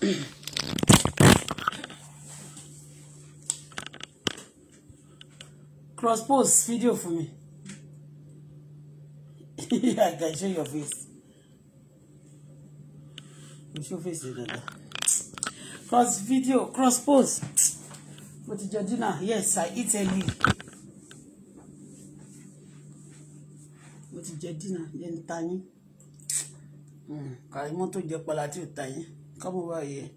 cross post video for me I can show your face mo show face yẹn dada cross video cross post mo ti jẹ yes I eat early mo ti jẹ dinner yẹn ń ta yín hmm, kàrí mọ́tò jẹ pala tí ò come over here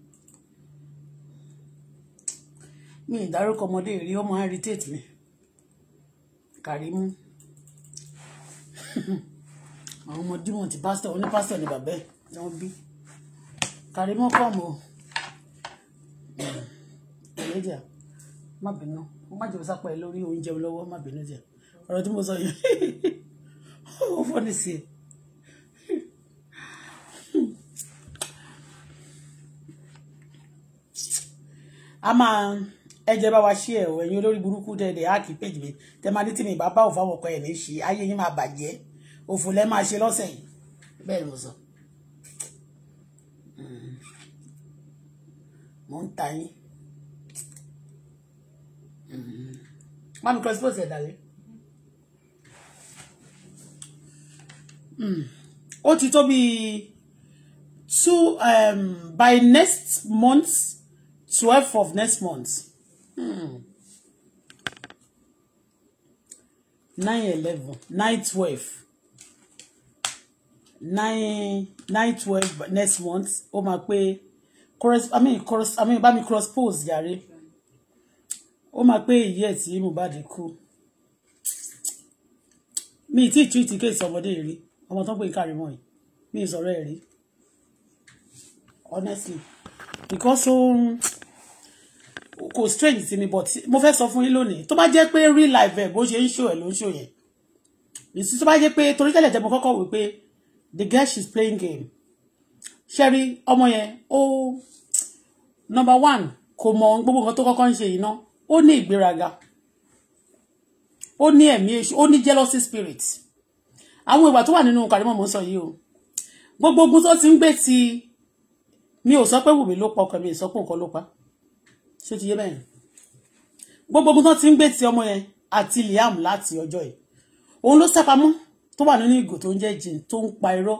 mi ìdárúkọ ọmọdé rí ó máa ń irritate mi Kàrímù àwọn ọmọ dímọ̀ tí pásítọ̀ oní pásítọ̀ ni bàbá ẹ̀ ni wọ́n bí Kàrímù kọ̀mù ìrẹ́jà má bínú má jẹ́ sápá ẹ lórí oúnjẹ lọ́wọ́ má bínú jẹ ọ̀rọ̀ tí mo sọ yìí ó fọ́ ní sí i. a máa ẹjẹ bá wa ṣí ẹ o ẹ̀yin olórí burúkú dẹdẹ áàkì péjì mi tẹ máa ní tí mi bá bá òfò àwọkọ ẹ ní ṣe ayé yín máa bàjẹ́ òfò lẹ máa ṣe lọ́sẹ̀ yìí bẹ́ẹ̀ mo sọ mo mm. ń ta yín má mm. mi cross post ẹ dàrí. Mm. ó ti tó bíi two um, by next month twelve of next month hmm. nine eleven nine twelve nine nine twelve next month oh my pé cross i mean cross i mean by me cross pose Gary. Oh my pé yes, you tí Mohbad cool. Me tí treat case ọmọdé rí ọmọ tó ń pè to kárìmọ́ yìí mi ì sọ̀rọ̀ honestly because Um, kò strange sí mi but mo fẹ́ sọ fún yín lónìí tó bá jẹ́ pé real life ẹ̀ bó ṣe ń ṣò ẹ̀ ló ń ṣò yẹn ìsú tó bá jẹ́ pé torí tẹ́lẹ̀ jẹ́ mo kọ́kọ́ wí pé the girl she's playing game ṣẹ́rí ọmọ yẹn ó number one kò mọ gbogbo nǹkan tó kọ́kọ́ ń ṣe yìí ná ó ní ìgbéraga ó ní ẹ̀mí èṣù ó ní jealousy spirit àwọn ìwà tó wà nínú kàrímọ̀ mò ń sọ yìí o gbogbo ogun tó ti ń gbé ti mi ò sọ pé wùmí ló pa ọkọ mi ìsọpọ̀ nǹkan ló pa ṣé ti yé bẹ́ẹ̀ gbogbo ogun tó ti ń gbé ti ọmọ yẹn àti Liam láti ọjọ́ yìí òun ló sápamọ́ tó wà nínú ìgò tó ń jẹ́ jìn tó ń pa irọ́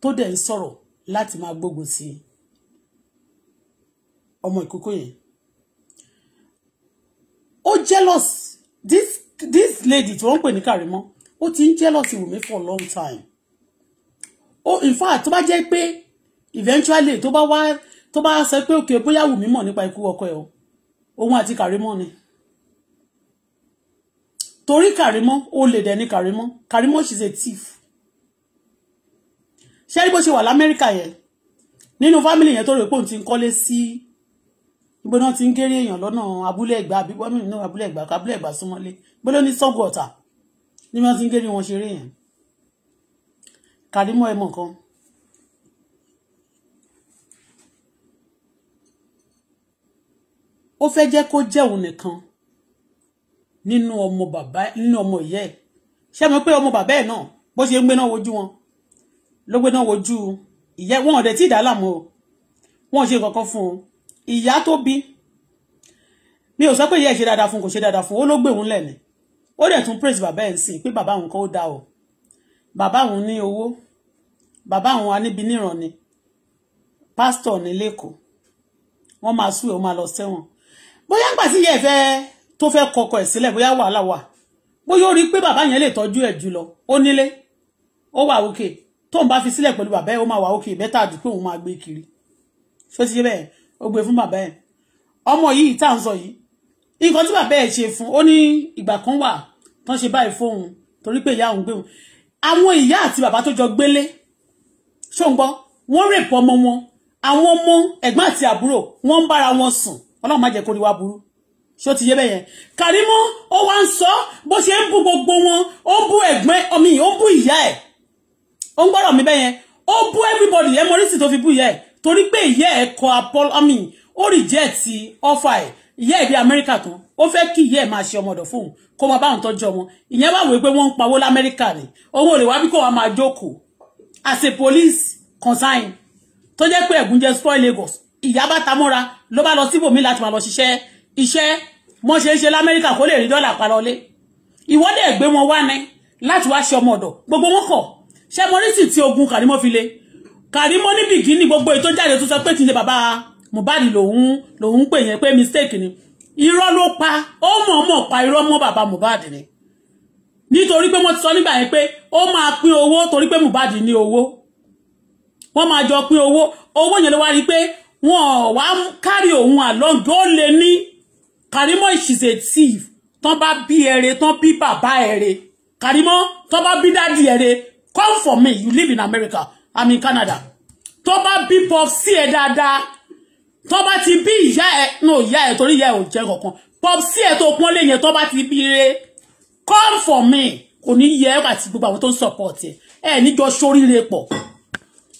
tó dẹ̀ ń sọ̀rọ̀ láti máa gbógun sí ọmọ ìkókó yẹn ó jealous this this lady tí wọ́n ń pè ní Kàrímọ́ ó ti ń jealous Wùmí for long time ó in fact tó bá jẹ́ pé eventually tó bá wá. Wa tó bá sọ pé òkè bóyá wù mí mọ̀ nípa ikú ọkọ ẹ̀ o òun àti kàrímọ́ ni torí kàrímọ́ ó lè dẹ̀ ní kàrímọ́ kàrímọ́ she's a thief ṣé rí bó ṣe wà lamẹ́ríkà yẹn nínú fámìlì yẹn tó rè pé òun ti ń kọ́lé sí gbóná ti ń kéré èèyàn lọ́nà abúlé ẹ̀gbá àbí bọ́mì nínú abúlé ẹ̀gbá kábúlé ẹ̀gbá súnmọ́lé gbóná ní sọ́gọ̀ọ̀tà ní wọ́n ti ń kéré wọn ṣeré yẹn kàrímọ́ ẹ̀ kan ó fẹ́ jẹ́ kó jẹ́ òun nìkan nínú ọmọ bàbá nínú ọmọ ìyá ẹ̀ ṣé mo pé ọmọ bàbá ẹ̀ náà bó ṣe ń gbé náà wojú wọn ló gbé náà wojú ìyá wọn ọ̀dẹ̀ tí ìdálàmú o wọn ò ṣe kankan fún un ìyá tó bí mi ò sọ pé ìyá ẹ̀ ṣe dáadáa fún kò ṣe dáadáa fún ó ló gbé òun lẹ́ni ó dẹ̀ tún praise bàbá ẹ̀ ń sìn pé bàbá òun kan ó dá o bàbá òun ní owó bàbá òun wa níbi níran ni pásítọ̀ ní lẹ́kọ̀ọ́ wọ́n máa sú ẹ̀ wọ́n máa lọ sẹ́wọ̀n bóyá ń gbà sí yẹ fẹ́ tó fẹ́ kọkọ ẹ̀ sílẹ̀ bóyá wàhálà wà bóyá ó rí pé bàbá yẹn lè tọ́jú ẹ̀ jù lọ ó nílé ó wà òkè tó ń bá fi sílẹ̀ pẹ̀lú bàbá ẹ̀ ó máa wà òkè bẹ́tà àdúgbò òun máa gbé kiri ṣó ti ṣe bẹ́ẹ̀ ó gbé fún bàbá ẹ̀ ọmọ yìí tá à ń sọ yìí nǹkan tí bàbá ẹ̀ ṣe fún ó ní ìgbà kan wà tán ṣe báyìí fóun torí pé ìyá òun gbé òun àwọn ìyá àti bàbá tó jọ gbélé ṣó ń gbọ́ wọ́n rèpọ̀ ọmọ wọn àwọn ọmọ ẹ̀gbọ́n àti àbúrò wọ́n ń bára wọn sùn ọlọ́run má jẹ́ kó rí wa burú ṣó ti yé bẹ́ẹ̀ yẹn Kàrímọ́ ó wá ń sọ bó ṣe ń bú gbogbo wọn ó bú ẹ̀gbọ́n ọmọ yìí ó bú ìyá ẹ̀ ó ń gbọ́dọ̀ mi bẹ́ẹ̀ yẹn ó bú everybody ẹ̀ mọ́rísì tó fi bú ìyá ẹ̀ torí pé ìyá ẹ̀ kọ apol ọmọ yìí ó reject offer ẹ̀ ìyá ẹ̀ bí Amẹ́ríkà tán ó fẹ́ kí ìyá ẹ̀ máa ṣe ọmọdọ̀ fóun kó máa bá òun tọ́jú ọmọ ìyẹn bá wòó pé wọ́n ń pawó lamẹ́ríkà ni owó rẹ̀ wá bí kò wá máa jókòó as a police consign tó jẹ́ pé ẹ̀gún spoil Lagos ìyá bá ta mọ́ra ló bá lọ síbòmí láti máa lọ ṣiṣẹ́ iṣẹ́ mọ́ ṣe ń ṣe lamẹ́ríkà kó lè rí dọ́là palọ́lé ìwọ́dẹ̀ gbé wọn wá ní láti wá ṣe ọmọ ọ̀dọ̀ gbogbo wọn kọ̀ ṣe mo rí sì ti ogun kàrímọ́ fi le kàrímọ́ ní bìgínì gbogbo ètò jáde tó sọ pé ti ń ṣe bàbá Mohbad lòun lòun pè yẹn pé mistake ni irọ́ ló pa ó mọ̀ọ́mọ̀ pa irọ́ mọ́ bàbá Mohbad ni nítorí pé wọ́n ti sọ nígbà yẹn pé ó máa pín owó torí pé Mohbad ní owó wọ́n máa jọ pín owó owó yẹn ló wá rí pé wọn wá carry òun along ó lè ní Karimo is a thief tán bá bí ẹrẹ tán bí bàbá ẹrẹ Karimo tán bá bí dádì ẹrẹ come for me you live in America I'm in Canada tó bá bí pop sí ẹ dáadáa tó bá ti bí ìyá ẹ no ìyá ẹ torí ìyá ẹ ò jẹ kankan pop sí ẹ tó pọ́n lé yẹn tó bá ti bí re come for me kò ní yẹ àti gbogbo àwọn tó ń support ẹ ẹ níjọ sóríire pọ̀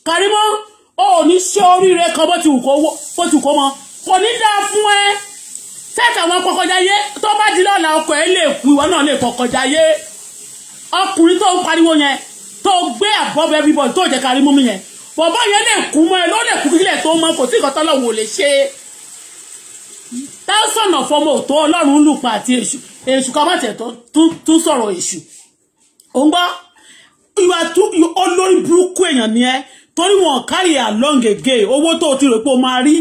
Karimo ò ní ṣe oríire kan bó ti wù kó mọ kò ní dáa fún ẹ sẹ́tàwọn kọkọjáyé tó bá di lọ́la ọkọ̀ ẹ lè kú ìwọ náà lè kọkọjáyé ọkùnrin tó ń pariwo yẹn tó gbé above everybody tó jẹ́ kárí mú mi yẹn bọ̀bá yẹn lè kú mọ́ ẹ ló lè kú kílẹ̀ tó mọ́ kò sí ìkọ́ tọ́lọ́wọ́ ò lè ṣe táùsàn ọ̀fọ́ mọ́ òtó ọlọ́run ń lùpa àti èṣù èṣù kan má tẹ̀ tún sọ̀rọ̀ èṣù òun gbọ́ olórí burúkú èèyàn ni ẹ torí wọn carry along again owó tó o ti rò pé o máa rí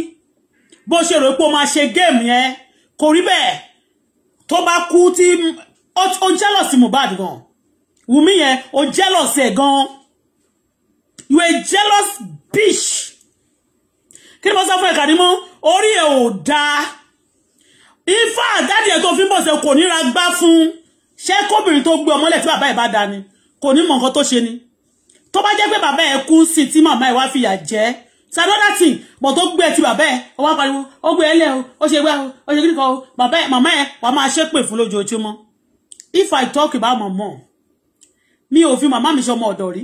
bó ṣe rò pé o máa ṣe géèmù yẹn kò rí bẹ́ẹ̀ tó bá kú tí o jealous Mohbad gan Wùmí yẹn o jealous ẹ̀ gan you a jealous bitch kí ni mo sọ fún ẹ̀ka ni mo orí ẹ̀ ò dáa ifá àdáàdì ẹ̀ tó fi ń bọ̀ sẹ́ kò ní ra gbá fún ṣé kóbìnrin tó gbé ọmọlẹ̀ tí bàbá ẹ̀ bá dá ni kò ní mọ̀ nǹkan tó ṣe ni tó bá jẹ́ pé bàbá ẹ̀ kú sí tí màmá ẹ̀ wá fìyà jẹ sanoda thing but ó gbé ti bàbá ẹ̀ ó wá pariwo ó gbé ẹlẹ́ o ó ṣe gbá o ó ṣe kíríkọ o bàbá ẹ̀ màmá ẹ̀ wà máa ṣépè fún lójoojúmọ́ if i talk about my mom mi ò fi màmá mi sọmọ ọ̀dọ̀ rí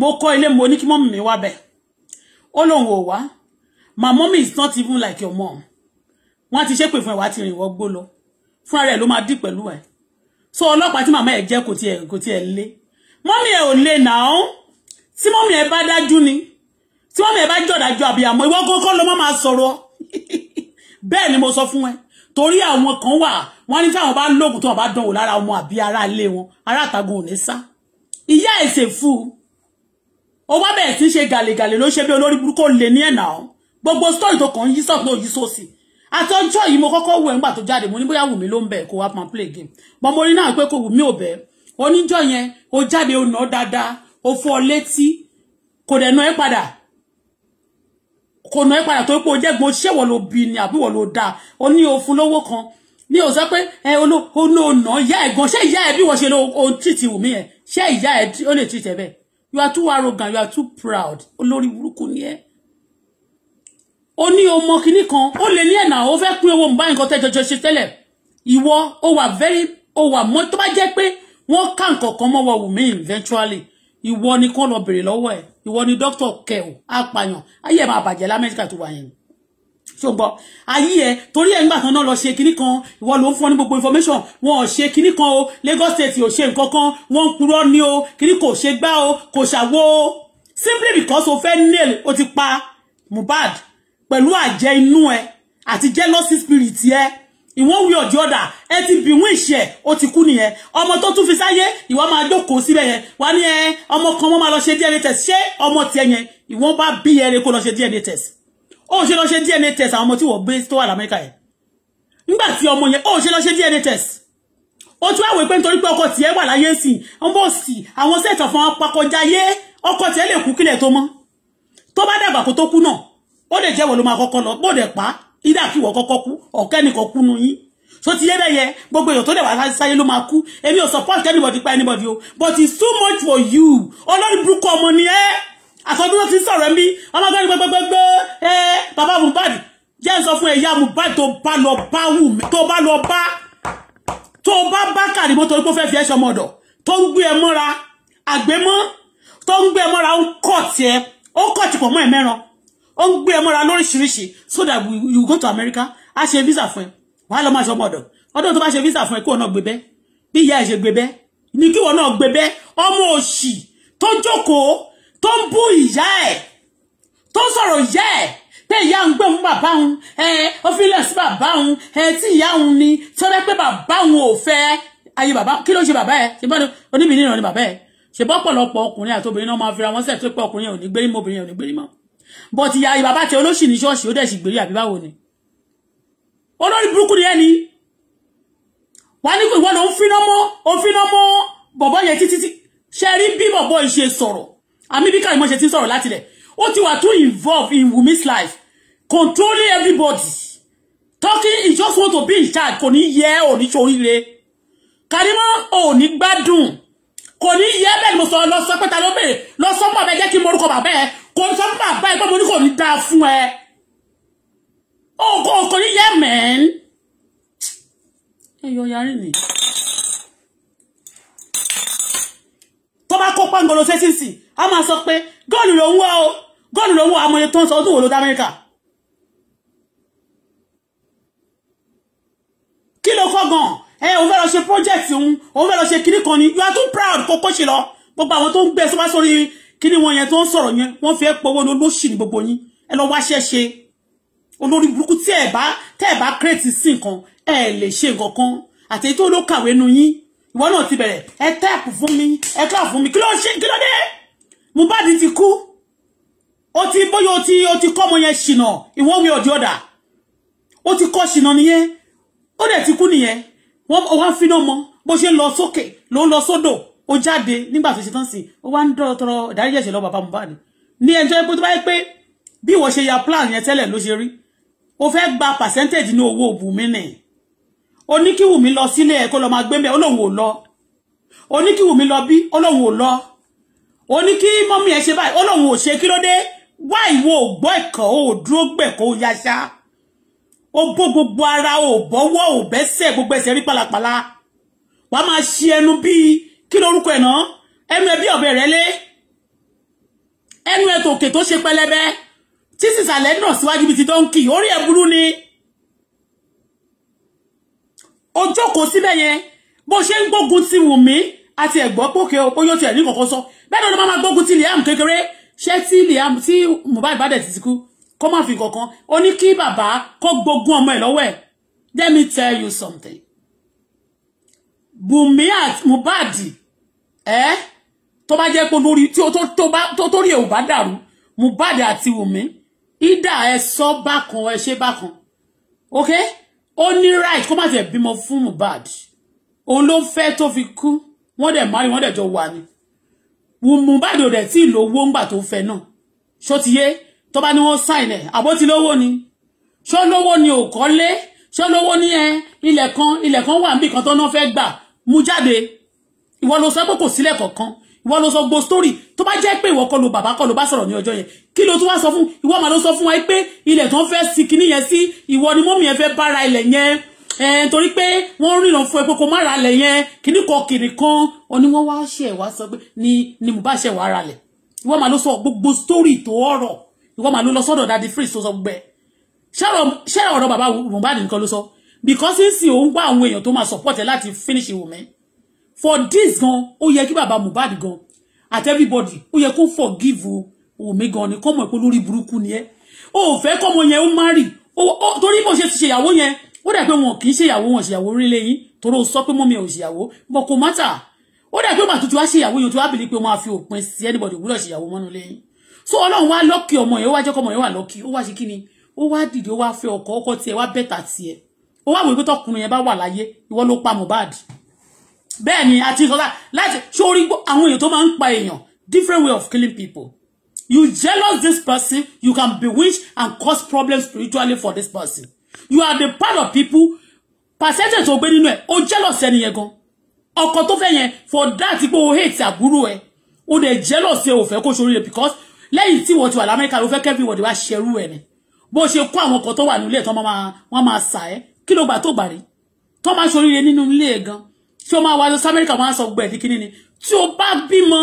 mo kọ́ ilé mo ní kí mọ́mì mi wá bẹ̀ ó lóun ò wá my mom is not even like your mom wọ́n ti ṣépè fún ẹ̀ wá ti rìn wọ́gbó lọ fúnra rẹ̀ ló máa dì pẹ̀lú ẹ̀ so ọlọ́pàá tí màmá ẹ̀ jẹ́ kò tiẹ̀ kò tiẹ̀ lé mọ́mì ẹ̀ ò lè now tí mọ́mí ẹ bá dájú ni tí mọ́mí ẹ bá jọ̀dájú àbíyàmọ ìwọ kọ́kọ́ ló má máa sọ̀rọ̀ bẹ́ẹ̀ ni mo sọ fún ẹ torí àwọn kan wà wọ́n ní táwọn bá lóògùn tó wọ́n bá dánwò lára ọmọ àbí ará ilé wọn ará àtàgùn ò ní sá ìyá ẹsẹ fú o wá bẹ̀rẹ̀ sí ṣe gàlègàlè ló ṣe bí olórí burúkú lè ní ẹ̀nà ọ́ gbogbo story tó kàn ń yí sọ̀tún òyí sósì àti ọjọ́ yìí mo kọ́kọ́ wẹ̀ ńgbà tó jáde mo ní bóyá wù mí ló ń bẹ̀ kó wá máa play game mọ mo rí náà pé kò wù mí ò bẹ́ oníjọ́ yẹn o jáde o nà dáadáa ó fọ́ létí kò dẹ̀ nà ẹ́ padà kò nà ẹ́ padà tó pé o jẹ́ gbọ́n ṣé wọ́n ló bi ni àbí wọ́n ló dáa ó ní o fún lówó kan ní o sọ pé ẹ olóòna ìyá ẹ̀ gan ṣé ìyá ẹ̀ bí wọ́n ṣe o tìtì wù mí yẹn ṣé ìyá ẹ̀ ó lè tìtì ẹ̀ bẹ́ẹ̀ you are too arrogant you are too proud olórí burúkú ni ẹ́ ó ní ọmọ kinní kan ó lè ní ẹ̀nà ó fẹ́ pín owó mú bá nǹkan tẹ́jọjọ ṣe tẹ́lẹ̀ ìwọ ó wà very ó wà mọ́ tó bá jẹ́ pé wọ́n ká nǹkan kan mọ́wọ́ wù mí eventually ìwọ ni kọ́ lọ bèrè lọ́wọ́ ẹ̀ ìwọ ni dókítà kẹ ò apààyàn ayé ẹ̀ máa bàjẹ́ lamẹ́ríkà tó wà yẹn ṣùgbọ́n ayé ẹ̀ torí ẹ̀ nígbà kan náà lọ ṣe kinní kan ìwọ ló ń fún ọ ní gbogbo information wọn ò ṣe kinní kan o Lagos State ò ṣe nǹkan kan wọn ń purọ́ ni o kinní kò ṣe gbá o kò ṣàwo o simply because o fẹ́ nail o ti pa Mohbad pẹ̀lú àjẹ́ inú ẹ àti jealousy spirit ẹ in one way or the other ẹ ti bìwín ìṣẹ́ ó ti kú nìyẹn ọmọ tó tún fi sáyé ìwọ máa jókòó síbẹ̀ yẹn wà ní ẹ ọmọ kan wọ́n máa lọ ṣe DNA test ṣé ọmọ tiẹ̀ yẹn ìwọ́n bá bí ẹrẹ kó lọ ṣe DNA test ó ṣe lọ ṣe DNA test àwọn ọmọ tí wọ́n gbé tó wà lamẹ́ríkà yẹn nígbà tí ọmọ yẹn ó ṣe lọ ṣe DNA test ó tún àwẹ̀ pé nítorí pé ọkọ tiẹ̀ wà láyé sí ọmọ òsì Ida ìdá kí wọ́n kọ́kọ́ kú ọ̀kẹ́nìkan kú nu yín so ti yé bẹ́yẹ gbogbo èèyàn tó dẹ̀ wá sáyé ló máa kú èmi ò support anybody pa anybody o but it's too much for you olórí burúkú ọmọ ni ẹ́ àtọ́jú ló ti sọ̀rọ̀ mi ọlọ́gbẹ́ni gbẹgbẹgbẹ ẹ bàbá eh? jẹ́ ń sọ fún ẹ̀yà Mohbad tó bá lọ bá ba mí tó bá lọ bá ba. bá ba kàrí mọ́ torí pé ó fẹ́ fi ẹ̀ṣọ́ ọmọdọ̀ tó ń gbé ẹ mọ́ra àgbẹ̀mọ́ tó To gbé e mora ó ń kọ̀ tiẹ̀ ó kọ̀ mo e ẹ̀mẹ́ran ó ń gbé ẹ mọ́ra lóríṣiríṣi so that we, you go to America á ṣe visa fún ẹ wàá lọ máa ṣe ọmọ ọ̀dọ̀ ọdún tó bá ṣe visa fún ẹ kí wọn náà gbé bẹ́ bí ìyá ẹ ṣe gbé bẹ́ ni kí wọn náà gbé bẹ́ ọmọ òṣì tó jókòó tó ń bú ìyá ẹ tó ń sọ̀rọ̀ ìyá ẹ pé ìyá ń gbé òun bàbá òun ẹ ó fi lẹ̀ sí bàbá òun ẹ tí ìyá òun ni tí wọ́n fẹ́ pé bàbá òun ò fẹ́ ayé bàbá kí ló ṣe bàbá ẹ ṣe bọ́ oníbìnrin náà ni bàbá ẹ ṣe bọ́ pọ̀lọpọ̀ ọkùnrin àtobìnrin náà máa fira wọn sẹ́ẹ̀ tó pé ọkùnrin ò gbérímọ́ obìnrin ò gbérímọ́ but ìyá bàbá tẹ olóṣì ní ṣọ́ọ̀ṣì ó dẹ̀ sì gbèrè àbí báwo ni olórí burúkú ni ẹni wà ní ìwọ ló ń finá mọ́ ó finá mọ́ bọ̀bọ̀ yẹn títí tí ṣe rí bí bọ̀bọ̀ yìí ṣe sọ̀rọ̀ àmì bí káyìmọ́ ṣe ti ń sọ̀rọ̀ láti rẹ̀ ó ti wà too involved in Wunmi's life controlling everybody talking he just want to be in charge kò ní yẹ òní ṣoríire Karimo òní gbádùn kò ní yẹ bẹ́ẹ̀ ni mo sọ lọ sọ pé ta ló bèrè lọ sọ mọ́ abẹ́jẹ́ kí n bàbá ẹ̀ kò sọ pé bàbá ẹ pé mo ní kò ní dáa fún ẹ òkò òkò ní yẹ mẹ́ẹ́n ẹ yọ yarí mi. tó bá kó pàǹgọ̀ lọ sẹ́sìn sí a máa sọ pé góòlù ló ń wá o góòlù ló ń wá amòye tó ń sọ ọdún wo ló dá Amẹ́ríkà. kí ló kọ́ gan-an ẹ òun fẹ́ lọ ṣe project òun òun fẹ́ lọ ṣe kiri kan ni you are too proud kó kó ṣe lọ gbogbo àwọn tó ń gbé sọ́wọ́ sórí kí ni wọn yẹn tó ń sọ̀rọ̀ yẹn wọ́n fẹ́ pọwọ́ ní olóṣì ní gbogbo yín ẹ lọ wá ṣẹ́ṣe olórí burúkú tí ẹ bá tẹ́ ẹ bá kírètì sí nǹkan ẹ lè ṣe nǹkan kan àtẹ̀yí tó ló kàwé nu yín ìwọ náà ti bẹ̀rẹ̀ ẹ tẹ́ẹ̀pù fún mi ẹ kílọ̀ fún mi kí ló ṣe kí ló dé Mohbad ti kú ó ti bóyá ó ti ó ti kọ́ ọmọ yẹn ṣìnà ìwọ wí ọ̀dí ọ̀dà ó ti kọ́ ṣìnà nìyẹn ó dẹ̀ ti kú nìyẹn wọ́n wá fi náà mọ bó ṣe lọ sókè ló ń lọ o jáde nígbà tó ṣe tán sí ó wá ń dọ̀rọ̀ tọrọ ìdáríjì ẹ̀ṣẹ̀ lọ bàbá Mohbad ní ẹjọ́ pé tó bá yẹ pé bí ìwọ ṣe ya plan yẹn tẹ́lẹ̀ ló ṣe rí ó fẹ́ gba percentage ní owó Wùmí nì o ní kí Wùmí lọ sílé ẹ̀ kó lọ máa gbé mẹ́ olóhùn ò lọ o ní kí Wùmí lọ bí olóhùn ò lọ o ní kí mọ́mí ẹ̀ ṣe báyìí olóhùn ò ṣe kí ló dé wá ìwọ ò gbọ́ ẹ̀kọ́ ò dúró gbẹ̀kọ́ ò yaṣá ó bó gbogbo ara ò bọ́wọ́ ò bẹ́sẹ̀ gbogbo ẹsẹ̀ rí pàlàpàlà wàá máa ṣi ẹnu bíi kí lorúkọ ẹ̀ náà ẹnu ẹ bí ọ̀bẹ rẹ lé ẹnu ẹ tòkè tó ṣe pẹlẹbẹ tí sísàlẹ̀ náà síwájú bíi ti dọ́ńkì orí ẹ̀ burú ni ó jókòó síbẹ̀ yẹn bó ṣe ń gbógun ti Wùnmí àti ẹ̀gbọ́n pòkè bóyá tiẹ̀ ní kọ̀ọ̀kan sọ bẹ́ẹ̀ ló máa gbógun ti Liam kékeré ṣé tí Liam tí Mohbad bá dẹ̀ ti kú kó má fi kankan ó ní kí bàbá kó gbógun ọmọ ẹ̀ lọ́wọ́ ẹ̀ let me tell you something Wùnmí àti Mohbad ẹ́ eh? tó bá jẹ́ pé lórí tí ó tó rí ẹ̀ ò bá dàrú Mohbad àti Wùmí e ẹ sọ bákan ẹ ṣe bákan ok ó ní right kó má tiẹ̀ bímọ fún Mohbad òun ló fẹ́ tó fi kú wọ́n dẹ̀ mari wọ́n dẹ̀ jọ wà ní Mohbad o de tí ì lówó ńgbà tó fẹ́ náà ṣó ti yé tó bá ní wọ́n sign ẹ̀ àbótí lówó ni ṣó lówó ni ò kọ́lé ṣó lówó ní ẹ ilẹ̀ kan ilẹ̀ kan wà níbì kan tó náà fẹ́ gbà mú jáde ìwọ ló sọ pé kò sílẹ̀ kankan ìwọ ló sọ gbo story tó bá jẹ́ pé ìwọ kọ́ ló bàbá kọ́ ló bá sọ̀rọ̀ ní ọjọ́ yẹn kí ló tún wá sọ fún ìwọ mà ló sọ fún wa pé ilẹ̀ tó ń fẹ́ sí kinní yẹn sí ìwọ ni mọ́mì yẹn fẹ́ bára ilẹ̀ yẹn ẹ̀ẹ́n torí pé wọ́n ríran fún ẹ pé kò má ra ilẹ̀ yẹn kinní kan kìnì kan ọ ni wọ́n wá ṣe wá sọ pé ni ni mo bá ṣe wá ra lẹ̀ ìwọ mà ló sọ gbogbo story tó ọ̀rọ̀ ìwọ mà ló lọ sọ́dọ̀ dadi free tó sọ gbẹ ṣẹ́rọ̀ ọ̀rọ̀ bàbá Mohbad nìkan ló sọ because nsì òun gbọ́ àwọn èèyàn tó máa support ẹ láti finish ìwòmẹ́ for this gan ó yẹ kí bàbá Mohbad gan at everybody ó yẹ kó forgive Wùmí gan ni kọ́mọ̀ pé lórí burúkú ni ẹ́ ó fẹ́ kọ́mọ yẹn ó má rì torí bó ṣe ti ṣèyàwó yẹn ó dà pé wọn kì í ṣèyàwó wọn ṣèyàwó orílẹ̀ yìí torí ó sọ pé mọ́mi ò ṣèyàwó bọ́ kò mátà ó dà pé ó mà tuntun wá ṣèyàwó yẹn tó wá bìlí pé wọ́n á fi òpin sí anybody wúlọ̀ ṣèyàwó mọ́nu lẹ́yìn so ọlọ́run wá lọ́kì ọmọ yẹn ó wá jẹ́ kọ́mọ yẹn wà lọ́kì ó wá ṣe kí ni ó wá dìde ó wá fẹ́ ọkọ ọkọ tiẹ̀ wá bẹ́tà tiẹ̀ ó wá wòye pé tọkùnrin yẹn bá wà láyé ìwọ ló pa Mohbad bẹ́ẹ̀ ni àti nǹkan láti sórí àwọn èèyàn tó máa ń pa èèyàn different way of killing people you jealous this person you can bewitch and cause problems spiritually for this person you are the part of people percentage tó gbé nínú ẹ̀ o jealous ẹni yẹn gan ọkọ tó fẹ́ yẹn for that pé o hate àbúrò ẹ̀ o dẹ̀ jealous ẹ ò fẹ́ kó sórí rẹ̀ because lẹ́yìn tí wọ́n ti wà lamẹ́ríkà ló fẹ́ kẹ́fì wọ̀dí wá ṣerú ẹ̀ ni bó ṣe kó àwọn ọkọ̀ tó wà nílé ẹ̀ tán wọ́n máa sà ẹ́ kí ló gbà tó gbà rí tán máa ṣoríire nínú ilé gan tí o máa wá lọ sí amẹ́ríkà wọ́n á sọ gbẹ̀dí kínní ni tí o bá bímọ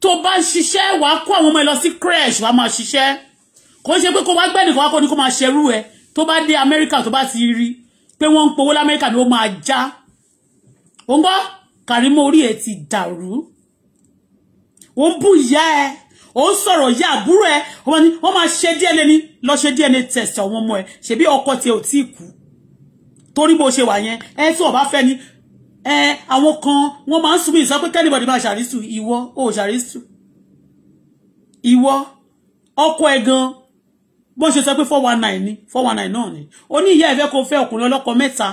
tó bá ṣiṣẹ́ wà á kó àwọn ọmọ ẹ lọ sí crèche wà á máa ṣiṣẹ́ kò ṣe pé kó wá gbẹ̀dì kan wá kó ní kó máa ṣerú ẹ tó bá dé amẹ́ríkà tó bá ti rí pé wọ́n ń powó lamẹ́ríkà ni ó máa já ó ń gbọ́ kàrímọ́ orí ẹ̀ ti dàrú ó ń bú ìyá ẹ̀ ó ń sọ̀rọ̀ ìyá àbúrò ẹ̀ wọ́n máa ṣe DNA ni lọ ṣe DNA test àwọn ọmọ ẹ̀ ṣebí ọkọ tiẹ̀ ò tí ì kú torí bó ṣe wà yẹn ẹ tí wọ́n bá fẹ́ ni eh àwọn kan wọ́n máa ń sùn mí sọ Anybody kẹ́nìbọ̀dì máa ṣàrísù ìwọ ò ṣàrísù ìwọ ọkọ ẹ gan bó ṣe sọ pé one nine ni four one nine náà ni ó ní ìyá ẹ fẹ́ kó fẹ́ ọkùnrin ọlọ́kọ mẹ́ta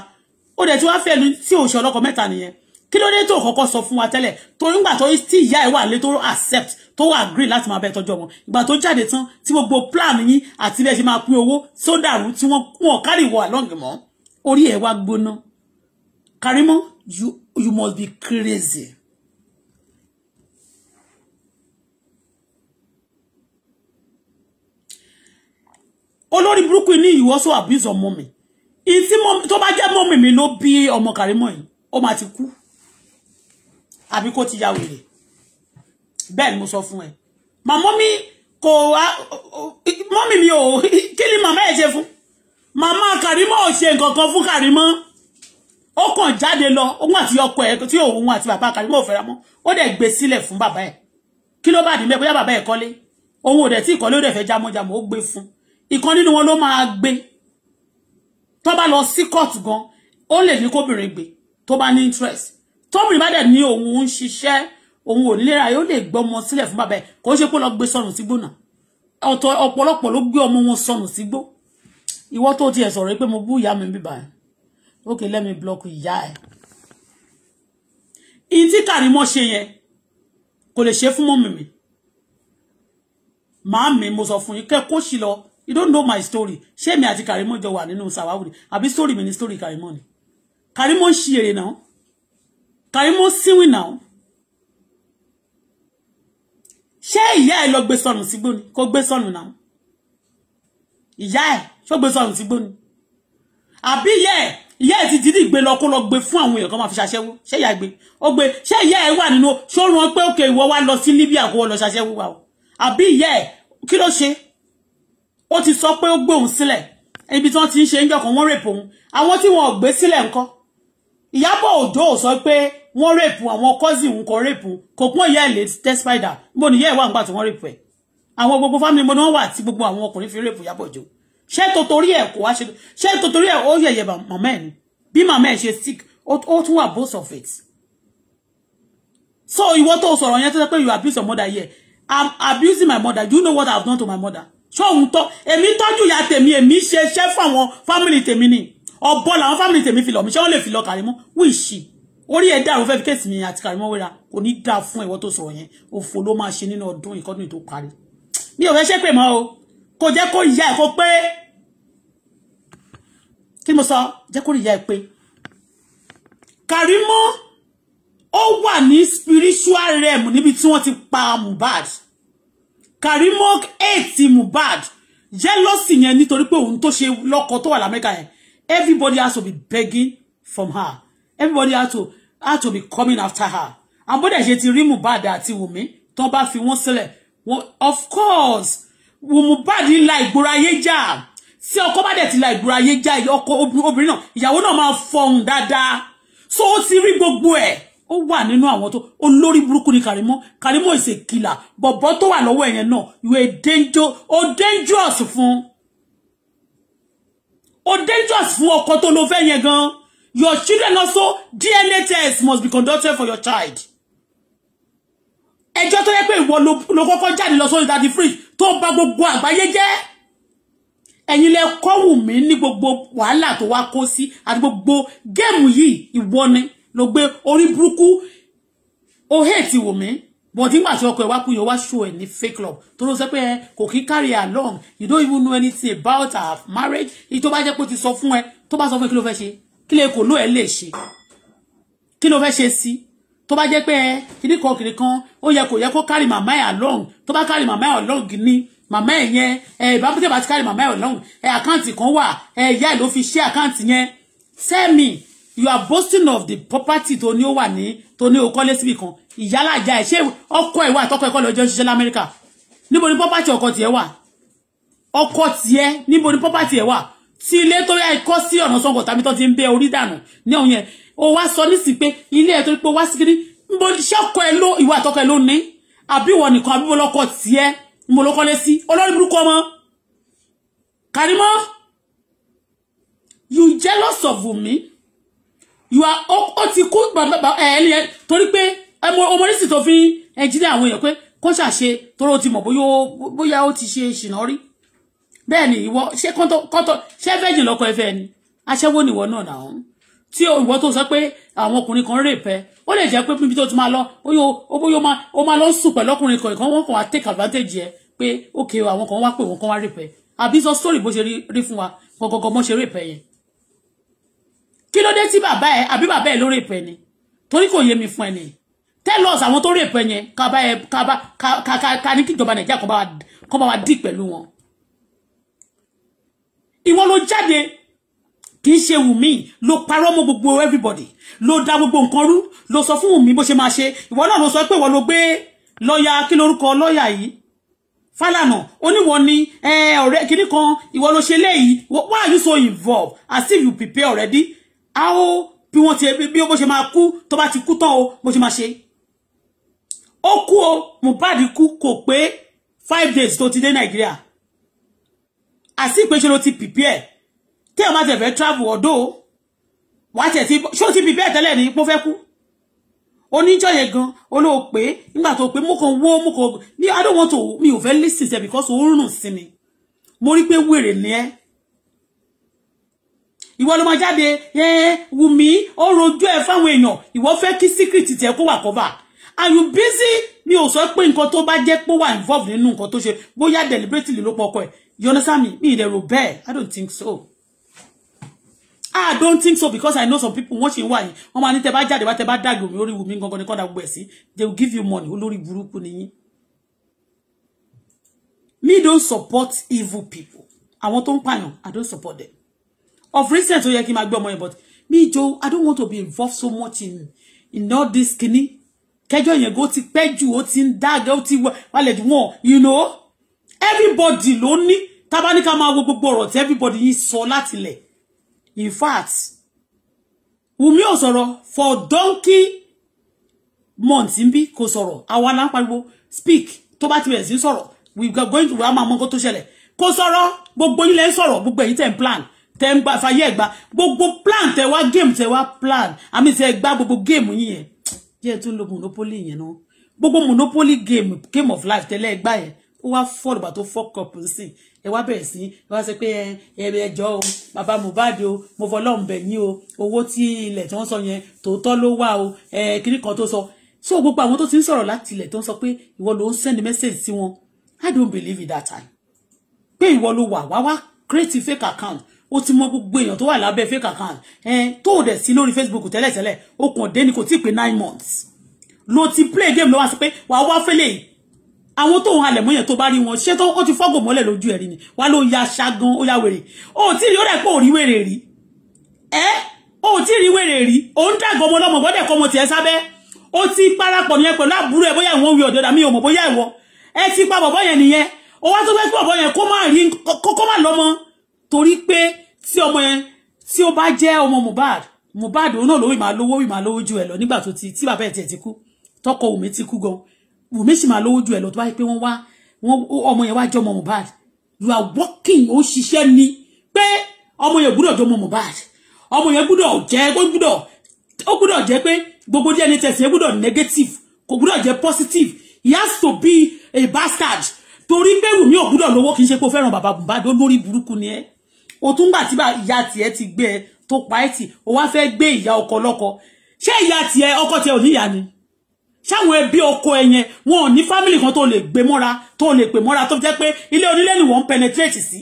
ó dẹ̀ tí wàá fẹ́ tí ò ṣe ọlọ́kọ mẹ́ta nìyẹn kí ló dé tó kọ́kọ́ sọ fún wa tẹ́lẹ̀ torí ńgbà tó tí ìyá ẹ̀ wà lé to accept tó agree láti máa bẹ tọ́jú ọmọ ìgbà tó jáde tán tí gbogbo plan yín àti bẹ́ẹ̀ ṣe máa pín owó sódàrú tí wọ́n kún ọ̀kárìwọ̀ àlọ́ǹgì mọ́ orí ẹ̀ wá gbóná Karimo, you you must be crazy. Olórí burúkú ni you also abuse your mommy. Ìtí mommy, tó bá jẹ́ mọ́mí mi ló bí ọmọ Karimo yìí, ó máa ti kú. Àbí kó ti ya wèrè. Ben ni mo sọ fún ẹ. Màmọ́ mi kò wá mọ́mí mi ò kí ni màmá ẹ̀ ṣe fún? Màmá Karimo ò ṣe kan fún Karimo o kàn jáde lọ òun àti ọkọ ẹ̀ tí òun àti bàbá Karimo ò fẹ́ra mọ́ ó dẹ̀ gbé sílẹ̀ fún bàbá ẹ̀ kí ló bá dì mẹ́ bóyá bàbá ẹ̀ kọ́lé òun ò dẹ̀ tí ìkọ́lé ó dẹ̀ fẹ́ jámọ́jámọ́ ó gbé fún ìkan nínú wọn ló máa gbé tó bá lọ sí kóòtù gan ó lè ní kóbìnrin gbé tó bá ní interest tóbìnrin bá dẹ̀ ní òun ń ṣiṣẹ́ òun ò nílera yóò lè gbé ọmọ sílẹ̀ fún bàbá ẹ̀ kò ṣe pé lọ gbé sọnù sígbó náà ọ̀tọ̀ ọ̀pọ̀lọpọ̀ ló gbé ọmọ wọn sọnù sígbó ìwọ tó tiẹ̀ sọ̀rọ̀ pé mo bú ìyá mi bíbá yẹn okay let me block ìyá ẹ̀ in tí Karimo ṣe yẹn kò lè ṣe fún mọ́mì mi màá mi mo sọ fún yín kẹ́kọ́ sí lọ you don't know my story ṣé èmi àti Karimo jọ wà nínú sàwáwùdì àbí story mi ni story Karimo ni Karimo ń ṣí èrè náà Karimo ń síwìn náà ṣé ìyá ẹ̀ lọ gbé sọnù sígbó ni kó gbé sọnù náà ìyá ẹ̀ ṣó gbé sọnù sígbó ni àbí ìyá ẹ̀ ìyá ẹ̀ ti dídì gbé lọ kó lọ gbé fún àwọn èèyàn kan máa fi ṣàṣẹ́wó ṣé ìyá gbé ó gbé ṣé ìyá ẹ̀ wà nínú ṣóòrùn pé òkè ìwọ wá lọ sí Libya kó lọ ṣàṣẹ́wó wa o àbí ìyá ẹ̀ kí ló ṣe ó ti sọ pé ó gbé òun sílẹ̀ ibi tí wọ́n ti ń ṣe ń jọkàn wọ́n rèpò òun àwọn tí wọn ò gbé sílẹ̀ ńkọ́ Ìyábọ̀ Òjó ò sọ pé wọ́n rèpù àwọn kọ́sì òun kan rèpù kò pọ́n ìyá ẹ̀ lè tẹ́ spider níbo ni ìyá ẹ̀ wà nígbà tí wọ́n rèpù ẹ̀ àwọn gbogbo fámìlì mo ni wọ́n wà tí gbogbo àwọn ọkùnrin fi rèpù Ìyábọ̀ Òjó ṣé tòtórí ẹ̀ kò wá ṣe ṣé tòtórí ẹ̀ ó yẹ̀yẹ̀ màmá ẹ̀ ni bí màmá ẹ̀ ṣe sick ó tún wà both of it so ìwọ tó sọ̀rọ̀ yẹn tó sọ pé you abuse your mother here i'm abusing my mother do you know what i've done to my mother ṣé òun tọ́ èmi tọ́jú ìyá tèmi èmi ṣe iṣẹ́ fún àwọn family tèmi ni ọ̀bọ làwọn family tèmi fi lọ̀ mí ṣé wọ́n lè fi lọ Karimo wíṣì orí ẹ̀ dàrú fẹ́ fi kéèsì mi àti Karimo wéra kò ní dáa fún ìwọ tó sọ̀rọ̀ yẹn òfò ló máa ṣe nínú ọdún ìkọ́dún tó parí mi ò fẹ́ ṣépè mọ́ o kò jẹ́ kó ìyá ẹ̀ kó pé kí mo sọ jẹ́ kó ìyá pé Karimo ó wà ní spiritual rem níbi tí wọ́n ti pa Mohbad Karimo hate Mohbad jealousy yẹn nítorí pé òun tó ṣe lọ́kọ tó wà l'Amẹ́ríkà yẹn everybody has to be begging from her everybody has to has to be coming after her and bó dẹ̀ ṣe ti rí Mohbad àti Wùmí tán bá fi wọ́n sílẹ̀ of course Mohbad ń la ìgboro ayé jà tí ọkọ bá dẹ̀ ti la ìgboro ayé jà ọkọ obìnrin náà ìyàwó náà máa fọhùn dada. so ó ti rí gbogbo ẹ̀ ó wà nínú àwọn tó olórí burúkú ni Karimo Karimo is a killer bọ̀bọ̀ tó wà lọ́wọ́ ẹ̀yẹn náà you a danger ó dangerous fún ó dangerous fún ọkọ tó lọ fẹ́ yẹn gan your children also DNA tests must be conducted for your child ẹjọ́ tó ìwọ ló kọ́kọ́ jáde lọ sórí dadi fridge tó bà gbogbo àgbáyé jẹ́ ẹ̀yin lẹ kọ́ wù mí ní gbogbo wàhálà tó wá kó sí àti gbogbo géèmù yìí ìwọ ni ló gbé orí burúkú o hate wù mí but nígbà tí ọkọ ẹ wá kú yóò wá show ẹ ní fake club. tó ló sọ pé ẹ eh, kò kí carry along you don't even know anything about her marriage èyí tó bá jẹ́ pé ó ti sọ fún ẹ tó bá sọ fún ẹ kí ló fẹ́ ṣe kí lè kò ló ẹ lè ṣe kí ló fẹ́ ṣe sí tó bá jẹ́ pé ẹ kíní kan kìnì kan ó yẹ kò yẹ kó kárì màmá ẹ̀ along tó bá kárì màmá ẹ̀ along ni màmá ẹ̀ yẹn ẹ ìbámútẹ̀ bá ti kárì màmá ẹ̀ along ẹ àkáǹtì kan wà ẹ ìyá ẹ̀ ló fi ṣe àkáǹtì yẹn tell me you are boasting of the property tó ní ó wà ní tó ní ó kọ́lé síbì kan ìyálà ìjà ẹ̀ ṣé ọkọ ẹ̀ wà tọkọ ẹ̀kọ́ lọ́jọ́ ṣiṣẹ́ l'Amẹ́ríkà níbo ni property ọkọ tiẹ̀ wà ọkọ tiẹ̀ níbo ni property ẹ̀ wà ti ilé tó yá ikọ́ sí ọ̀nà Ṣàngó tàbí tó ti ń bẹ orí dànù ní ọ̀hún yẹn ó wá sọ nísìn pé ilé ẹ̀ tó pé wá sí kiri nbọ ṣọ́kọ ẹ ló ìwà àtọ́kọ ẹ ló ní àbí ìwọ nìkan àbí mọlọ́kọ tiẹ̀ mọlọ́kọ lé sí olórí burúkú ọmọ Karimo you jealous of Wunmi you are ó ti kú bàbá ẹ ẹ lè torí pé ọmọ onísìn tó fi ẹjídé àwọn èèyàn pé kó ṣàṣe tó ló ti mọ̀ bóyá ó ti ṣe ṣìnà bẹ́ẹ̀ ni ìwọ ṣé kọ́ńtọ́ kọ́ńtọ́ ṣé fẹ́jì lọ́kọ ẹ fẹ́ ni aṣẹ́wó nìwọ náà nà ọ́n tí ìwọ tó sọ pé àwọn ọkùnrin kan rè pẹ́ ó lè jẹ́ pé níbi tó ti máa lọ ó yóò ó máa lọ sùn pẹ̀lú ọkùnrin kan ìkan wọn kàn wá take advantage yẹ pé ókè àwọn kan wá pé wọn kan wá rè pẹ́ àbí sọ story bó ṣe rí fún wa gọgọgọ mọ́ ṣe rè pẹ́ yẹn kí ló dé tí bàbá ẹ àbí bàbá ẹ ló rè pẹ́ ni torí kò yé mi fún ẹ nìyí tell us àwọn tó rè pẹ́ yẹn ká ní kíjọba nàìjíríà kan bá wa dì pẹ̀lú wọn ìwọ ló jáde kì í ṣe Wùmí ló parọ́ mọ́ gbogbo everybody Lo da gbogbo nǹkan rú ló sọ fún Wùmí bó ṣe máa ṣe ìwọ náà ló sọ pé ìwọ ló gbé lọ́ọ̀yà kí lorúkọ lọ́ọ̀yà yìí Fálànà oníwọ ni ọ̀rẹ́ kìíní kan ìwọ ló ṣe léyìí why are you so involved as if you prepare already how bí wọ́n ti bí bó ṣe máa kú tó bá ti kú tán o bó ṣe máa ṣe ó kú o Mohbad kú kò pé five days tó ti dé Nigeria àti pé ṣe ló ti prepare tí ẹ̀ máa tẹ̀ fẹ́ travel ọ̀dọ́ wà á tẹ̀ sí ṣé ó ti prepare tẹ́lẹ̀ ní pọ́ fẹ́ kú oníjọ́ yẹn gan olóò pé nígbà tó pé mo kàn wó mo kàn ní I don't want to mi ò fẹ́ listen sẹ́ because ó rùn sí mi mo rí pé wèrè ni ẹ́ ìwọ ló máa jáde ẹ Wùmí ó rojú ẹ fáwọn èèyàn ìwọ fẹ́ kí secret tiẹ̀ kó wà cover are you busy mi ò sọ pé nǹkan tó bá jẹ́ pé wà involved nínú nǹkan tó ṣe bóyá deliberately ló pọkọ ẹ̀ You understand me? Me, they rebel. I don't think so. I don't think so because I know some people watching why. Wọ́n máa ní tẹ́ bá jáde wá tẹ́ bá dàgbò mi lórí Wùmí gangan ní They will give you money. Olórí burúkú ni yín. Me don't support evil people. I want to pààyàn, I don't support them. Of recent, so yẹ kí money, but me Joe, I don't want to be involved so much in in all this kinní. Kẹjọ yẹn go ti pẹ́ jù, ó ti ń dàgbà, ti wà lẹ̀ you know. Everybody lonely. Taba ni ká máa wo gbogbo ọ̀rọ̀ tí everybody yìí so láti le. in fact umi ò sọ̀rọ̀ for donkey month nbí kò sọ̀rọ̀ àwa là ń speak tó bá ti bẹ̀rẹ̀ sí we are going to wà á máa mọ nǹkan tó ṣẹlẹ̀ kò sọ̀rọ̀ gbogbo yín lẹ́ ń sọ̀rọ̀ gbogbo èyí tẹ̀ plan tẹ̀ ń gba fàyè ẹ̀gbá gbogbo plan tẹ̀ wá game tẹ̀ wá plan Ami tẹ̀ gbá gbogbo game yín yẹn jẹ́ tó lo monopoly yẹn náà gbogbo monopoly game game of life tẹ̀lé ẹ̀gbá yẹn ó wá fọ́ ìgbà tó fọ́ kọ̀pù sí ẹ wá bẹ̀rẹ̀ sí ẹ wá sọ pé ẹ ẹjọ́ o bàbá Mohbad o mo fọlọ́run bẹ̀ yín o owó tí ilẹ̀ tí wọ́n sọ yẹn tòótọ́ ló wà o kiri kan tó sọ so gbogbo àwọn tó ti ń sọ̀rọ̀ láti ilẹ̀ tó ń sọ pé ìwọ ló ń send message sí wọn I don't believe it that time pé ìwọ ló wà wá wá create fake account ó ti mọ gbogbo èèyàn tó wà lábẹ́ fake account tó dẹ̀ sí lórí Facebook tẹ́lẹ̀tẹ́lẹ̀ ó kàn kò tí ì pé nine months lo ti play game lọ́wọ́ sí pé wàá wá fẹ́lẹ̀ yìí àwọn tó ń halẹ̀ mọ́yàn tó bá rí wọn ṣé tó ó ti fọ́gò mọ́lẹ̀ lójú ẹ̀rí ni wà ló ya ṣágan ó ya wèrè ó tí rí ó rẹ̀ pé ò rí wèrè rí ẹ́ ó tí rí wèrè rí ó ń dàgbọ́ ọmọ ọlọ́mọ bọ́dẹ̀ kọ́ ọmọ tiẹ̀ sábẹ́ ó ti parapọ̀ nìyẹn pẹ̀lú àbúrò ẹ̀ bóyá ìwọ̀n wí ọ̀dọ̀ dàmí ò mọ̀ bóyá ìwọ ẹ ti pa bọ̀bọ́ yẹn nìyẹn ó wá tó fẹ́ pọ̀ bọ́ yẹn kó má rí kó má lọ́mọ torí pé tí ọmọ yẹn tí ó bá jẹ́ ọmọ Mohbad Mohbad òun náà lówó ìmàlówó ìmàlówó ju ẹ̀ lọ nígbà tó ti tí bàbá ẹ̀ tiẹ̀ ti kú tọkọ òmí ti kú gan Wùmí sì máa lówó ju ẹ̀ lọ tó bá yẹ pé wọ́n wá ọmọ yẹn wá jọ ọmọ Mohbad you are working ó ṣiṣẹ́ ni pé ọmọ yẹn gbúdọ̀ jọ ọmọ Mohbad ọmọ yẹn gbúdọ̀ jẹ́ ó gbúdọ̀ ó gbúdọ̀ jẹ́ pé gbogbo DNA test yẹn gbúdọ̀ negative kò gbúdọ̀ jẹ́ positive he has to be a bastard torí pé Wùmí ò gbúdọ̀ lówó kì í ṣe pé ó fẹ́ràn bàbá Mohbad lórí burúkú ni ẹ́ o tún gbà tí ìyá tiẹ̀ ti gbé ẹ tó pa ẹ́ tì o wá fẹ́ gbé ìyá ọkọ lọ́kọ ṣé ìyá tiẹ̀ ọkọ tiẹ̀ ò níyà ni ṣáwọn ẹbí ọkọ ẹ yẹn ni family kan tó lè gbé mọ́ra tó lè pè mora tó jẹ́ pé ilé onílé ni wọ́n penetrate sí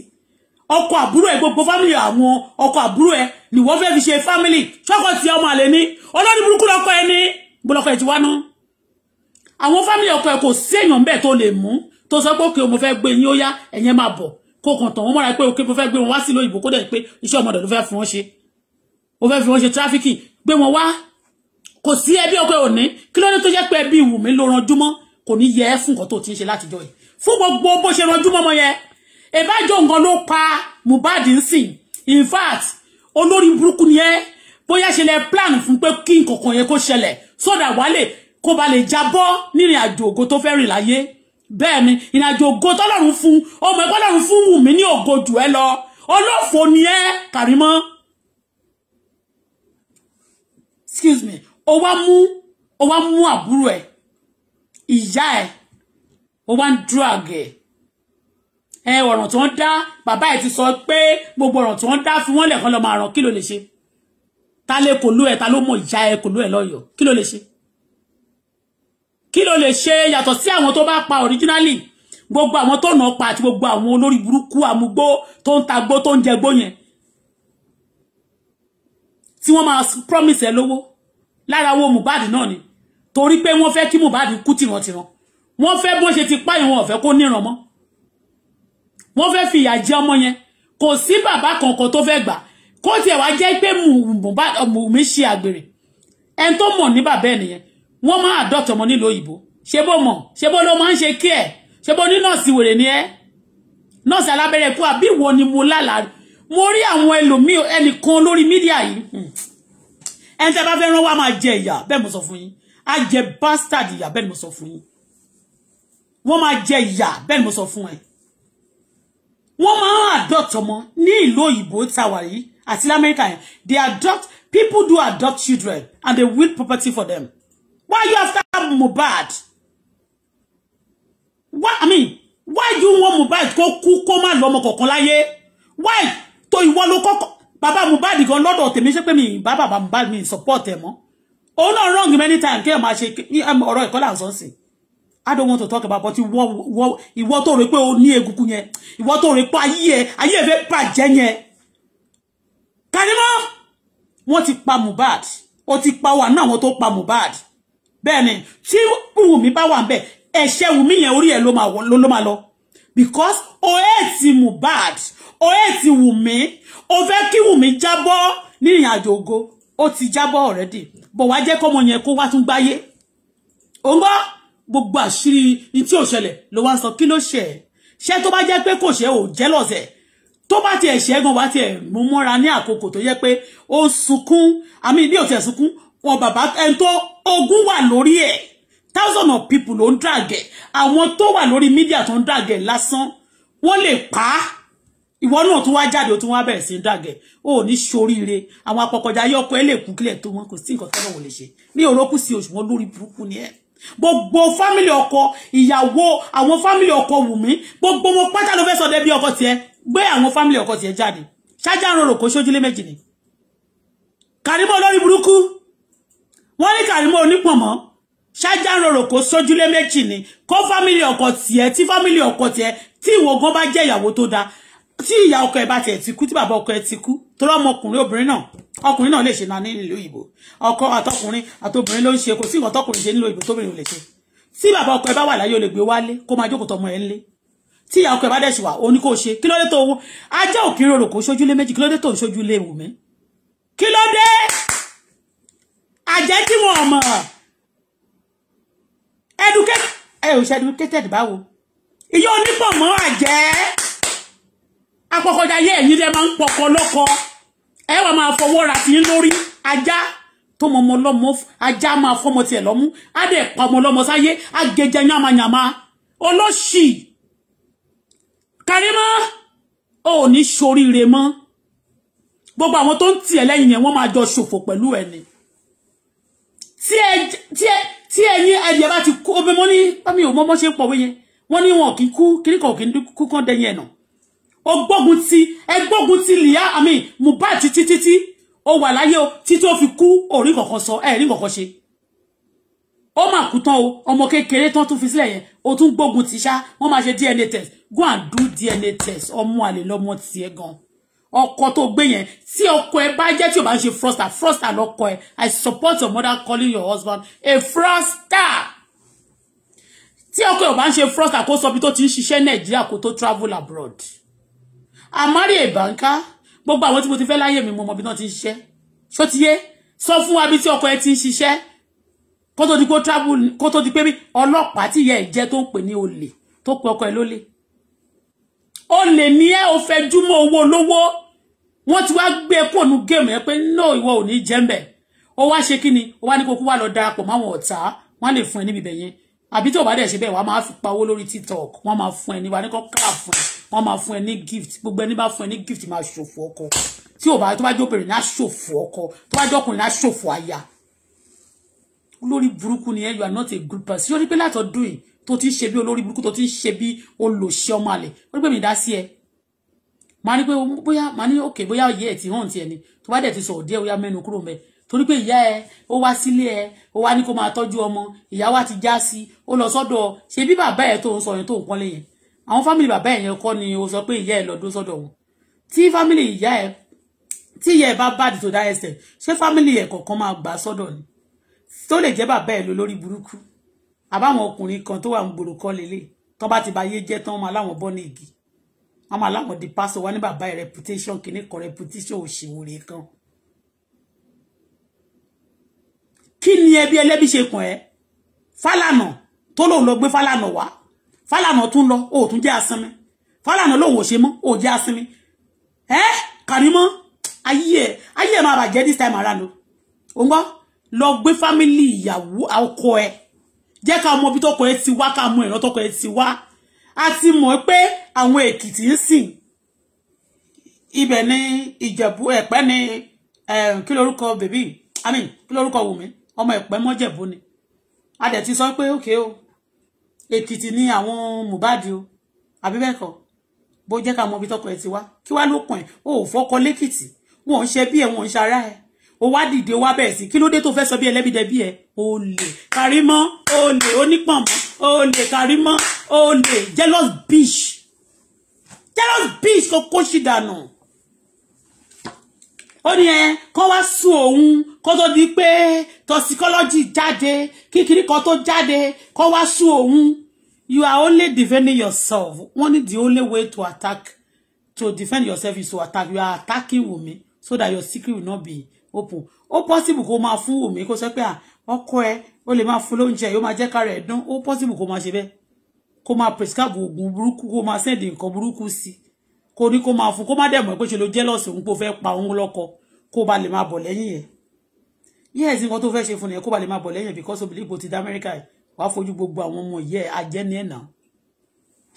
ọkọ àbúrò ẹ gbogbo family àwọn ọkọ àbúrò ẹ ni wọ́n fẹ́ fi ṣe family ṣọ́kọ̀ tí ọmọ àlè ní olórí burúkú lọ́kọ ẹ ní bọ́lọ́kọ ti wá ná àwọn family ọkọ ẹ kò sí èèyàn bẹ́ẹ̀ tó lè mú tó sọ pé òkè mo fẹ́ gbé yín ó yá ẹ̀yẹn máa bọ̀ kó kàn tàn wọ́n mọ́ra pé òkè mo fẹ́ gbé wọn wá sí ìlú òyìnbó kó dẹ̀ pé iṣẹ́ ọmọdé ló fẹ́ fi wọ́n ṣe ó fẹ́ fi wọ́n ṣe tráfíkì gbé wọn wá kò sí ẹbí ọkọ òní kí ló ní tó jẹ́ pé ẹbí ìwù mí ló ranjú kò ní yẹ ẹ́ fún nǹkan tó ti ń ṣe látijọ́ yìí fún gbogbo bó ṣe ranjú mọ́ mọ́ ìbájọ nǹkan ló pa Mohbad ń sìn in fact olórí burúkú ni ẹ bóyá ṣe lẹ plan fún pé kí nǹkan yẹn kó ṣẹlẹ̀ sódà wálé kó ba lè jábọ́ nírìn àjò ògo tó fẹ́ rìn láyé bẹ́ẹ̀ ni ìrìn àjò ògo tọ́lọ́run fún ọmọ ẹ̀kọ́ lọ́run fún Wùmí ní ògo jù ẹ lọ olófò ni ẹ Kàrímọ́ excuse me ó wá mú ó wá mú àbúrò ẹ̀ ìyá ẹ̀ ó wá ń drag ẹ̀ ẹ ọ̀ràn tó ń dá bàbá ẹ̀ ti sọ pé gbogbo ọ̀ràn tó ń dá fi wọ́n lẹ̀kan lọ máa ràn kí ló lè ṣe ta lè kò ló ẹ̀ ta ló mọ̀ ìyá ẹ̀ kò ló ẹ̀ lọ́yọ̀ọ́ kí ló lè ṣe kí ló lè ṣe yàtọ̀ sí àwọn pa originally gbogbo àwọn tó nà pa àti gbogbo àwọn olórí burúkú àmugbó tó ń tagbó tó ń jẹgbó yẹn tí wọ́n máa promise ẹ lówó lára owó Mohbad náà ni torí pé wọ́n fẹ́ kí Mohbad kú tìrantìran wọ́n fẹ́ bó ṣe ti páyìn wọn ò fẹ́ kó níran mọ́ wọ́n fẹ́ fìyà jẹ ọmọ yẹn kò sí bàbá kankan tó fẹ́ gbà kó tiẹ̀ wá jẹ́ pé Wùmí ṣe àgbèrè ẹni tó mọ̀ ní bàbá ẹ̀ nìyẹn wọ́n máa àdọ́tọ̀ ọmọ nílò òyìnbó ṣe bó mọ̀ ṣe bó ló máa ń ṣe kí ẹ̀ ṣe bó ní nọ́ọ̀sì wèrè ni ẹ́ nọ́ọ̀sì alábẹ́rẹ́ kú àbí ìwọ ni mo lálàá mo rí àwọn ẹlòmíì ẹnìkan lórí mídíà yìí hmm ẹni tẹ́ bá fẹ́ rán wá máa jẹ ìyà bẹ́ẹ̀ mo sọ fún yín á jẹ bastard ìyà bẹ́ẹ̀ ni mo sọ fún yín wọ́n máa jẹ ìyà bẹ́ẹ̀ ni mo sọ fún ẹ wọ́n máa ń adopt ọmọ ní ìlú òyìnbó tàwa àti lamẹ́ríkà yẹn they adopt people do adopt children and they will property for them why you after Mohbad why i mean why you want Mohbad kó kú kó má lọ́mọ kọ̀ọ̀kan láyé why tó ìwọ ló kọ́kọ́ bàbá Mohbad gan lọ́dọ̀ tèmi ṣe pé mi bá bàbá Mohbad mi support ẹ̀ mọ́ òun náà wrong many times kí ẹ máa ṣe um, ọ̀rọ̀ ìkọ́lá àǹsọ́nsìn I don't want to talk about but ìwọ ìwọ tó rè pé o ní egungun yẹn ìwọ to rè pé ayé ẹ ayé ẹ fẹ́ bàjẹ́ yẹn Karimo wọ́n ti pa Mohbad ó ti pa wà náà àwọn tó pa Mohbad bẹ́ẹ̀ ni tí Wùmí bá wà ńbẹ̀ ẹ̀ṣẹ̀ Wùmí yẹn orí ẹ̀ ló máa lọ because o hate Mohbad o èsì Wùmí o fẹ́ kí Wùmí jábọ́ ní ìrìn àjò ògo ó ti jábọ́ already bọ̀ wá jẹ́ kọ́mọ yẹn kó wá tún gbáyé ò ń gbọ́ gbogbo àṣírí ní tí ò ṣẹlẹ̀ ló wá sọ kí ló ṣe ẹ̀ ṣé tó bá jẹ́ pé kò ṣe ò jẹ́ lọ́sẹ̀ tó bá tiẹ̀ ṣe é gan wá tiẹ̀ mú mọ́ra ní àkókò tó yẹ pé ó ń sunkún àmì bí ò tiẹ̀ sunkún wọn bàbá ẹni tó ogún wà lórí ẹ̀ thousand of people ló ń dàgẹ̀ àwọn tó wà media mídíà tó ń dàgẹ̀ lásán wọ́n lè pa ìwọ náà tún wá jáde ó tún wá bẹ̀rẹ̀ sí ń dàgẹ̀ ó ní ṣoríire àwọn apọkọjà yọkọ ẹ lè kú kílẹ̀ tó wọn kò sí nǹkan tọ́lọ̀ wò lè ṣe ní òrókù sí òṣùwọ̀n lórí burúkú ni ẹ gbogbo fámìlì ọkọ ìyàwó àwọn fámìlì ọkọ Wùmí gbogbo wọn pátá ló fẹ́ sọ débi ọkọ tiẹ̀ gbé àwọn fámìlì ọkọ tiẹ̀ jáde ṣájà ń kó ṣójúlé méjì ni Kàrímọ́ lórí burúkú wọ́n ní Kàrímọ́ onípọ̀mọ́ ṣájà ń rorò kó ṣójúlé méjì ni kó fámìlì ọkọ tiẹ̀ tí fámìlì ọkọ tiẹ̀ tí ìwọ gan bá jẹ́ ìyàwó tó dáa tí ìyá ọkọ ẹ bá tiẹ̀ ti kú tí bàbá ọkọ ẹ ti kú torí ọmọkùnrin obìnrin náà ọkùnrin náà lè ṣe náà nílùú òyìnbó ọkọ àtọkùnrin àtobìnrin ló ń ṣe kò sí nǹkan tọkùnrin ṣe nílùú òyìnbó tóbìnrin lè ṣe tí bàbá ọkọ ẹ bá wà láyé o lè gbé e wálé kó máa jókòó tọmọ ẹ ńlé tí ìyá ọkọ ẹ bá dẹ̀ ṣì wà ó ní kó ṣe kí ló dé tó owó ajá òkìrin orò kò ṣojúlé méjì kí ló dé tó ń ṣojúlé wù mí kí ló dé àjẹ́ tí wọ́n mọ̀ educated ẹ ò ṣe educated báwo ìyá onípọ̀ mọ́ àjẹ́ apọkọjáyé ẹ̀yin lẹ máa ń pọkọ lọ́kọ ẹ wà máa fọwọ́ ra ti ń lórí ajá tó mọ ọmọ ọlọ́mọ ajá máa fọmọ tiẹ̀ lọ́mú á pa ọmọ ọlọ́mọ sáyé á gẹjẹ yàmàyàmà olóṣì Karimo ò ní ṣoríire mọ́ gbogbo àwọn tó ń tiẹ̀ lẹ́yìn yẹn wọ́n máa jọ ṣòfò pẹ̀lú ẹ̀ ni tí ẹ̀yin ẹ̀yẹ bá ti kú omi mọ́ ní bámi ò mọ́ mọ́ ṣe ń pọ̀wé yẹn wọ́n ní wọn kì í kú kíríkọ̀ kì í kú kán dẹ́yìn ẹ̀ náà o gbógun ti ẹ gbógun ti lìyá i mean Mohbad titi, títí o wà láyé o títí ó fi kú ori kọ̀ọ̀kan sọ ẹ rí kọ̀ọ̀kan ṣe ó mà kú tán o ọmọ kékeré tán tún fi sílẹ̀ yẹn o tun gbógun ti ṣá wọ́n máa ṣe DNA test go and do DNA test ọmọ àlè lọ́mọ tiẹ̀ gan ọkọ tó gbé yẹn tí ọkọ ẹ ba jẹ́ tí o bá ń ṣe fraudster fraudster lọ́kọ i support your mother calling your husband a frosta, tí ọkọ ẹ ba bá ń ṣe fraudster kó sọ ti ń ṣiṣẹ́ nàìjíríà kó travel abroad. Amari ebanka a banker gbogbo àwọn tí mo ti fẹ́ láyé mi mo mọ bí náà ti ń ṣiṣẹ́ ṣó ti yé sọ fún wa bí tí ọkọ ẹ ti ń ṣiṣẹ́ kó tó di pé travel kó tó di pé ọlọ́pàá tí ìyá ẹ̀ jẹ́ tó ń pè ní olè tó pe ọkọ ẹ lólè olè ní ẹ ò fẹ́ júmọ́ owó olówó wọ́n ti wá gbé pònú e géèmù yẹn pé no ìwọ ò ní jẹ́ mbẹ̀ ó wá ṣe kí ni ó wá ní kókó wá lọ darapọ̀ máwọn ọ̀tá wọ́n lè fún ẹ níbi bẹ̀yẹn àbí tí ò bá dẹ̀ ṣe bẹ́ẹ̀ wàá máa pawó lórí tiktok wọ́n máa fún ẹni wà ní kọ́ kílà fún ẹ wọ́n máa fún ẹ ní gift gbogbo ẹni bá fún ẹ ní gift máa ṣòfò ọkọ tí ò bá tó bá jẹ́ obìnrin náà ṣòfò ọkọ tó bá jẹ́ ọkùnrin náà ṣòfò aya olórí burúkú ni ẹ you are not a good person yóò rí pé látọ̀dún yìí tó ti ń ṣe bí olórí burúkú tó ti ń ṣe bí olòṣì ọmọ àlè ó rí mi dá sí ẹ màá ní pé bóyá màá ní òkè bóyá yẹ ẹ ti hàn tiẹ ni tó bá dẹ̀ ti sọ̀rọ̀ díẹ̀ bóyá mẹ́nu kúrò mẹ́ẹ̀ torí pé ìyá ẹ ó wá sílé ẹ ó wá ní kó máa tọ́jú ọmọ ìyá wa ti já sí ó lọ sọ́dọ̀ ṣe bí bàbá ẹ tó ń sọ yẹn tó ń pọ́n lé yẹn àwọn fámìlì bàbá ẹ yẹn kọ́ ni ó sọ pé ìyá ẹ lọ́dún sọ́dọ̀ wọn tí fámìlì ìyá ẹ tí ìyá ẹ bá bad to that extent ṣé fámìlì ẹ kọ̀ọ̀kan máa gbà sọ́dọ̀ ni tó lè jẹ́ bàbá ẹ lọ lórí burúkú àbáwọn ọkùnrin kan tó wà ń gbòòrò kọ́ lélẹ̀ tán bá ti ba yé jẹ́ tán wọn aláwọn bọ́ ní igi wọn aláwọn di pásọ wọn ní bàbá ẹ reputation kìíní kan reputation òṣèwòrè kan kí ni ẹbí ẹlẹ́bí ṣe kàn ẹ́ Fálànà tó lòun lọ gbé Fálànà wá Fálànà tún lọ ó tún jẹ́ asinmi Fálànà lòun ò ṣe mọ́ ó jẹ́ asinmi ẹ́ Kàrímọ́ ayé ẹ̀ ayé ẹ̀ máa bàjẹ́ this time around o ń gbọ́ lọ gbé fámìlì ìyàwó ọkọ ẹ̀ jẹ́ ká mọ ibi tọkọ ẹ̀ ti wá ká mọ ìran tọkọ ẹ̀ ti wá a ti mọ̀ pé àwọn Èkìtì ń sìn ibẹ̀ ni Ìjẹ̀bú Ẹ̀pẹ́ ni eh, kí lorúkọ bèbí i mean kí lorúkọ Wùmí ọmọ ẹ̀pẹ́ mọ́jẹ̀bú ni a dẹ̀ ti sọ pé òkè o èkìtì ni àwọn Mohbad o àbí bẹ́ẹ̀ kọ́ bó jẹ́ ká mọ ibi tọkọ ẹ̀ ti wá kí wá ló pọ̀n ẹ̀ o ò fọ́kọ lẹ́kìtì wọn ò ń ṣe bí ẹ̀ wọn ò ń ṣara ẹ̀ o wá dìde wá bẹ̀ẹ̀ sí kí ló dé tó fẹ́ sọ bí ẹlẹ́bìdẹ bí ẹ olè Karimo olè onípọ̀nmọ́ olè Karimo olè jealous bitch jealous bitch kò kó ṣì dànù. No ó ní ẹ kọ́ wá sùn òun kó tó di pé toxicology jáde kíkiri kan tó jáde kọ́ wá sùn òun you are only defending yourself wọ́n ní the only way to attack to defend yourself is to attack you are attacking Wunmi so that your secret will not be open ó possible kó máa fún Wunmi kó sọ pé ah, ọkọ ẹ ó lè máa fún lóúnjẹ yóò máa jẹ́ kára ẹ̀ dán ó possible kó máa ṣe bẹ́ẹ̀ kó máa prescribe oògùn burúkú kó máa send nǹkan burúkú sí i kò ní kó máa fún kó má dẹ̀ mọ̀ pé ṣe ló jẹ́lọ́sì òun pé ó fẹ́ pa òun lọ́kọ kó ba lè máa bọ̀ lẹ́yìn yẹn yíyẹ̀sì nǹkan tó fẹ́ ṣe fún nìyẹn kó ba lè máa bọ̀ lẹ́yìn because obìnrin ibo ti dá amẹ́ríkà yìí wàá fojú gbogbo àwọn ọmọ yẹ ajẹ́ ní ẹ̀nà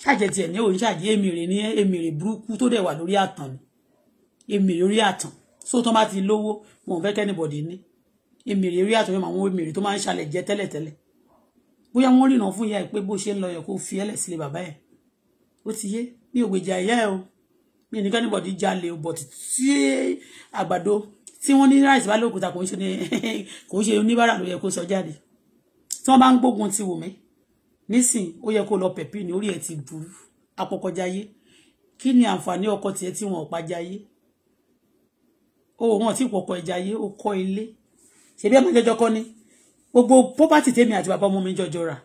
ṣàjẹ́ tiẹ̀ ní òun ṣàjẹ́ èmìrè ní èmìrè burúkú tó dẹ̀ wà lórí ni èmìrè orí àtàn so tó má ti lówó wọn ò fẹ́ kẹ́nìbọ̀dì ní èmìrè orí àtàn yẹn àwọn èmìrè tó máa ń ṣàlẹ̀ jẹ tẹ́lẹ̀tẹ́lẹ̀ bóyá wọ́n rìnà fún ìyá ẹ̀ pé bó ṣe ń lọ yẹ kó fi ẹlẹ̀ sílẹ̀ bàbá ẹ̀ ó ti yé mi ò gbèjà ìyá ẹ̀ o mi ní kẹ́nìbọ̀dì jalè o but tí àgbàdo tí wọ́n ní rice bá lóòkúta kò ń ṣe kò ń ṣe oníbàárà ló yẹ kó sọ jáde tí wọ́n bá ń gbógun ti wò mí nísìn ó yẹ kó lọ pẹ̀pì ní orí ẹ̀ ti burú apọkọjáyé kí ni àǹfààní ọkọ tiẹ̀ tí wọn ò pàjáyé o wọn ti pọkọ ẹjáyé ó kọ́ ilé ṣebí ẹ̀ máa jọjọ kọ́ ni gbogbo pọ́pátì tèmi àti bàbá ọmọ mi jọjọ rà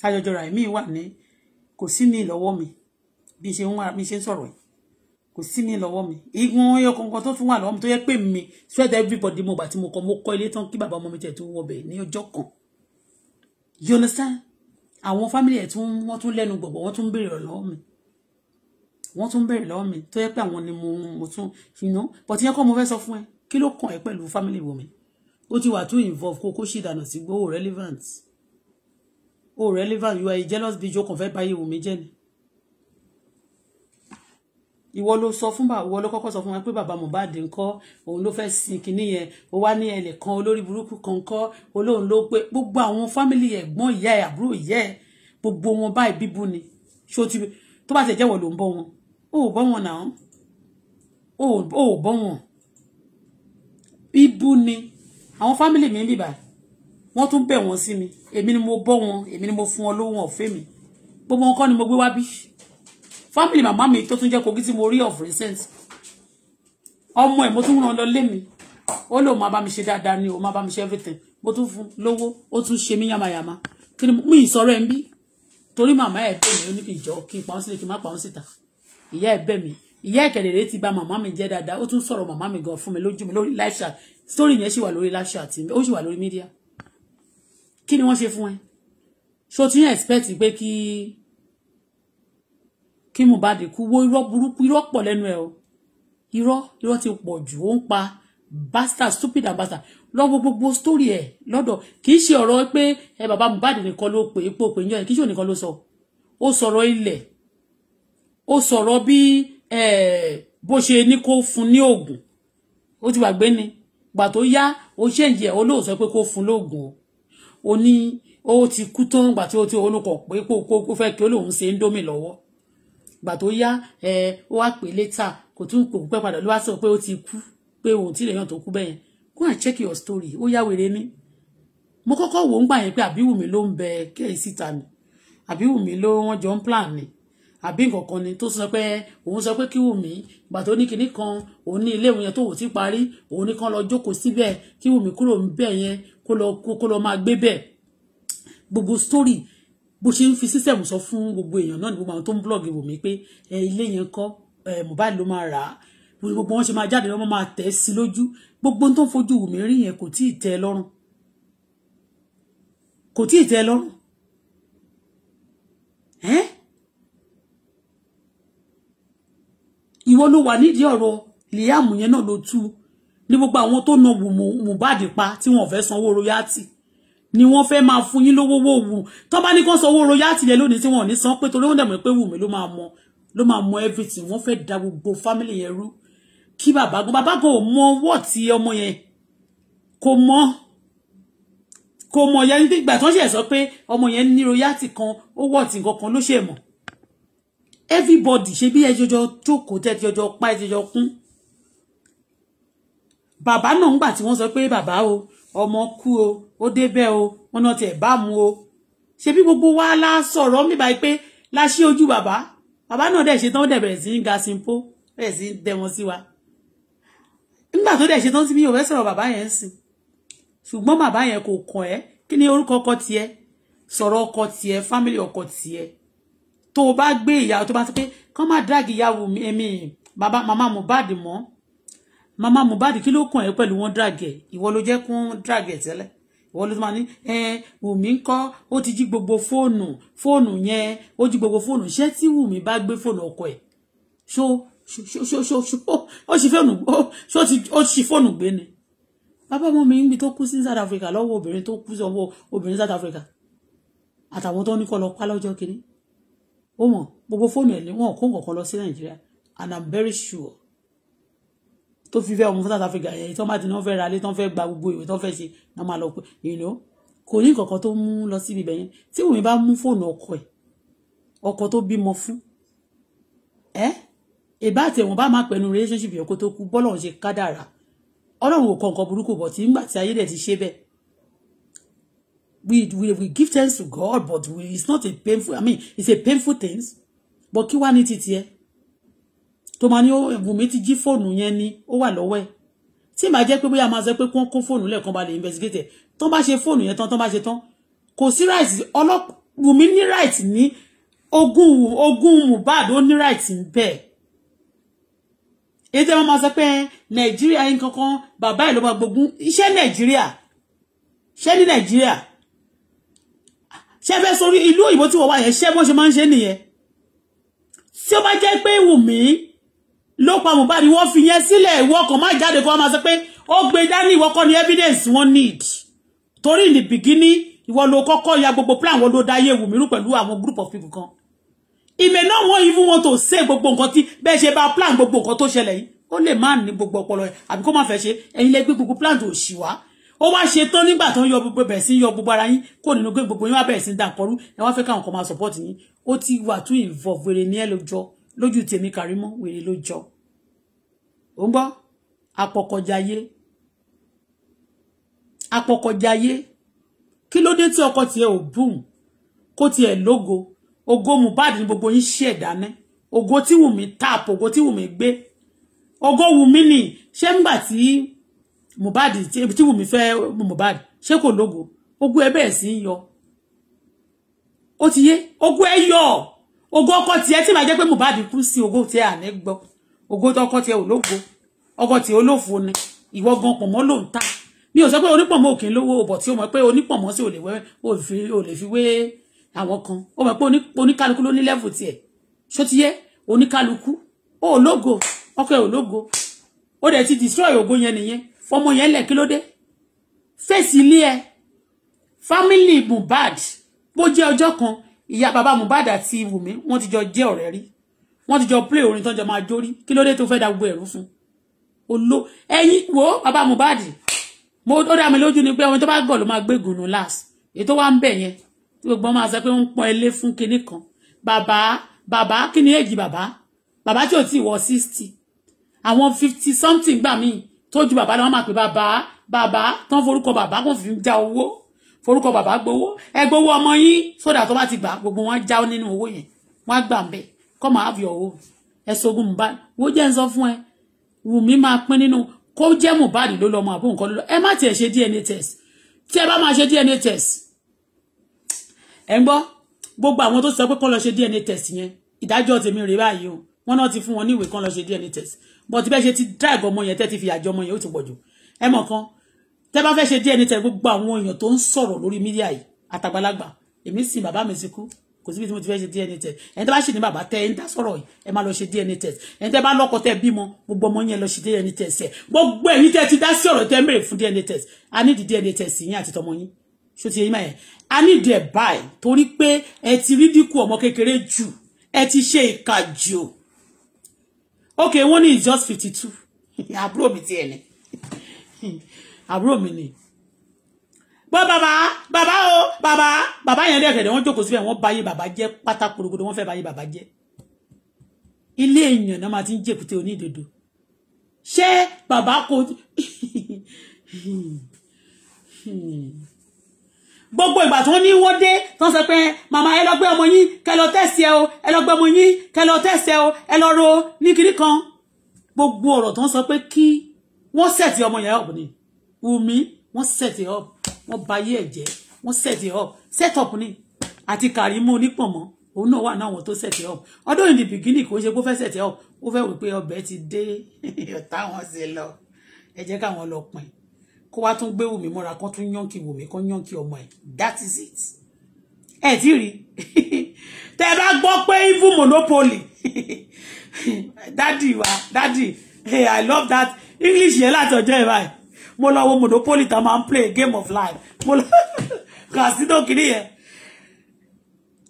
tájọjọ rà èmi wà ní kò sí ní ìlọ́wọ́ mi bí ṣe ń sọ̀rọ̀ yìí kò sí ní lọ́wọ́ mi igun ọyọ kankan tó tún wà lọ́wọ́ mi tó yẹ pé mi sweat everybody mo gbà tí mo kọ mo kọ́ ilé tán kí bàbá ọmọ mi tẹ̀ tún wọbẹ̀ ní ọjọ́ kan you understand àwọn family ẹ̀ tún wọ́n tún lẹ́nu gbọ̀gbọ̀ wọ́n tún béèrè lọ́wọ́ mi wọ́n tún béèrè lọ́wọ́ mi tó yẹ pé àwọn ni mo tún you know but yẹn kọ́ mo fẹ́ sọ fún ẹ kí ló kàn ẹ́ pẹ̀lú family wo mi ó ti wà tún involve kó kó ṣì dànù sí gbó relevant o relevant you are a jealous bitch o kàn fẹ́ báyé wo mi jẹ́ ni ìwọ ló sọ fún bàbá ìwọ ló kọ́kọ́ sọ fún wa pé bàbá Mohbad ńkọ́ òun ló fẹ́ sin kinní yẹn ó wá ní ẹlẹ̀ kan olórí burúkú kan kọ́ olóhùn ló pé gbogbo àwọn fámìlì ẹ̀gbọ́n ìyá ẹ̀ àbúrò ìyá ẹ̀ gbogbo wọn báyìí bíbú ni ṣó ti tó bá ti jẹ́wọ́ ló ń bọ́ wọn ó ò bọ́ wọn náà ó ò wọn bíbú ni àwọn fámìlì mi ń bìbà wọ́n tún bẹ̀ wọ́n sí mi èmi ni mo bọ́ wọn èmi ni mo fún wọn lówó ọ̀fẹ́ mi gbogbo wọn kọ́ ni mo gbé wá bí family màmá mi to tún jẹ́ Kogi tí mo rí of recent ọmọ ẹ̀ mo tún ràn lọ lé mi ó lóun máa bá mi ṣe dáadáa ni òun máa bá mi ṣe everything mo tún fún lówó ó tún ṣe mí yàmàyàmà kí ni mi ìsọ̀rọ̀ ẹ̀ ń bí torí màmá ẹ̀ bẹ̀ mí ó ní kí n jọ kí n pa ọ́n sílẹ̀ kí n má pa ọ́n síta ìyá ẹ̀ bẹ̀ mí ìyá ìkẹ̀dẹ̀rẹ̀ ti bà màmá mi jẹ́ dáadáa ó tún sọ̀rọ̀ màmá mi gan fún mi lójú mi lórí live chat story yẹn sì wà lórí live chat ó sì wà lórí media kí ni wọ́n ṣe fún ẹ ti ń expect pé kí kí Mohbad kú wo irọ́ burúkú irọ́ pọ̀ lẹ́nu ẹ̀ o irọ́ irọ́ ti pọ̀ jù ó ń pa basta stupid ambassador lọ́wọ́ gbogbo story ẹ̀ lọ́dọ̀ kì í ṣe ọ̀rọ̀ pé ẹ bàbá Mohbad nìkan ló pè é pò pé yàn kì í ṣe ònìkan ló sọ ó sọ̀rọ̀ ilẹ̀ ó sọ̀rọ̀ bí bó ṣe ní kó fún ní oògùn ó ti wà gbé ni gbà tó yá ó ṣèǹjì ẹ̀ olóòsọ pé kó fún lóògùn o ní ó ti kú tán gbà tí ó ti olùkọ̀ pé kó fẹ́ kí olóhùn ṣe ń dómì lọ́wọ́ ìgbà tó yá ẹ ó wá pè létà kò tún kò pẹ́ padà ló wá sọ pé ó ti kú pé òun tí lèèyàn tó kú bẹ́yẹn go and check your story ó yá wèrè ni mo kọ́kọ́ wò ó ń gbà yẹn pé àbíwùmí ló ń bẹ kẹ́hìn síta ni àbíwùmí ló wọ́n jọ ń plan ni àbí nǹkan kan ni tó sọ pé òun sọ pé kí wùmí gbà tó ní kinní kan òun ní ilé ìwé yẹn tó wò tí parí òun ní lọ jókòó síbẹ̀ kí wùmí kúrò ń bẹ̀ yẹn kó lọ máa gbé bẹ̀ gbogbo story bó ṣe ń fi sísẹ̀mù sọ fún gbogbo èèyàn náà ní gbogbo àwọn tó ń blọ́ọ̀gì wò mí pé ilé yẹn kọ́ Mohbad ló máa rà á gbogbo wọn ṣe máa jáde lọ́mọ máa tẹ̀ sí lójú gbogbo tó ń fojú wù mí rí yẹn kò tíì tẹ́ lọ́rùn kò tíì tẹ́ lọ́rùn ẹ́ ìwọ ló wà nídìí ọ̀rọ̀ Liam yẹn náà ló tú ní gbogbo àwọn tó na Mohbad pa tí wọn ò fẹ́ sanwó royalty ni won wọ́n fẹ́ máa fún yín lówó wòwù tó bá ní kán sanwó ti yẹn lónìí tí wọ́n ni san pé torí wọ́n mo mọ̀ pé Wùmí lo ma mo lo ma mo everything Won fe da gbogbo family yẹn rú kí bàbá gan bàbá mo what mọ ọwọ́ ti ọmọ yẹn kò mọ kò mọ yẹn nígbà tó ń ṣe sọ pé ni yẹn ní royalty kan ó wọ̀ tí nǹkan kan ló ṣe mọ̀ everybody ṣe bí ẹjọjọ jókòó tẹ́ ẹjọjọ pa ẹjọjọ kún bàbá náà ń gbà tí wọ́n sọ pé bàbá o ọmọ kú o ó débẹ̀ o wọn náà tiẹ̀ bá mu o ṣe bí gbogbo wa la sọ̀rọ̀ mi báyìí pé la ṣí ojú bàbá bàbá náà dẹ̀ ṣe tán ó dẹ̀ bẹ̀rẹ̀ sí ń ga simpo bẹ̀rẹ̀ sí ń dẹ wọn sí wa nígbà tó dẹ̀ ṣe tán sí mi ò fẹ́ sọ̀rọ̀ bàbá yẹn sìn ṣùgbọ́n bàbá yẹn kò kàn ẹ́ kí ni orúkọ ọkọ tiẹ̀ sọ̀rọ̀ ọkọ tiẹ̀ fámìlì ọkọ tiẹ̀ tó o bá gbé ìyàwó tó bá ti pé kán má dáàgì ìyàwó ẹ̀mí bàbá màmá Mohbad mọ́ mama Mohbad kí ló kàn ẹ́ pẹ̀lú wọn drag ẹ̀ ìwọ ló jẹ́ kún drag ẹ̀ tẹ́lẹ̀ ìwọ ló máa ní wùmí ń kọ́ ó ti jí gbogbo fóònù fóònù yẹn ó jí gbogbo fóònù ṣé tí wùmí bá gbé fóònù ọkọ ẹ̀ ṣó ṣó ṣó ṣó ó ṣì fóònù ṣó ó ṣì fóònù gbé ni bàbá ọmọ mi ń bi tó kú sí South Africa lọ́wọ́ obìnrin tó kú sí ọwọ́ obìnrin South Africa àtàwọn tó ní kọ́ lọ pa lọ́jọ́ kìíní ó mọ̀ gbogbo fóònù ẹ̀ ni wọ́n kó nǹkan kan lọ sí Nàìjíríà and I'm very sure tó fi fẹ́ ọmọ fún South Africa yẹn tí wọ́n bá ti ní wọ́n fẹ́ ra ilé tí wọ́n fẹ́ gba gbogbo ìwé tí wọ́n fẹ́ ṣe náà máa lọ pé ìlú kò ní kankan tó mú lọ síbi ibẹ̀ yẹn tí Wùnmí bá mú fóònù ọkọ ẹ̀ ọkọ tó bímọ fún ẹ́ ìbá àti ẹ̀wọ̀n bá máa pẹ̀lú relationship yẹn kó tó kú bọ́lọ̀ ń ṣe kádàrà ọlọ́run ò nǹkan burúkú bọ̀ tí nígbà tí ayé dẹ̀ ti ṣe bẹ́ẹ̀ we we we give thanks to God but we, it's not a painful I mean it's a painful thing but kí wá ní titi ẹ tó máa ní oh, Wùmí ti jí fóònù yẹn ni ó wà lọ́wọ́ ẹ̀ tí màá jẹ́ pé bóyá máa sọ pé kí kó fóònù lẹ́ẹ̀kan ba investigate ẹ̀ tó bá ṣe fóònù yẹn tán tó bá ṣe tán kò sí right Wùmí ní right ní ogún ogún Mohbad ó ní right ń bẹ́ẹ̀ èyí tí wọ́n máa sọ pé eh, Nàìjíríà yín kankan bàbá ìlú máa gbógun iṣẹ́ Nàìjíríà ṣé ní Nàìjíríà ṣé fẹ́ sórí ìlú òyìnbó tí wọ́n wà yẹn ṣé bó ṣe máa ń ṣe nìyẹn tí ó bá jẹ́ pé Wùmí ló pa Mohbad wọ́n fi yẹn sílẹ̀ ìwọ kan má jáde kó máa sọ pé ó gbé dání ìwọ kan ní evidence wọ́n need torí in the beginning ló kọ́kọ́ ya gbogbo plan wọ́n ló dáyé wù mí rú pẹ̀lú àwọn group of people kan ìmẹ̀ náà wọ́n even want to say gbogbo nǹkan tí bẹ́ẹ̀ ṣe bá plan gbogbo nǹkan tó ṣẹlẹ̀ yìí ó lè má ní gbogbo ọpọlọ ẹ̀ àbí kó má fẹ́ ṣe ẹ̀yin lẹ gbé gbogbo plan tó ṣì wá ó wá ṣe tán nígbà tó ń yọ gbogbo bẹ̀rẹ̀ sí yọ gbogbo ara yín kó nínú gbé gbogbo yín wá bẹ̀rẹ̀ sí dàpọ̀rú ẹ wá fẹ́ káwọn kan máa support yín ó ti wà tún involve ní ẹ lójú tèmi Karimo wèrè ló jọ ò ń gbọ́ apọkọjayé apọkọjayé kí ló dé tí ọkọ tiẹ̀ ò bùn kó tiẹ̀ lógo ògo Mohbad ní gbogbo yín ṣe ẹ̀dáná ògo tí Wùmí tap ògo tí Wùmí gbé ògo Wùmí ni ṣé ńgbà tí Mohbad tí Wùmí fẹ́ Mohbad ṣé kò lógo ògo ẹ bẹ́ẹ̀ sí yọ ó ti yé ògo ẹ yọ. Ogo ògo ọkọ tiẹ̀ tí màá jẹ́ pé Ogo kú sí ògo tiẹ̀ Ogo gbọ́ ògo tọkọ tiẹ̀ ológo ọkọ tiẹ̀ olófo ni Iwo gan pọ̀nmọ́ ló ń ta mi ò sọ pé onípọ̀nmọ́ òkè lówó bọ̀ tí o mọ̀ pé onípọ̀nmọ́ sí ò lè fi wé àwọn kan o mọ̀ pé oni oni ní lẹ́fù tiẹ̀ ṣó ti yẹ oníkálukú ó ológo ọkọ ẹ̀ ológo ó dẹ̀ ti destroy ogo yẹn nìyẹn fọmọ yẹn lẹ̀ kí ló dé fèsì ilé ẹ family Mohbad bó ojo ọjọ́ kan ìyá bàbá Mohbad àti Wùmí wọ́n ti jọ jẹ́ ọ̀rẹ́ rí wọ́n ti jọ play orin tó jọ máa jórí kí ló dé tó fẹ́ da gbogbo ẹ̀rú fún olo ẹ̀yin wo bàbá Mohbad mo ó dá mi lójú ni pé ọmọ tó bá gọ̀ ló máa gbégun nù last ètò wa ń bẹ̀ yẹn tí gbogbo máa sọ pé ń pọn ilé fún kinní kan bàbá bàbá kí ni èjì bàbá bàbá tí ò tí ì wọ sixty àwọn fifty something gbà míì tó ju bàbá lọ́wọ́ máa pè bàbá bàbá tán forúkọ bàbá kò fi ń já owó forúkọ bàbá gbowó ẹ gbowó ọmọ yín sódà tó bá ti gbà gbogbo wọn já nínú owó yẹn wọn gbà ń bẹ come have your own ẹ sogún Mohbad wo jẹ́ ń sọ fún ẹ Wùmí máa pín nínú kó jẹ́ Mohbad ló lọ́mọ àbó nǹkan ló lọ ẹ má tiẹ̀ ṣe DNA test tí ẹ bá máa ṣe DNA test ẹ ń gbọ́ gbogbo àwọn tó sọ pé kọ́ lọ ṣe DNA test yẹn ìdájọ́ tèmi rèé báyìí o wọn náà ti fún wọn ní ìwé kan lọ ṣe DNA test but bẹ́ẹ̀ ṣe ti drag ọmọ yẹn tẹ́ ti fi àjọ ọmọ yẹn ó ti pọ̀ jù ẹ mọ̀ kan tẹ́ bá fẹ́ ṣe díẹ̀ ní tẹ gbogbo àwọn èèyàn tó ń sọ̀rọ̀ lórí mídíà yìí àtàgbàlagbà èmi sì bàbá mi sì kú kò síbi tí mo ti fẹ́ ṣe DNA test ẹni tẹ́ bá ṣì ní bàbá tẹ́ ẹni tá sọ̀rọ̀ yìí ẹ máa lọ ṣe DNA test ẹni tẹ́ bá lọ́kọ tẹ́ bímọ gbogbo ọmọ yẹn lọ ṣe DNA test ẹ gbogbo ẹ̀yin tẹ́ ti dá sí ọ̀rọ̀ tẹ́ ń béèrè fún DNA test a ní di DNA test yín àti tọmọ yín ṣó ti yẹ yín a ní di ẹ̀ báyìí torí pé ẹ ti rí dínkù ọmọ kékeré jù ẹ ti ṣe ìka jù ok wọ́n ní just fifty two àbúrò mi ti ẹ̀ ní àbúrò mi ni gbọ́ bàbá bàbá o bàbá bàbá yẹn dẹ̀kẹ̀dẹ̀ wọ́n jókòó síbẹ̀ wọ́n báyé bàbá jẹ́ pátá korogodo wọ́n fẹ́ báyé bàbá jẹ́ ilé èèyàn náà máa ti ń jèkúté onídodo ṣé bàbá kò gbogbo ìgbà tí wọ́n ní wọ́n dé tán sọ pé màmá ẹ lọ gbé ọmọ yín kẹ lọ tẹ̀sí ẹ o ẹ lọ gbé ọmọ yín kẹ lọ tẹ̀sí ẹ o ẹ lọ ro ní kiri kan gbogbo ọ̀rọ̀ tán sọ pé kí wọ́n sẹ̀tì ọmọ yẹn ọ̀bùnì Wùmí wọ́n set it up wọ́n ba ayé ẹ̀ jẹ́ wọ́n set it up set up ni àti Kàrímù onípọ̀mọ́ òun náà wà náà wọn tó set it up ọdún in the beginning kò ṣe pé ó fẹ́ set it up ó fẹ́ wò pé ọbẹ̀ ti dé ọ̀tá wọn ṣe lọ ẹ jẹ́ káwọn lọ pin kó wá tún gbé Wùmí mọ́ra kó tún yànkì Wùmí kó yànkì ọmọ ẹ̀ that is it ẹ ti rí tẹ bá gbọ́ pé even monopoly dádì wa dádì hey i love that english yẹn láti ọjọ́ ìbáyìí mo lọ wo monopoly tá máa ń play game of life mo lọ casino kìíní yẹn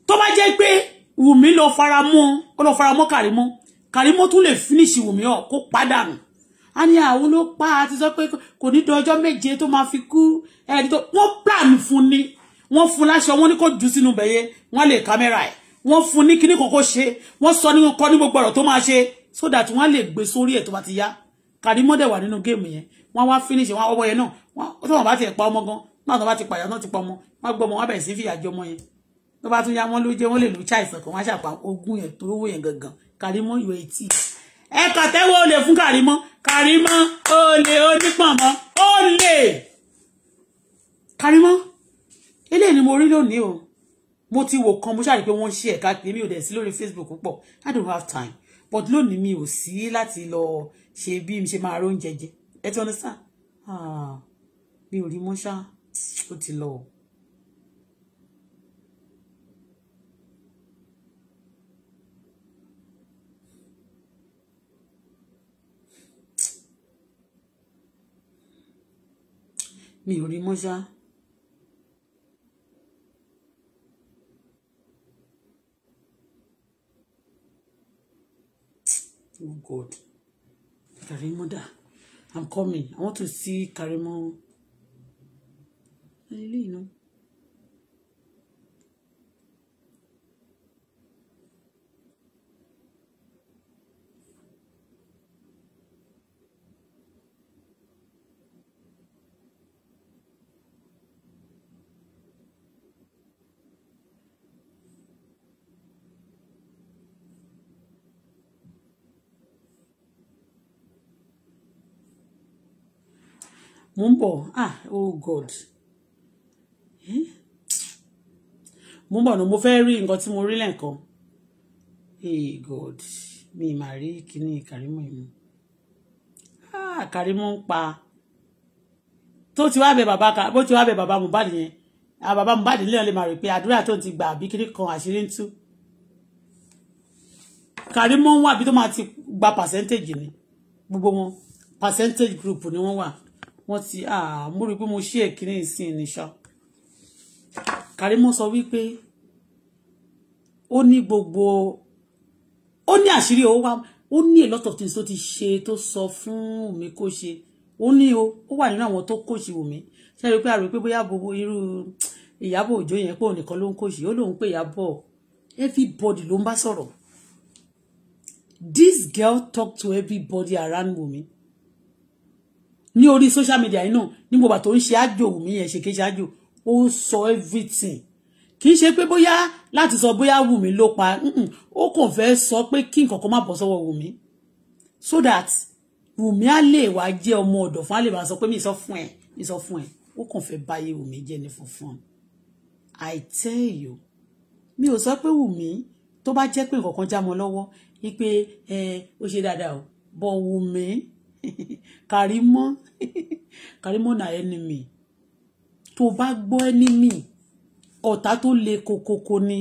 tó bá jẹ́ pé Wùmí lọ fara mọ́ ó lọ fara mọ́ Kàrímọ́ Kàrímọ́ tún lè finish Wùmí ọ̀ kó padà nù a ní àwọn ló pa á ti sọ pé kò ní dọjọ́ méje tó máa fi kú ẹni tó wọ́n plan fún ni wọ́n fún láṣọ wọ́n ní kó jù sínú bẹ̀yẹ wọ́n lè kámẹ́rà ẹ̀ wọ́n fún ní kíní kan kó ṣe wọ́n sọ ní kọ́ ní gbogbo ọ̀rọ̀ tó máa ṣe so that wọ́n lè gbé sórí ẹ̀ tó bá ti yá Karimo dẹ̀ wà nínú géèmù yẹn wọ́n wá finish wọn ọwọ́ yẹn náà wọ́n tó wọn bá ti pa ọmọ gan náà tó bá ti pàyà náà ti pa ọmọ wọ́n gbọ́ ọmọ wọn bẹ̀rẹ̀ sí fìyà jọ ọmọ yẹn tó bá tún yá wọn ló jẹ́ wọ́n lè lu chai sọ̀kan wọ́n ṣàpá ogún yẹn tó wó yẹn gangan Karimo ìwé etí. ẹ kàtẹ́wọ́ olè fún Karimo Karimo olè onípọ̀nmọ́ olè Karimo eléyìí ni mo rí lónìí o mo ti wò kan mo ṣáà pé wọ́n ṣe ẹ̀ka kiri mi ò dẹ̀ sí lórí Facebook púpọ̀ I don't have time but lónìí mi ò sí láti lọ ṣe bí mi ṣe máa róúnjẹ jẹ ẹ ti understand ah, mi ò rí mọ́ ṣá ó ti lọ o. mi ò rí mọ́ṣá. Oh God. Karimoda I'm coming I want to see Karimo you know. mò ń bọ̀ ah oh god eh? mò ń bọ̀ nù mo fẹ́ rí nǹkan tí mo rí lẹ́ẹ̀kan hey eh, god mi mà rí kíní kàrímọ̀ ìmú ah kàrímọ̀ ń pa tó ti wá bẹ bàbá ká bó ti wá bẹ bàbá Mohbad yẹn àwọn ah, bàbá Mohbad nílẹ̀ lè máa rè pé àdúrà tó ti gbà bí kíní kan àṣírí ń tú kàrímọ̀ ń wà bí tó máa ti gba percentage ni gbogbo wọn percentage group ni wọ́n wà wọ́n ti mo rí i pé mo ṣí èkìní ìsìn nìṣá Karimo sọ wípé ó ní gbogbo ó ní àṣírí owó wa ó ní a lot of things tó ti ṣe tó sọ fún mi kó ṣe ó ní o ó wà nínú àwọn tó kóòṣì wò mí ṣe rí i pé àrò pé bóyá gbogbo irú Ìyábọ̀ Òjó yẹn pé òun nìkan ló ń kóòṣì ó lóun pé Ìyábọ̀ everybody ló ń bá sọ̀rọ̀ this girl talk to everybody around Wunmi Ni ori social media yìí ni ní gbogbo àtò ń ṣe àjò mi yẹn ṣe kéṣe àjò ó sọ everything kì í ṣe pé bóyá láti sọ bóyá Wùmí ló pa ó kàn fẹ́ sọ pé kí nǹkan kan má bọ́ sọ́wọ́ Wùmí so that Wùmí á lè wá jẹ́ ọmọ ọ̀dọ̀ fún á lè bá sọ pé mi sọ fún ẹ mi sọ fún ẹ ó kàn fẹ́ báyé Wùmí jẹ́ ní funfun I tell you mi ò sọ pé Wùmí tó bá jẹ́ pé nǹkan kan já mọ́ lọ́wọ́ wípé ẹ ó ṣe dáadáa o bọ̀ Wùmí. Karimo Karimo na enemy tó bá gbọ́ enemy ọ̀tá tó le kokoko ni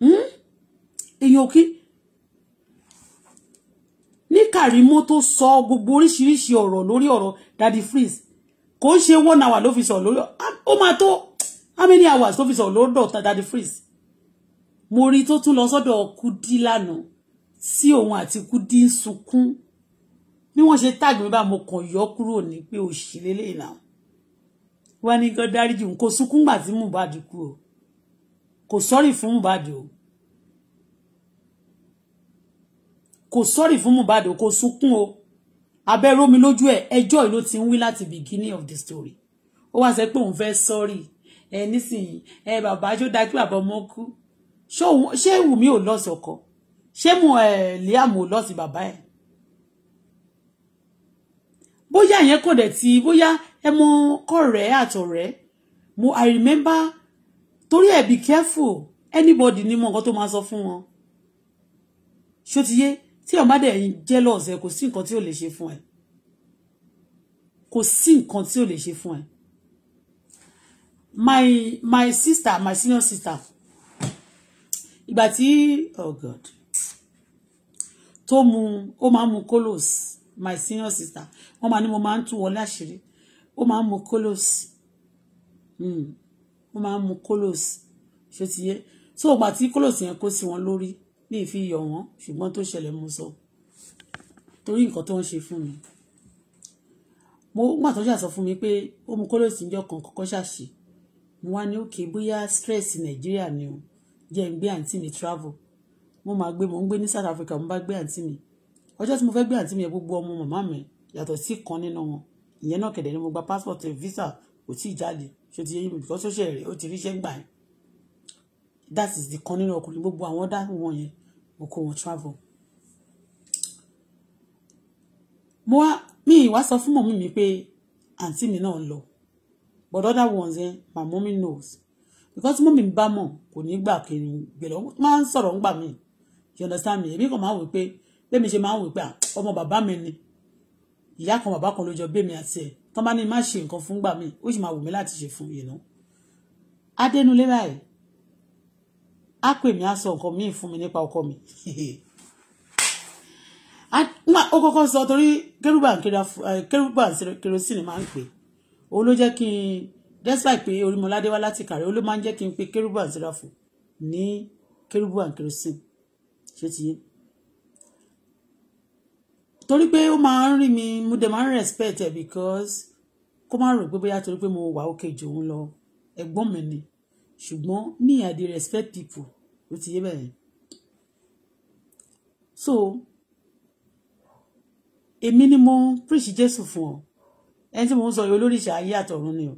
hmm? èèyàn kí ní Karimo to sọ gbogbo oríṣiríṣi ọ̀rọ̀ lori ọ̀rọ̀ Daddy Freeze kò ń ṣe one hour ló fi sọ̀rọ̀ lórí ah, ó máa tó how many hours ló fi sọ̀rọ̀ lórí ọ̀tá Daddy Freeze mo rí tó tún lọ sọ́dọ̀ Kudi sí òun àti Kudi ń sunkún bí wọ́n ṣe tag mi bá mo kàn yọ kúrò ní pé òṣìlẹ̀ lè nà wá ní kan dáríjì òun kò sunkún gbà tí Mohbad kú o kò sọ́rí fún Mohbad o kò sọ́rí fún Mohbad o kò sunkún o abẹ́ rómi lójú ẹ̀ ẹjọ́ ìlú ti ń wí láti beginning of the story ó wá sọ pé òun fẹ́ sọ́rí ẹ nísìnyí ẹ bàbá jó dájú àbọ̀mọ́ kú ṣé Wùmí ò lọ́sọ̀kọ̀ọ́ ṣé mo ẹ̀ Liam ò lọ sí bàbá ẹ̀ bóyá yẹn kò dẹ̀ ti bóyá ẹ mọ kọ̀rẹ́ àtọ̀rẹ́ mo I remember torí ẹ̀ be careful anybody ni mo nǹkan tó máa sọ fún wọn ṣó ti yé tí ọ̀n dẹ̀ ń jealous ẹ kò sí nǹkan tí ò lè ṣe fún ẹ kò sí nǹkan tí ò lè ṣe fún ẹ my my sister my senior sister ìgbà tí oh god tó mu ó máa ń mu kolos my senior sister wọ́n máa ní mo máa ń tú wọn láṣìírí ó máa ń mu kolos hmm. ó máa ń mu kolos ṣé ti yé so ìgbà tí kolos yẹn kó sí wọn lórí ní ìfihàn wọn ṣùgbọ́n tó ṣẹlẹ̀ mo sọ torí nǹkan tó ń ṣe fún mi mo gbà tó ṣàṣọ fún mi pé ó mu kolos níjọ́ kan kọ́kọ́ ṣàṣì mo wá ní òkè bóyá stress Nàìjíríà ni o jẹ́ ń gbé àǹtí mi travel mo máa gbé mo ń gbé ní South Africa mo bá gbé àǹtí mi ọjọ́ tí mo fẹ́ gbé àǹtí mi yẹn gbogbo ọmọ màmá mi yàtọ̀ sí kan nínú wọn ìyẹn náà kẹ̀dẹ̀ ni mo gba passport visa kò tí ì jáde ṣé ti yẹn bìkọ́ sọ́ṣẹ́ rẹ̀ ó ti ríṣẹ́ gbà yẹn that is the kan nínú ọkùnrin gbogbo àwọn dá wọn yẹn mo kó wọn travel. mo wá mi ìwá sọ fún mọ̀mí mi pé àǹtí mi náà lọ but other ones eh, my mommy knows because mọ̀mí bá mọ̀ kò ní gbà kiri gbẹ̀lọ́ máa ń sọ̀rọ̀ ń gbà míì you understand me èmi kàn máa ń wò pé bẹ́ẹ̀mi ṣe máa ń wò pé ah, ọmọ bàbá mi ni ìyá kan bàbá kan ló jọ bẹ́ẹ̀mi àti ẹ̀ tán bá ní má ṣe nǹkan fún gbà mí ó sì máa wù mí láti ṣe fún yìnyín adẹnulẹ báyìí á pè mí á sọ nǹkan míì fún mi nípa ọkọ mi ó kọ́kọ́ sọ torí kérúbà kérúbà kerosene máa ń pè òun ló jẹ́ kí n despite pé orímọládé wá láti kàrí ó ló máa ń jẹ́ kí n pe kérúbà sírafù ní kérúbà kerosene ṣé ti torí pé ó máa ń rí mi mo dẹ̀ máa ń respect ẹ̀ because kó má rò pé bóyá torí pé mo wà òkè jù òun lọ ẹ̀gbọ́n mi ni ṣùgbọ́n me I dey respect people ó ti yé bẹ́ẹ̀ so èmi ni mo preach Jésù fún ọ ẹni tí mo ń sọ yìí olóríṣà ayé àtọ̀run ni o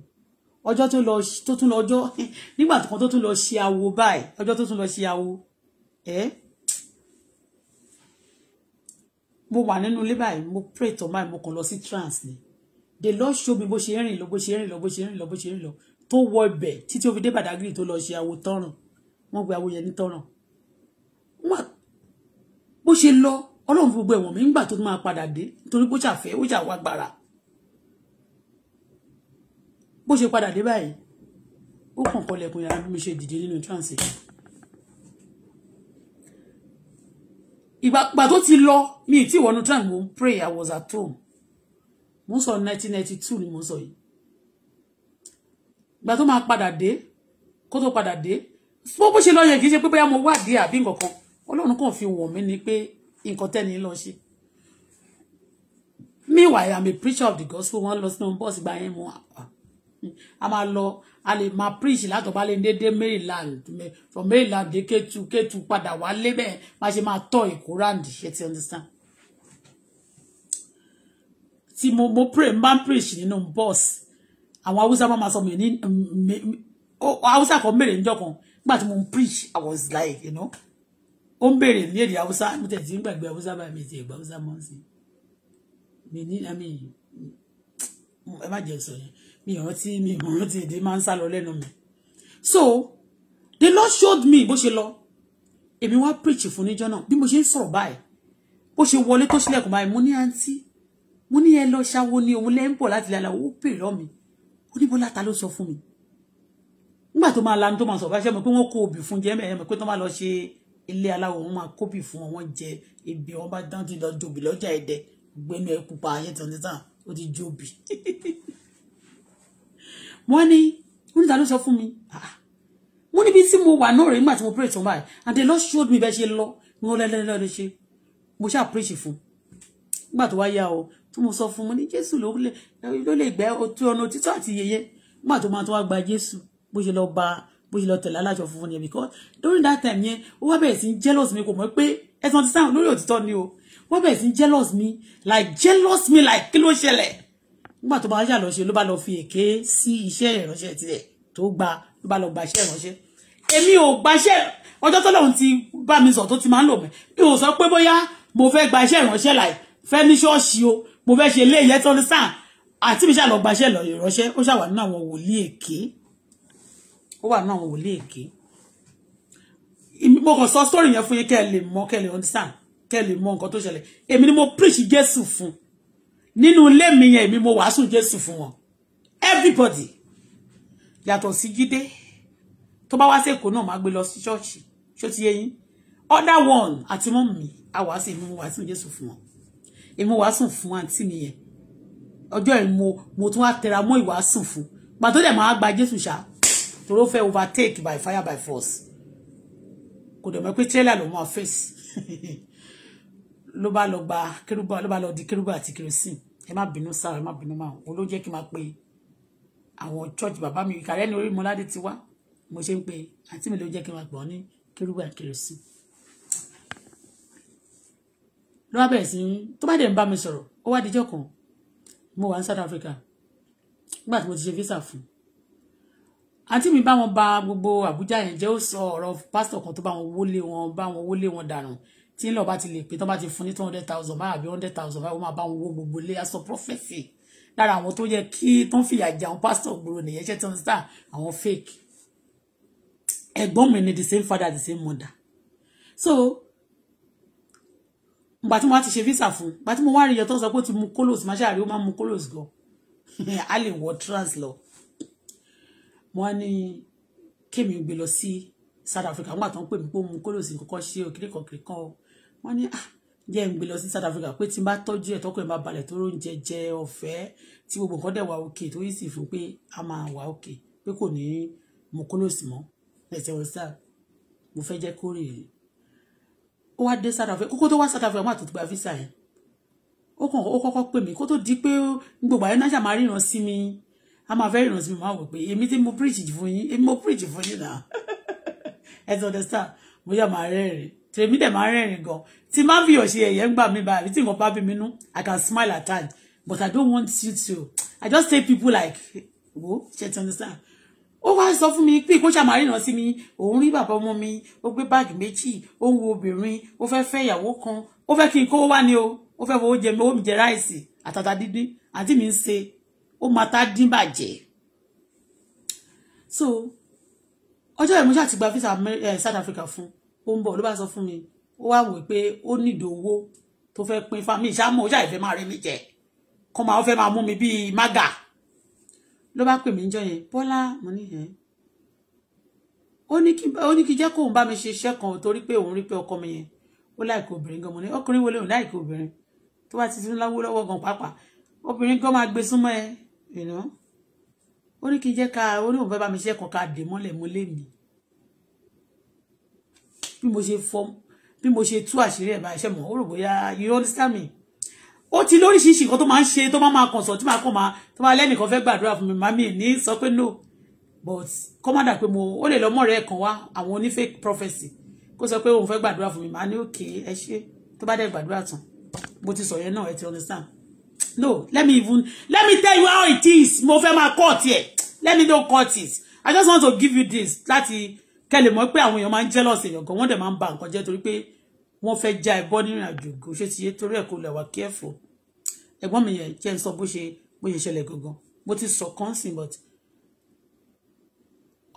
ọjọ́ tó lọ tó tún lọ ọjọ́ nígbà kan tó tún lọ ṣe awo báyìí ọjọ́ tó tún lọ ṣe awo ẹ́. Eh? mo wà nínú ilé báyìí mo pray to máa mo kàn lọ sí trance ni the Lord show me bó ṣe rìn lọ bó ṣe rìn lọ bó ṣe rìn lọ bó ṣe rìn lọ tó wọ ibẹ̀ títí ó fi dé Badagry tó lọ ṣe àwo tọrùn wọ́n gbé àwo yẹn ní tọrùn wọn bó ṣe lọ Ọlọ́run gbogbo ẹ̀wọ̀n mi ńgbà tó máa padà dé nítorí bó ṣàfẹ́ ó ṣàwọ agbára bó ṣe padà dé báyìí ó kàn kọlẹ̀kùn yàrá bí mo ṣe dìde nínú trance yìí ìgbàgbà tó ti lọ mi tí ìwọ̀nù time mo pray I was at home mo ń sọ nineteen ninety two ni mo ń sọ yìí ìgbà tó máa padà dé kó tó padà dé bó bó ṣe lọ yẹn kì í ṣe mo wa àbí nǹkan kan Ọlọ́run kàn fi wọ̀n mí ni pé nǹkan tẹ́ni lọ ṣe meanwhile I'm a preacher of the gospel wọ́n lọ sínú bọ́ọ̀sì gba yẹn I'm a máa a lè máa preach látọ̀bá lè dédé Maryland from Maryland dé Kétu Kétu padà wá lébẹ̀ máa ṣe máa tọ́ Èkó ráǹdì ṣe ti understand. tí mo mo pray n bá ń preach nínú bus àwọn Haúsá máa ma sọ mi ní Haúsá kan béèrè níjọ́ kan nígbà tí mo ń preach I was like you know ó ń béèrè ní èdè Haúsá mo tẹ̀ tí ń gbàgbé Haúsá báyìí mi ti gbà Haúsá mọ́ sí mi ní àmì ẹ má jẹ́ sọ yẹn mi ò rántí mi ò rántí èdè man ń sá lọ lẹ́nu mi so the Lord showed me bó ṣe lọ èmi wá preach fún níjọ́ náà bí mo ṣe ń sọ̀rọ̀ báyìí bó ṣe wọlé tó ṣílẹ̀kùn báyìí mo ní àǹtí mo ní ẹ lọ ṣáwo ni òun lẹ́ ń bọ̀ láti lálẹ́ ó pè lọ́ mi ó ní bọ́lá ta ló sọ fún mi nígbà tó máa lanu tó máa sọ bá ṣe mọ̀ pé wọ́n kó obì fún jẹ́ mẹ́rin mọ̀ pé tó máa lọ ṣe ilé aláwọ̀ wọn máa kóbì fún wọn jẹ ebi wọn bá dáńtì lọ jòbì lọ́jà ẹ̀dẹ̀ gbẹnu ẹ̀ pupa ayé tó ní tàn ó ti jòbì wọ́n ní oníta ló sọ fún mi ah, ah. wọ́n níbi tí mo wà náà rẹ̀ nígbà tí mo pray tán báyìí and the Lord showed me bẹ́ẹ̀ ṣe lọ ní wọ́n lẹ́lẹ́lẹ́ lọ ṣe mo ṣáà preach fún nígbà tó wá yá o tó mo sọ fún mo ní Jésù ló lè gbẹ́ otu ọ̀nà òtítọ́ àti yẹyẹ nígbà tó máa tó wá gba Jésù bó ṣe lọ ba bó ṣe lọ tẹ̀lé aláṣọ funfun yẹn because during that time yẹn ó wá bẹ̀rẹ̀ sí ń jealous mi kò mọ̀ pé ẹ̀sán ti sáwọn lórí òtítọ́ ni o wọ́n bẹ̀rẹ̀ sí ń jealous mi like jealous me like kí ló ṣẹlẹ̀ nígbà tó bá ń ṣàlọ́ṣe ló bá lọ fi èké sí iṣẹ́ ìránṣẹ́ tirẹ̀ tó gba ló bá lọ gba iṣẹ́ ìránṣẹ́ èmi ò gbaṣẹ́ ọjọ́ tọ́lọ́run ti bá mi sọ tó ti máa ń lò mí mi ò sọ pé bóyá mo fẹ́ gba iṣẹ́ ìránṣẹ́ láì fẹ́ ní ṣọ́ọ̀ṣì o mo fẹ́ ṣe ilé ìyẹn tó ní sàn àti mi ṣàlọ́ gbaṣẹ́ lọ ìránṣẹ́ ó ṣàwà nínú àwọn wòlíì èké ó wà nínú àwọn wòlíì èké mo kàn sọ story yẹn fún yín kẹ́ ẹ lè mọ̀ kẹ́ ẹ lè understand kẹ́ ẹ lè mọ̀ nǹkan tó ṣẹlẹ̀ èmi ni mo preach Jésù fún un nínú ilé mi yẹn èmi mo wàásù Jésù fún wọn everybody Yato sí Jídé tó bá wá sí Èkó náà máa gbé lọ sí ṣọ́ọ̀ṣì ṣó ti yé other one àti mọ́ mi àwàásù èmi mo wàásù Jésù fún wọn èmi wàásù fún àǹtí mi yẹn ọjọ́ yìí mo mo tún wá tẹra mọ́ ìwàásù fún pàtó dẹ̀ máa gba Jésù ṣá tòró fẹ́ overtake by fire by force kò dẹ̀ mọ̀ pé tírélà ló máa fèsì ló bá lọ gba kérúbà ló bá lọ di kérúbà àti kérosíìnì ẹ má bínú sáà ẹ má bínú máa òun ló jẹ́ kí n máa pe àwọn chọ́ọ̀chì bàbá mi ìkàrẹ́ ní orí mọ́ládé ti wá mo ṣe ń pe àǹtí mi ló jẹ́ kí n máa gbọ́n ní kérúwé àkérésì ló bẹ̀rẹ̀ sí tó bá dẹ̀ ń bá mi sọ̀rọ̀ ó wá dijọ́ kan mo wà ní South Africa nígbà tí mo ti ṣe visa fún àǹtí mi bá wọn bà gbogbo Àbújá yẹn jẹ́ ó sọ ọ̀rọ̀ pásítọ̀ kan tó bá wọn wọlé wọn bá wọn wọlé wọn dànù tí ń lọ bá ti lè pé tó bá ti fún ní two hundred thousand báyà bí one hundred thousand báyà máa bá wọn wó gbogbo ilé aṣọ prophecy lára àwọn tó yẹ kí tó ń fìyà jẹ àwọn pásítọ̀ gbòòrò nìyẹn ṣe tí ń sá àwọn fake ẹ̀gbọ́n mi ni the same father the same mother so ìgbà tí mo wá ti ṣe visa fún ìgbà tí mo wá rí iyọ̀ tó ń sọ pé ó ti mu kólòsì máa ṣàrí ó máa mu kólòsì gan a lè wọ trans lọ mo ní kémi gbé lọ sí South Africa nígbà tó ń pè mí pé ó mu kólòsì kọ́kọ́ ṣe òkìrìkọ̀kìrì kan o wọ́n ní ah jẹ́ ń gbé lọ sí South Africa pé tí n bá tọ́jú ẹ̀ tọ́kùnrin máa balẹ̀ tó ló ń jẹjẹ ọ̀fẹ́ tí gbogbo nǹkan dẹ̀ wà òkè tó yìí sì fún pé a máa wà òkè pé kò ní mú kólòsì mọ́ ẹ̀sẹ̀ wọn sáà mo fẹ́ jẹ́ kórè rè ó wá dé South Africa kókó tó wá South Africa má tó gba visa yẹn ó kàn ó kọ́kọ́ pè mí kó tó di pé gbogbo àyẹ̀ náà ṣàmárì ràn sí mi a máa fẹ́ ràn sí mi máa wò pé èmi tí mo preach fún yín èmi mo preach fún yín náà ẹ̀sẹ̀ ọ̀dẹ̀ sáà mo yà máa rẹ́rìn-ín tèmi dẹ̀ máa ń rẹ́rìn gan tí máa ń fi òṣè ẹ̀yẹ́ ń gbà mí bá àbí tí nǹkan bá bí mi nú i can smile at time, but i don't want you to i just say people like wo ṣe ti understand ó wá sọ fún mi pé kó ṣàmárì náà sí mi òun rí bàbá ọmọ mi ó gbé báàgì méjì ó ń wo obìnrin ó fẹ́ fẹ́ ìyàwó kan ó fẹ́ kí n kó wá ní o ó fẹ́ fowó jẹ mi ó mi jẹ ráìsì àtàtà dídín àti mi ń ṣe ó máa tá dín bàjẹ́ so ọjọ́ ìmúṣà ti eh, South Africa fún ó ń bọ̀ ló bá sọ fún mi ó wá wò pé ó nídò owó tó fẹ́ pín fún mi ìṣámọ̀ ó ṣàìfẹ́ máa rí mi jẹ kó máa fẹ́ máa mú mi bíi mága ló bá pè mí jọ yẹn bọ́lá mo ní yẹn ó ní kí jẹ́ kóun bá mi ṣe iṣẹ́ kan torí pé òun rí pé ọkọ mi yẹn ó láìkó obìnrin gan mo ní ọkùnrin wo lóun láìkó obìnrin tó bá ti ti láwó lọ́wọ́ gan pàápàá obìnrin gan máa gbé súnmọ́ ẹ ó ní kí jẹ́ ká ó ní òun fẹ́ bá mi ṣe kan ká dè mọ́lẹ̀ mọ́lẹ̀ mi bí mo ṣe fọ bí mo ṣe tú àṣírí ẹ̀ báyìí ṣe mọ̀ ó rò bóyá you understand me ó ti lóríṣiríṣi nǹkan tó máa ń ṣe tó máa máa kàn sọ tí màá kàn máa tó máa lẹ́nìkan fẹ́ gbàdúrà fún mi màmí ní sọ pé no but kọ́mọ́dà pé mo ó lè lọ́mọ́ rẹ̀ kàn wá àwọn fake prophecy kó sọ pé òun fẹ́ gbàdúrà fún mi màá ní òkè ẹ ṣe tó bá dẹ̀ gbàdúrà tán mo ti sọ yẹn náà ẹ ti understand no let me even let me tell you how it is mo fẹ́ máa cut ẹ̀ let me know cut it i just want to give you this láti kẹlẹ̀ mọ́ pé àwọn èèyàn máa ń jealous èèyàn gan wọ́n dẹ̀ máa ń ba nǹkan jẹ́ torí pé wọ́n fẹ́ já ẹ bọ́ nínú àjò kò ṣe ti yé torí ẹ̀ kò lè wà careful ẹ̀gbọ́n mi yẹn jẹ́ ń sọ bó ṣe bó ṣe ṣẹlẹ̀ gangan mo ti sọ kàn sí but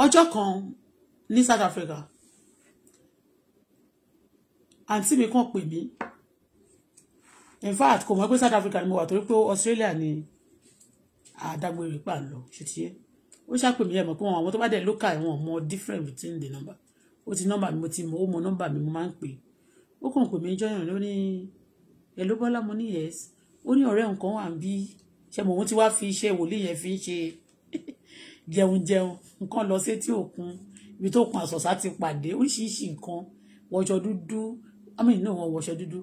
ọjọ́ kan ní South Africa àǹtí mi kàn pè mí in fact kò mọ̀ pé South Africa ni mo wà torí pé Australia ni àdágbére pà lọ ṣe ti yé ó ṣàpè mí ẹ mọ̀ pé wọn àwọn tó bá dẹ̀ lókà wọn mọ different within the number ó ti nọ́mbà mi mo ti mọ̀ ó mọ nọ́mbà mi mo máa ń pè ó kàn pè mí jọyàn ló ní ẹ ló bọ́lá mo ní yes ó ní ọ̀rẹ́ nǹkan wà ń bí ṣe mọ̀ òun ti wá fi iṣẹ́ wòlíì yẹn fi ń ṣe jẹun jẹun nǹkan lọ sétí òkun ibi tó kun àsọ̀sá ti pàdé oríṣiríṣi nǹkan wọṣọ dúdú àmì náà wọn wọṣọ dúdú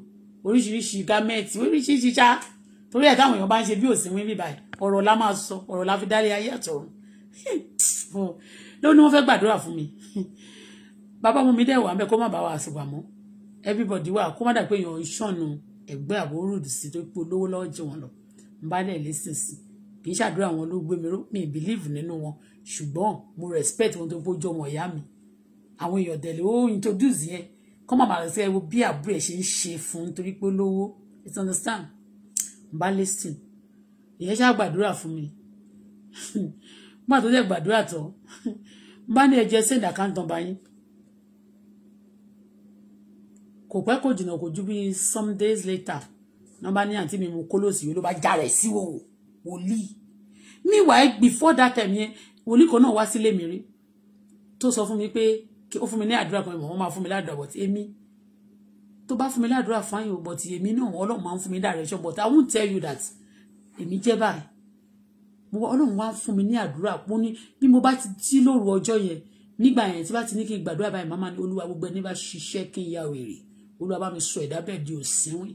oríṣiríṣi gámẹ́ẹ̀tì oríṣiríṣi ṣá torí ẹ̀ táwọn èèyàn bá ń ṣe bí òsínwín bíbáyìí ọ̀rọ̀ la máa sọ ọ̀rọ̀ la fi dálé ayé àtọ̀run ló ní wọ́n fẹ́ gbàdúrà fún mi Baba, mu mi dẹ̀ wà ń bẹ kó má bàa wà àsùnwà mọ́ everybody wà kó má dà pé èèyàn ìṣọ̀nù ẹ̀gbẹ́ àbò rúdù sí tó pé olówó lọ́wọ́ jẹ wọn lọ ń bá dẹ̀ lẹ́sìn sí kì í mi ró mi believe nínú wọn ṣùgbọ́n mo respect wọn tó gbójú ọmọ ìyá mi àwọn èèyàn tẹ̀lé ó introduce yẹn kọ́ màmá rẹ̀ sí ẹ̀wọ̀ bí àbúrò ẹ̀ ṣe ń ṣe fún torí pé olówó you understand ń bá lẹ́sìn ìyẹn ṣàgbàdúrà fún mi nígbà tó dẹ̀ gbàdúrà tán bá ní ẹjẹ send account number yín kò pẹ́ kò jìnnà kò ju bí some days later nọ́mbà ní àǹtí mi mo kó lòsì yìí ló bá já rẹ̀ sí wòwò wòlíì meanwhile before that time yẹn wòlíì kan náà wá sílé mi rí tó sọ fún mi pé ó fún mi ní àdúrà kan ìmọ̀ wọ́n máa fún mi ládùúrà but èmi tó bá fún mi ládùúrà fáyìn o èmi náà ọlọ́run máa ń fún mi direction but I won't tell you that èmi jẹ́ báyìí ọlọ́run wá fún mi ní àdúrà pọ́n ní bí mo bá ti jí lóru ọjọ́ yẹn nígbà yẹn tí bá ti ní kí n gbàdúrà báyìí màmá ni olúwa gbogbo ẹni bá ṣiṣẹ́ kí n ya wèrè olúwa bá mi sọ ẹ̀dá bẹ́ẹ̀ di òsínwín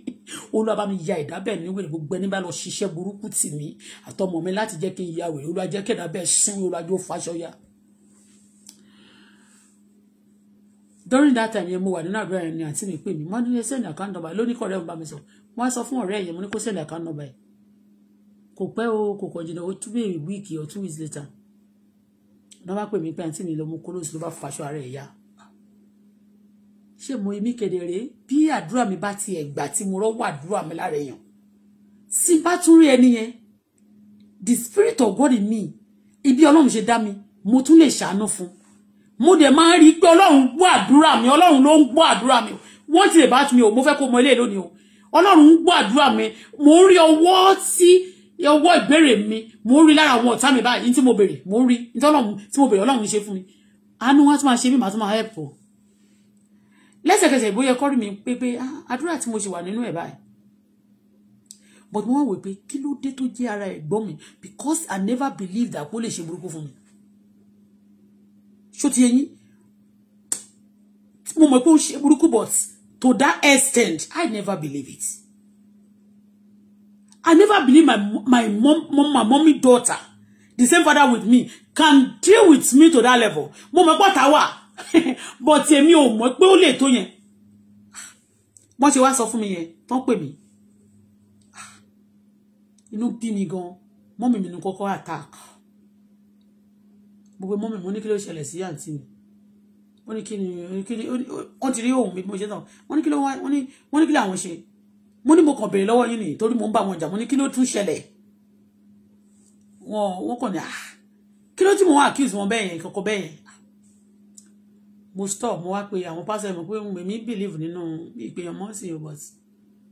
olúwa bá mi ya ẹ̀dá bẹ́ẹ̀ ní wèrè gbogbo ẹni bá lọ ṣiṣẹ́ burúkú tì mí àtọmọ mi láti jẹ́ kí n ya wèrè olúwa jẹ́ kẹ̀dá bẹ́ẹ̀ sínwín olúwa jó fàṣọ ya. during that time yẹn mo wà nínú àdúrà yẹn ni àǹtí mi pè mí wọ́n ní send account number lónìí kọ̀ọ̀rẹ́ mi bá mi sọ wọ́n á sọ fún ọ̀rẹ́ yẹn mo ní kó send account number kò pẹ́ o kò kọ̀ jìnnà o tún bí week or two weeks later náà bá pè mí pé àǹtí mi lọ mú kólóòsì ló bá fàṣọ ara ẹ̀ yá ṣé mo èmi kedere bí àdúrà mi bá ti ẹ̀gbà tí mo rọ́wọ́ àdúrà mi lára èèyàn tí bá tún rí ẹni yẹn the spirit of God in me ibi ọlọ́run ṣe dá mi mo tún lè ṣàánú fún mo dẹ̀ máa ń rí pé ọlọ́run gbọ́ àdúrà mi ọlọ́run ló ń gbọ́ àdúrà mi wọ́n ti lè bá mi o mo fẹ́ kó mọ ilé lónìí o ọlọ́run ń gbọ́ àdúrà mi mo ń rí ọwọ́ tí. Si ọwọ́ ìbéèrè mi mo ń rí lára àwọn ọ̀tá mi báyìí tí mo béèrè mo ń rí tí mo béèrè ọlọ́run ṣe fún mi àánú wọn tún máa ṣe mí màá tún máa help o lẹ́sẹ̀kẹsẹ̀ ìbóyẹ kọ́rí mi pé pé ah, àdúrà tí mo ṣe wà nínú ẹ̀ báyìí but wọ́n wò pé kí ló dé tó jẹ́ ara ẹ̀gbọ́n mi because I never believed that kó lè ṣe burúkú fún mi ṣó ti yẹn mo mọ̀ pé ó ṣe burúkú but to that extent I never believe it. I never believe my my mom, mom my mommy daughter, the same father with me, can deal with me to that level. Mo go pọ̀ tàwa, but èmi ò mọ̀ pé ó lè tó yẹn. Wọ́n ṣe wá sọ fún mi yẹn, tán pè mí. Inú bí mi gan, mọ́mì mi ni kọ́kọ́ attack. Gbogbo mọ́mì mo ní kí ló ṣẹlẹ̀ sí àǹtí mi. Wọ́n ní kí ni, wọ́n money rí òun mi bí mo ṣe tán. Wọ́n ní kí ló wọ́n ní kí ló àwọn ṣe mo ní mo kàn béèrè lọ́wọ́ yín nìyí torí mo ń bá wọn jà mo ní kí ló tún ṣẹlẹ̀ wọn wọn kàn ní à ah, kí mo wá accuse wọn bẹ́ẹ̀ yẹn kọ́kọ́ bẹ́ẹ̀ yẹn mo stop mo wá pe àwọn pásọ ẹ̀ mọ̀ pé mi believe nínú ìpèyàn mọ́sìn yóò bọ̀t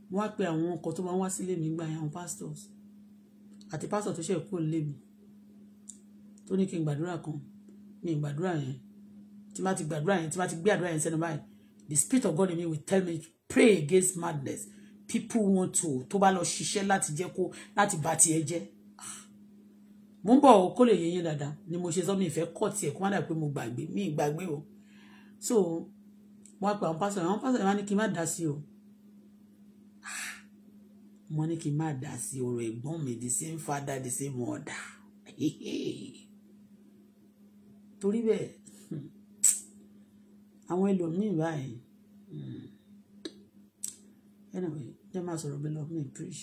mo wá pe àwọn ọkọ̀ tó máa ń wá sílé mi gba àwọn pastors àti pastor tó ṣe kúrò nílé mi tó ní kí n gbàdúrà kan mi ì gbàdúrà yẹn tí ti gbàdúrà yẹn tí má ti gbé àdúrà yẹn sẹ́nu the spirit of God in me will tell me pray against madness people want to tó bá lọ ṣiṣẹ́ láti jẹ́ kó láti bà tiẹ̀ jẹ́ ah. mo ń bọ̀ kó lè yẹyẹ dáadáa ni mo ṣe sọ mi ìfẹ́ kọ́ tiẹ̀ kó má dà pé mo gbàgbé mi ìgbàgbé o so mo wá pé àwọn pásítọ̀ àwọn pásítọ̀ wọn ní kí n má dá sí o ah. mo ní kí n má dá sí ọ̀rọ̀ ẹ̀gbọ́n mi the same father the same mother torí bẹ́ẹ̀ àwọn ẹlòmíì báyìí hmm. anyway jẹ́ máa sọ̀rọ̀ mi lọ mi preach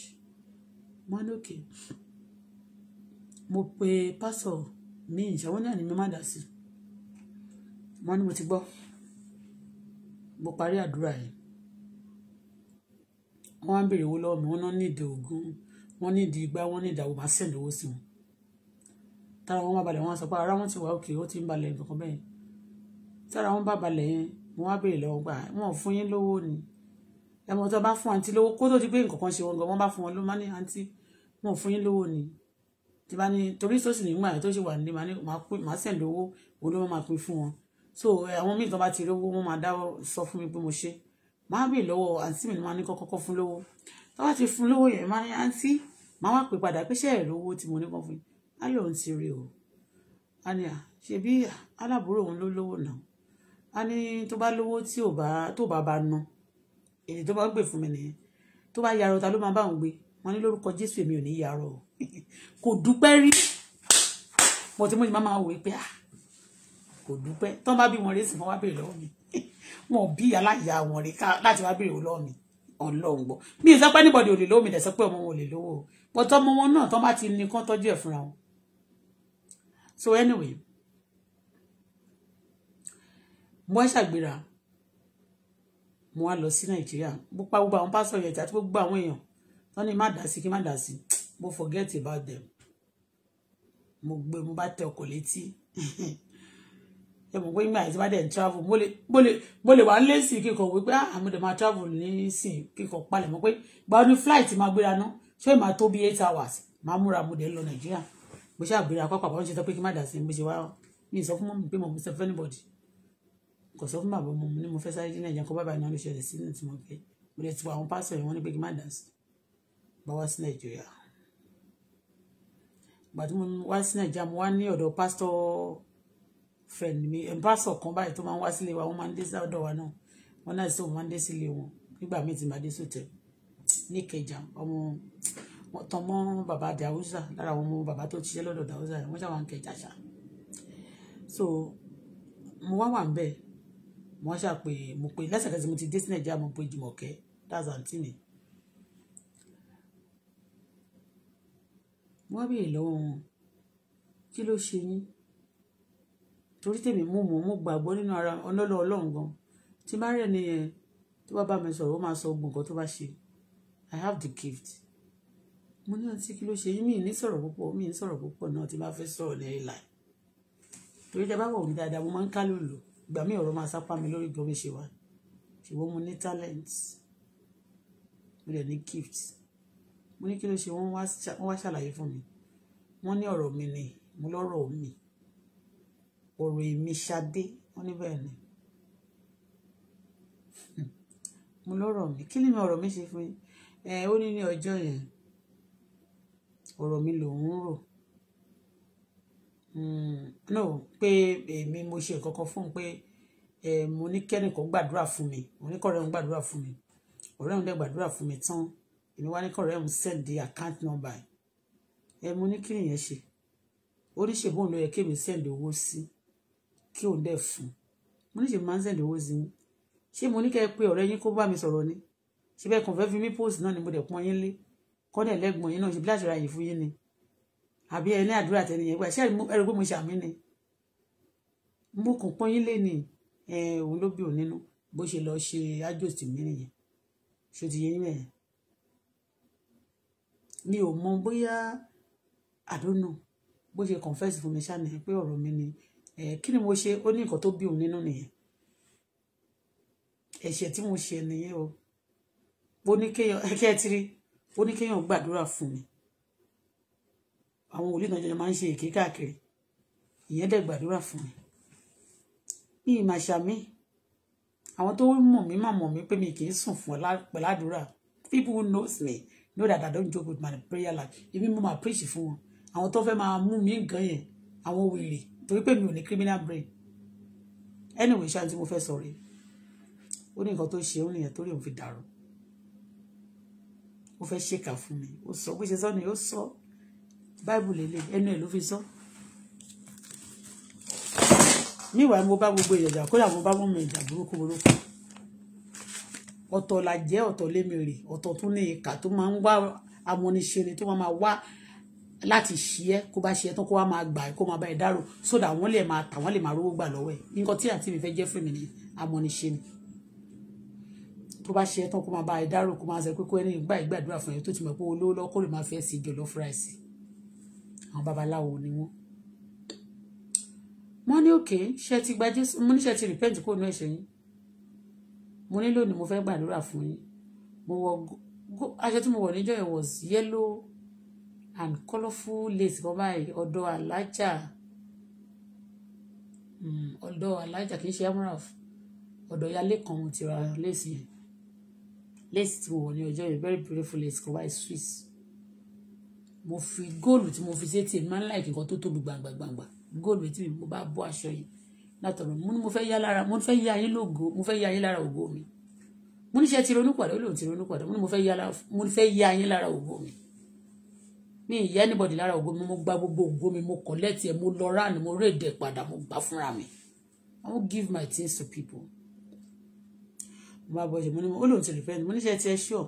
mo á lókè mo pe pásọ̀ mi ìṣàwọn náà ni mi má dà sí mo ní mo ti gbọ́ mo parí àdúrà yìí wọ́n á béèrè owó lọ́wọ́ mi wọ́n náà ní ìdè ògún wọ́n ní ìdè igbá wọ́n ní ìdàwọ̀ máa sẹ̀ lówó sí wọn tára wọn bá balẹ̀ wọn sọ pé ara wọn ti wà òkè ó ti ń balẹ̀ nǹkan bẹ́ẹ̀ tára wọn bá balẹ̀ yẹn mo wá béèrè lọ́wọ́ gbà wọn ò fún yín lówó ni ẹ mọ̀ tó bá fún àǹtí lówó kó tó di pé nǹkan kan ṣe wọn gan wọ́n bá fún wọn ló má ní àǹtí wọn ò fún yín lówó ni tí bá ní torí tó sì nígbà tó ṣe wà nílé màá sẹ̀ lówó òun ló máa pín fún wọn so àwọn míì tó bá ti rówó wọn máa dáwọ́ sọ fún mi pé mo ṣe máa bì lọ́wọ́ àǹtí mi ni wọ́n á ní kọ́kọ́ fún lówó tó bá ti fún lówó yẹn máa ní àǹtí máa wá pè padà pé ṣé ẹ rówó tí mo ní kan fún yín ayọ̀ ń ti rí o èrè tó bá gbè fún mi nìyẹn tó bá yarọ ta ló máa bá òun gbé wọn ní lórúkọ jésù èmi ò ní yarọ o kò dúpẹ́ rí mo ti mú ìmọ̀ máa wò pé ah, kò dúpẹ́ tán bá bí wọn rí sí wọn wá bèrè lọ́wọ́ mi wọn bí aláìyá wọn rí láti wá bèrè lọ́wọ́ mi ọlọ́run gbọ́ mi ì sọ pé anybody ò lè lówó mi dẹ̀ sọ pé ọmọ wọn ò lè lówó o but ọmọ wọn náà tán bá ti ní kán tọ́jú ẹ̀ fúnra wọn so anyway mo ṣàgbéra mo wá lọ sí nàìjíríà mo pa gbogbo àwọn pásọ yẹn àti gbogbo àwọn èèyàn wọn ní má dà sí kí má dà sí mo forget about them mo gbé mo bá tẹ ọkọ̀ létí ẹ mọ̀ pé nígbà tí bá dẹ̀ ń travel mo lè mo lè mo lè wà ń lé sí kíkọ wípé àmì ah, máa travel nísìn kíkọ palẹ̀ mọ́ pé gba ní flight máa gbéra ná ṣé màá tó bí eight hours màá múra mo dẹ̀ ń lọ nàìjíríà mo ṣáà gbéra pápá wọn ṣe tán pé kí má dà sí mo ṣe wá mi sọ fún mọ́mí pé mo mi sọ anybody kò sọ fún bàbá ọmọ mi ni mo fẹ́ sáré dé nàìjíríà kó bàbá náà ló ṣẹlẹ̀ sí ní tí mo gbé mo lè ti wọ àwọn pásítọ̀ yẹn wọ́n ní pé má dà sí bá wá sí nàìjíríà ìgbà tí mo wá sí nàìjíríà mo wá ní ọ̀dọ̀ pásítọ̀ friend mi eh, pásítọ̀ kan báyìí tó máa ń wá sílé wa wọ́n máa ń dé sọ́dọ̀ wa náà wọ́n náà sọ wọ́n máa ń dé sílé wọn nígbà míì tí màá dé sòtẹ́ ní kẹjà ọmọ tán mọ́ bàbá dàúsà lára àwọn ọmọ bàbá tó ṣiṣẹ́ lọ́dọ̀ dàúsà wọ́n ṣàwọn kẹjà ṣá so mo wá wà ń bẹ́ẹ̀ wọ́n ṣàpè mo pe lẹ́sẹ̀kẹsẹ̀ mo ti dé sí nàìjíríà mo pe jùmọ̀kẹ́ dazanti mi wọ́n béèrè lọ́wọ́ wọn kí ló ṣe yín torí tèmi mú mọ́ mo gbàgbọ́ nínú ara ọlọ́lọ́ ọlọ́run gan tí má rẹ̀ nìyẹn tó bá bá mi sọ̀rọ̀ ó máa sọ ogun nǹkan tó bá ṣe i have the gift mo ní ọtí kí ló ṣe yín mi ní sọ̀rọ̀ púpọ̀ mi ní sọ̀rọ̀ púpọ̀ náà tí bá fẹ́ sọ̀rọ̀ lẹ́yìn láì torí tẹ bá wọ̀ mí dáadáa mo máa ń ká lòlò ìgbà mi ọ̀rọ̀ máa sápá mi lórí gbọ́ mi ṣe wá ṣùgbọ́n mo ní talent mo dẹ̀ ní gift mo ní kí ló ṣe wọ́n wá ṣàlàyé fún mi wọ́n ní ọ̀rọ̀ mi ni mo lọ́rọ̀ mi ọ̀rọ̀ èmi ṣadé wọ́n ní bẹ́ẹ̀ ni mo lọ́rọ̀ mi kí ni ọ̀rọ̀ mi ṣe fún yín ẹ ó ní ní ọjọ́ yẹn ọ̀rọ̀ mi lòún rò Hmm, no pé èmi mo ṣe nǹkan kan fún un pé mo ní kẹ́nìkan gbàdúrà fún mi mo ní kọ́rẹ́ òun gbàdúrà fún mi ọ̀rẹ́ òun dẹ̀ gbàdúrà fún mi tán èmi wá ní kọ́rẹ́ òun send the account number ẹ mo ní kí nìyẹn ṣe oníṣègùn ló yẹ kí èmi send owó sí kí òun dẹ̀ fún mo ní ṣe máa ń send owó sí yín ṣé mo ní kẹ́ ẹ pé ọ̀rẹ́ yín kó bá mi sọ̀rọ̀ ni ṣe bẹ́ẹ̀ kàn fẹ́ fi mí post náà ni mo dẹ̀ pọ́n yín lé kọ́dẹ̀ lẹ́gbọ̀n yín náà ṣe bí láti ra yìí fún yín ni àbí ẹni àdúrà tẹni yẹn gbà ṣé ẹrù pé mo ṣàmì ni mo kàn pọ́n yín lé ní òun ló bí òun nínú bó ṣe lọ ṣe ájòsì mi nìyẹn ṣó ti yín mẹ́rin mi ò mọ bóyá àdónù bó ṣe confess fún mi ṣáà pé ọ̀rọ̀ mi ni kí ni mo ṣe ó ní nǹkan tó bí òun nínú nìyẹn ẹ̀ṣẹ̀ tí mo ṣe nìyẹn o ó ní tiri ó gbàdúrà fún mi àwọn wòlíì náà jọjọ máa ń ṣe èké káàkiri ìyẹn dẹ̀ gbàdúrà fún mi mi ìmàṣà mi àwọn tó mọ̀ mí mà mọ̀ mí pé mi kì í sùn fún ọ pẹ̀lú àdúrà people who knows me know that I don't joke with my prayer life èmi mo máa preach fún wọn àwọn tó fẹ́ máa mú mi gan yẹn àwọn wèrè torí pé mi ò ní criminal brain anyway ṣáà tí mo fẹ́ sọ rèé ó ní nǹkan tó ṣe òun nìyẹn torí òun fi dàrú ó fẹ́ ṣèkà fún mi ó sọ bó ṣe sọ ni ó sọ. So báìbù lélẹ̀ ẹnu ẹ̀ ló fi sọ. níwàá mo bá gbogbo ìyàjà kódà mo bá mọ̀mọ́ ìjà burúkú burúkú ọ̀tọ̀ la jẹ́ ọ̀tọ̀ lémi rè ọ̀tọ̀ tún ní ìka tó máa ń wá amúniṣẹ́ni tó máa wá láti ṣí ẹ kó bá ṣí ẹ tán kó wá máa gbà kó máa bá ẹ dárò sódà wọ́n lè máa tà wọ́n lè máa rówó gbà lọ́wọ́ ẹ nǹkan tí àǹtí mi fẹ́ jẹ́ fún mi ni amúniṣẹ́ni tó bá ṣe ẹ kó máa bá ẹ dárò kó máa sọ pé kó ẹni gbà ìgbàdúrà fún ẹ tó ti mọ̀ pé olówó lọ́kọ́ lè máa fẹ́ sí jọlọ́fúráìsì àwọn babaláwo ni wọ́n mo ní òkè ṣe ti gba jésù mo ní ṣe ti repent kó nu ẹ̀ṣẹ̀ yín mo ní lónìí mo fẹ́ gbàdúrà fún yín mo wọ aṣọ tí mo wọ níjọ́ yẹn was yellow and colourful lace kan báyìí ọ̀dọ̀ alájà hmm, ọ̀dọ̀ alájà kì í ṣe amraf ọ̀dọ̀ yálé kan mo ti ra lace yẹn lace tí mo wọ ní ọjọ́ yẹn very beautiful lace kan báyìí swiss mo fi góòlù tí mo fi ṣe tì máa ń láì kíkan tó tóbi gbàǹgbà gbàǹgbà góòlù tí mo bá bọ́ aṣọ yìí látọ̀rọ̀ mo ní mo fẹ́ yá lára mo fẹ́ yá yín lógo mo fẹ́ yá yín lára ògo mi mo ní ṣe ti ronú pàdé ó ti ronú pàdé mo ní mo fẹ́ yá yín lára ògo mi mi ì yá anybody lára ògo mi mo gba gbogbo ògo mi mo collect ẹ mo lọ rán mo rédè padà mo gbà fúnra mi I won't give my things to people mo bá bọ́jú mo ní ó lòun ti repent mo ní ṣe ti ẹ ṣọ́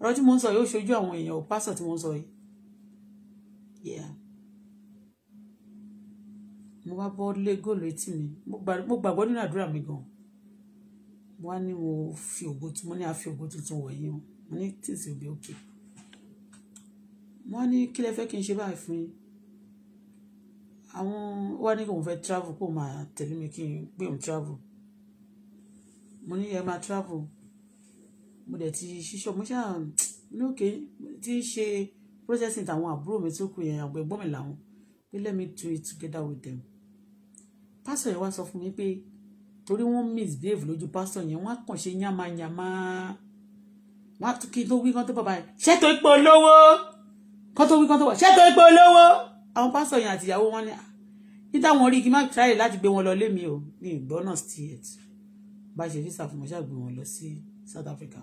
ọ̀rọ̀ tí mo ń sọ yóò ṣojú àwọn èèyàn ò pásọ̀ tí mo ń sọ yìí yeah mo wá bọ́ lé góòlù etí mi mo gbàgbọ́ nínú àdúrà mi gan mo wá ní mo fi ògo mo ní a fi ògo tuntun wọ̀nyí o mo ní tíìsì òbí òkè mo wá ní kí lẹ fẹ́ kí n ṣe báyìí fún yín àwọn wá ní kí òun fẹ́ travel kó máa tẹ̀lé mi kí n pé òun travel mo ní ẹ máa travel mo dẹ̀ ti ṣíṣọ́ mo ṣáà ní òkè ti ṣe processing tàwọn àbúrò mi tó kù yẹn àwọn ẹ̀gbọ́n mi làwọn pé let me do it together with them pásítọ̀ yẹn wá sọ fún mi pé torí wọ́n misbehave lójú pásítọ̀ yẹn wọ́n á kàn ṣe yánmayánmá wọ́n á tún kí n tó wí kán tó bàbá yẹn ṣètò ipò olówó kán tó wí kán tó wà ṣètò ipò olówó àwọn pásítọ̀ yẹn àtìyàwó wọn ni ah, ní táwọn rí kí n má tíráyè láti gbé wọn lọ lé mi o ní ìgbọ́nà stiet bá ṣe visa fún mọ́ṣáà gbé wọn lọ sí South Africa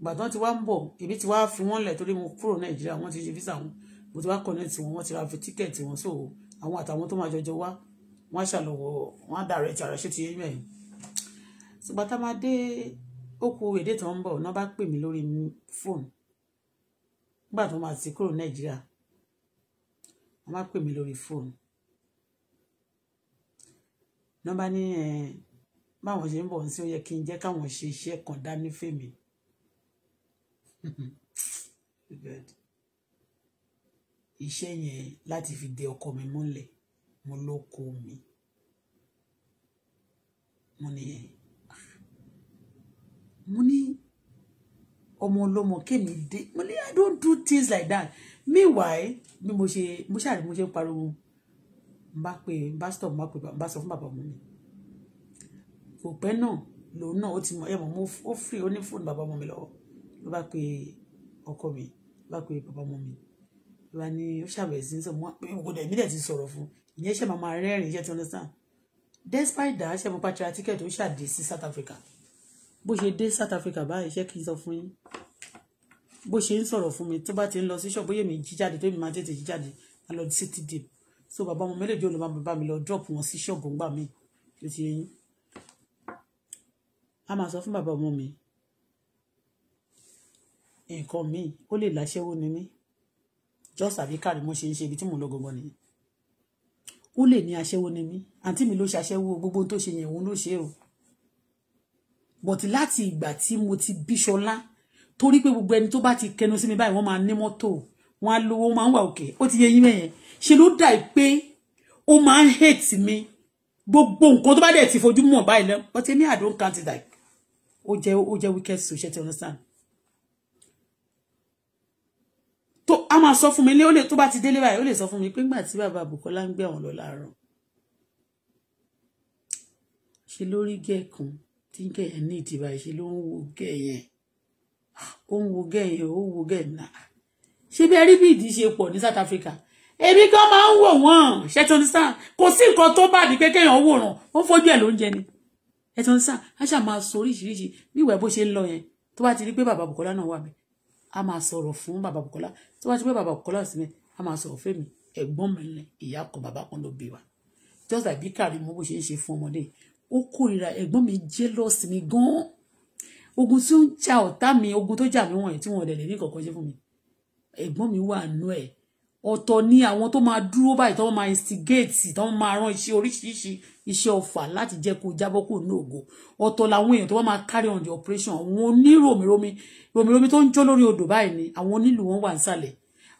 gbàtàn ti wá ń bọ̀ èmi ti wá fi wọ́n lẹ̀ torí mo kúrò nàìjíríà wọ́n ti ṣe visa wọn mo ti wá connect wọn wọ́n ti ra tíkẹ̀tì wọn so àwọn àtàwọn tó máa jọjọ wá wọ́n á ṣàlọ́wọ́ wọ́n á dàrẹ́ ti ara ṣé ti yé mẹ́rin ṣùgbọ́n tá a máa dé ókú èdè tó ń bọ̀ náà bá pè mí lórí fóònù nígbà tó máa ti kúrò nàìjíríà wọ́n bá pè mí lórí fóònù náà bá ní báwọn ṣe ń bọ̀ sí ó yẹ kí n jẹ́ káwọn ṣe iṣẹ́ kan dání fèmí iṣẹ́ yẹn láti fi de ọkọ mi mọ́lẹ̀ mo ló kó mi mo ní mo ní ọmọ ọlọ́mọ kémi dé mo ní i don't do things like that meanwhile bí mo ṣe mo ṣàrí mo ṣe ń pariwo n bá pe n bá stop n bá pe n bá sọ fún bàbá ọmọ mi kò pẹ́ náà lòun náà ó ti mọ ẹ̀wọ̀n mo ó free ó ní fóònù bàbá ọmọ mi lọ́wọ́ ló bá pe ọkọ mi ló bá pe bàbá ọmọ mi ló bá ní ó ṣàbẹ̀wò sí sọ mo dẹ̀ mí dẹ̀ ti sọ̀rọ̀ fún ìyẹn ṣe máa rẹ́rìn-ín ṣe ti understand despite that ṣe mo patra ticket ó ṣàdé sí South Africa bó ṣe dé South Africa báyìí ṣé kí n sọ fún yín bó ṣe ń sọ̀rọ̀ fún mi tó bá ti ń lọ sí ṣọ́ọ̀bù yèmí jíjáde tó èmi máa tètè jíjáde á lọ sí ti dìbò so bàbá ọmọ méjèèjì ò lè máa bàbá mi lọ drop wọn sí ṣọ́ọ̀bù ńgbà mi ló ti yẹn a máa sọ fún bàbá ọmọ mi nǹkan míì ó lè láṣẹ́wó ni mí just àbí káàdì mo ṣe ń ṣe ibi tí mò ń lọ gbọgbọ nìyí ó lè ní aṣẹ́wó ni mí àǹtí mi ló ṣe aṣẹ́wó gbogbo tó ṣe yẹn òun ló ṣe o but láti ìgbà tí mo ti bíṣọlá torí pé gbogbo ẹni tó bá ti kẹnu sí mi báyìí wọ́n máa ní mọ́tò wọ́n á lówó wọ́n máa ń wà òkè ó ti yẹ yín mẹyẹn ṣe ló dà pé ó máa ń hate mi gbogbo nǹkan tó bá dẹ̀ ti fojú mọ̀ báyìí lọ but èmi I don't count it like ó jẹ́ ó jẹ́ wicked social understand tó a máa sọ fún mi ní ó lè tó bá ti délé báyìí ó lè sọ fún mi pé ńgbà tí bàbá Bùkọ́lá ń gbé àwọn lọ láàárọ̀ ṣe lórí gẹ̀ẹ́kan tí gẹ̀ẹ́ ní ìdìbà ṣe ló ń wo gẹ̀ẹ́ yẹn ó ń wo gẹ̀ẹ́ yẹn ó ń wo gẹ̀ẹ́ náà ṣe bí ẹrí bí ìdí ṣe pọ̀ ní South Africa èmi kan máa ń wò wọ́n ṣẹ́tọ́ni sáà kò sí nǹkan tó bá di pé kéèyàn wòràn ó ń fojú ẹ̀ lóúnjẹ ni ẹ̀tọ́ni sáà á ṣáà máa sọ oríṣiríṣi bí bó ṣe ń lọ yẹn tó bá ti rí pé bàbá Bùkọ́lá náà wà bẹ́ẹ̀ a máa sọ̀rọ̀ fún bàbá Bùkọ́lá tí wọ́n ti pé bàbá Bùkọ́lá sí mi a máa sọ̀rọ̀ fún mi ẹ̀gbọ́n mi ni ìyá kan bàbá kan ló bí wa just like bí Karimo bó ṣe ń ṣe fún ọmọdé ó kórìíra ẹ̀gbọ́n mi jealous mi gan-an ogun tí ó ń ja ọ̀tá mi ogun tó jà mí wọ̀nyí tí wọ́n dẹ̀ lè ní kọ̀ọ̀kan ṣe fún mi ẹ̀gbọ́n mi wà nú ẹ̀ ọ̀tọ̀ ni àwọn tó máa dúró báyìí tó máa instigate tó máa rán iṣẹ́ oríṣiríṣi iṣẹ́ ọ̀fà láti jẹ́ kó jábọ́ kó ní ògo ọ̀tọ̀ làwọn èèyàn tó máa carry on the operation àwọn oníròmìromi ròmìromi tó ń jó lórí odò báyìí ni àwọn onílù wọn wà nísàlẹ̀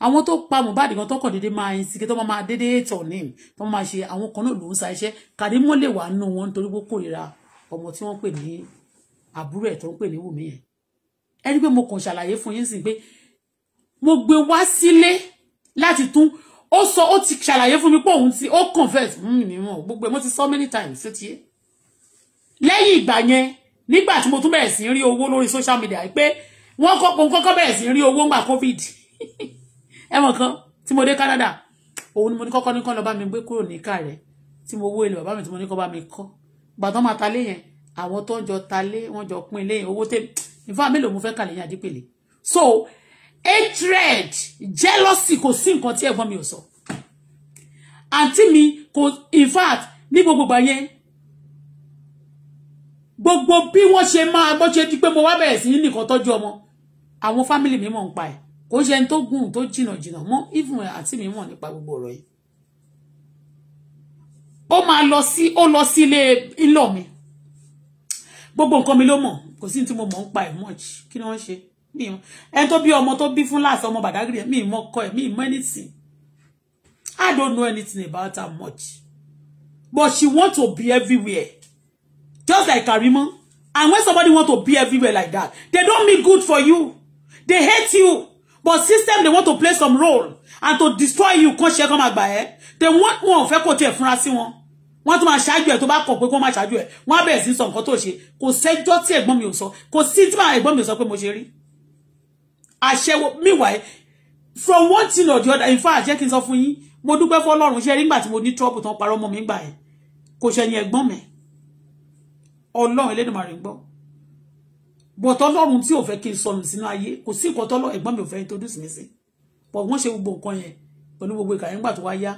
àwọn tó pa Mohbad kan tọkàn déédéé máa ń sike tó máa déédéé tọ ní tó máa ṣe àwọn kan náà ló ń sa iṣẹ́ Kàrímọ lè wà nù wọn nítorí pé kórìíra ọmọ tí wọ́n pè ní àbúrò ẹ̀ tó ń pè ní Wùmí yẹn ẹni pé mo kàn ṣàlàyé fún yín sí pé mo gbé wá sílé láti tún ó sọ ó ti ṣàlàyé fún mi pé òun ti ó confess fún mm, mi níwọ̀n gbogbo ẹ̀ mo ti sọ many times ó ti yé lẹ́yìn ìgbà yẹn nígbà tí mo tún bẹ̀rẹ̀ sí rí owó lórí social media pé wọ́n kọ́kọ́ kọ́kọ́ bẹ̀rẹ̀ sí rí owó ńgbà covid ẹ̀wọ̀n kan tí mo dé Canada òun ni mo ní kọ́kọ́ ní kọ́ lọ bá mi gbé kúrò ní ká rẹ̀ tí mo wó ilé bàbá mi tí mo ní kọ́ bá mi kọ́ gbàtàn máa ta lé yẹn àwọn tó ń jọ ta lé wọ́n jọ pín lé yẹn owó tèmi ìfọ́ àmì lòun fẹ́ kàlẹ́ yẹn àdípèlè so hatred jealousy kò sí nǹkan tí ẹ̀gbọ́n mi ò sọ àǹtí mi kò in fact ni gbogbo ìgbà yẹn gbogbo bí wọ́n ṣe máa bọ́ ṣe di pé mo wá bẹ̀rẹ̀ sí ní nìkan tọ́jú ọmọ àwọn fámìlì mi mọ̀ ń pa ẹ̀ kò ṣe ẹni tó gùn tó jìnnà jìnnà even àǹtí mi mọ̀ nípa gbogbo ọ̀rọ̀ yìí ó máa lọ sí o lọ sí ilé ìlọ mi gbogbo nǹkan mi ló mọ̀ kò sí ní tí mo mọ̀ ń pa ẹ̀ much kí ni wọ́n ṣe mi mọ ẹni tó bí ọmọ tó bí fún láti ọmọ bàdágìrì mi mọ ọkọ ẹ mi mọ anything I don't know anything about her much but she want to be everywhere just like Karimo and when somebody want to be everywhere like that they don't mean good for you they hate you but system they want to play some role and to destroy you kan ṣe kan máa gbà they want wọn ò fẹ́ kó tiẹ̀ fúnra sí wọn wọ́n tún máa ṣáájú ẹ̀ tó bá kọ̀ pé kó máa ṣáájú ẹ̀ wọ́n á bẹ̀rẹ̀ sí sọ nǹkan tó ṣe kò sẹ́jọ́ tí ẹ̀gbọ́n mi ò sọ kò sí tí màá ẹ̀gbọ́n mi ò sọ pé mo ṣe rí àṣẹwó meanwhile from one thing or the other in fact jẹ́ kí n sọ fún yín mo dúpẹ́ fọlọ́run ṣe rí nígbà tí mo ní trouble tán parọ́ ọmọ mi gbà ẹ̀ kò ṣẹ̀yìn ẹ̀gbọ́n mi ọlọ́run Elédùmarè ń gbọ́ bọ̀tọ́ ọlọ́run tí ò fẹ́ kí n sọnù sínú ayé kò sí nǹkan tọ́lọ́ ẹ̀gbọ́n mi ò fẹ́ introduce mi sí pọ̀ wọ́n ṣe gbogbo nǹkan yẹn pẹ̀lú gbogbo ìkàyẹ̀ ńgbà tó wá yá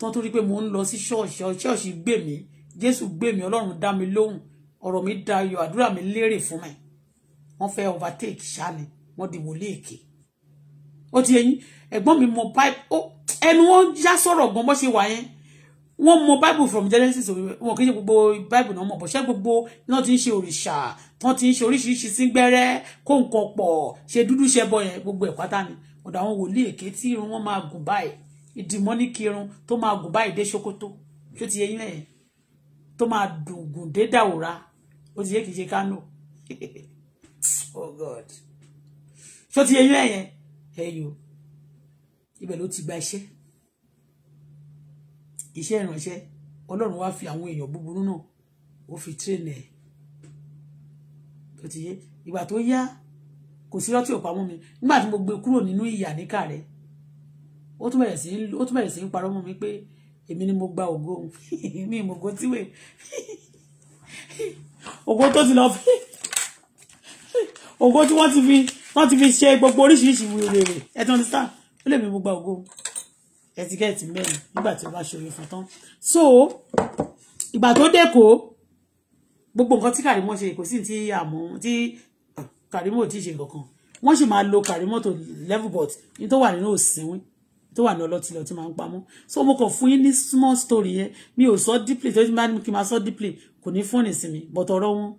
tán tó rí pé mò ń lọ sí ṣọ́ọ̀ṣì ṣọ́ọ̀ṣì gbè mí Jésù gbè mí ọlọ́run dá mi lóhùn ọ̀rọ̀ mi dayọ̀ àdúrà mi lérè fún mi wọ́n fẹ́ overtake ṣáni wọ́n di wòlé èké ó ti ẹyin ẹ̀gbọ́n mi mọ bible ó ẹnu wọn já sọ̀rọ̀ gan bó ṣe wà yẹn wọ́n mọ bible from genesis wọn kì í ṣe gbogbo bible náà mọ̀ bọ̀ ṣẹ́ gbogbo náà ti ń ṣe òrìṣà tán ti ń ṣe oríṣiríṣi síngbẹ́rẹ́ kó nǹkan pọ̀ ṣe dúdú ṣe bọ yẹn gbogbo ẹ̀ pátá ni ọ̀dọ̀ àwọn wòlíì èké tí irun wọn máa gùn báyìí ìdìmọ́níkì irun tó máa gùn báyìí dé ṣòkòtò tó ti yẹ yín lẹ́yìn tó máa dùn gùn dé ti yẹ kì í ṣe oh god ṣó ti eyín ẹ̀yẹn ẹ̀yọ ibẹ̀ ló ti gba iṣẹ́ iṣẹ́ ìrànṣẹ́ ọlọ́run wá fi àwọn èèyàn búburú náà ó fi tírèènì ẹ̀ tó ti yé ìgbà tó yá kò sí lọ́tí òpá mú mi nígbà tí mo gbé kúrò nínú ìyà níkà rẹ̀ ó tún bẹ̀rẹ̀ sí ó tún bẹ̀rẹ̀ sí ń parọ́ mú mi pé èmi ni mo gba ògo mi ìmọ̀gó tíwèé ògo tó ti lọ fi ògo tí wọ́n ti fi wọ́n ti fi ṣe gbogbo oríṣiríṣi wèrè rẹ̀ ẹ ti understand ó lè mi gbogbo ògo ẹtíkẹ́ẹ̀tì mẹ́rin nígbà tí ó bá ṣòro fún tán so ìgbà tó dẹ́kọ̀ gbogbo nǹkan tí Kàrímọ̀ ṣe kò sí ti àmọ́ tí Kàrímọ̀ ti ṣe kankan wọ́n sì máa lo Kàrímọ̀ tó level but ní tó wà nínú òsínwín tó wà ní ọlọ́tilọ̀ tí máa ń pamọ́ so mo kàn fún yín ní small story yẹn mi ò sọ deeply tó ti máa ń kí n máa sọ deeply kò ní fún ìsinmi but ọ̀rọ̀ wọn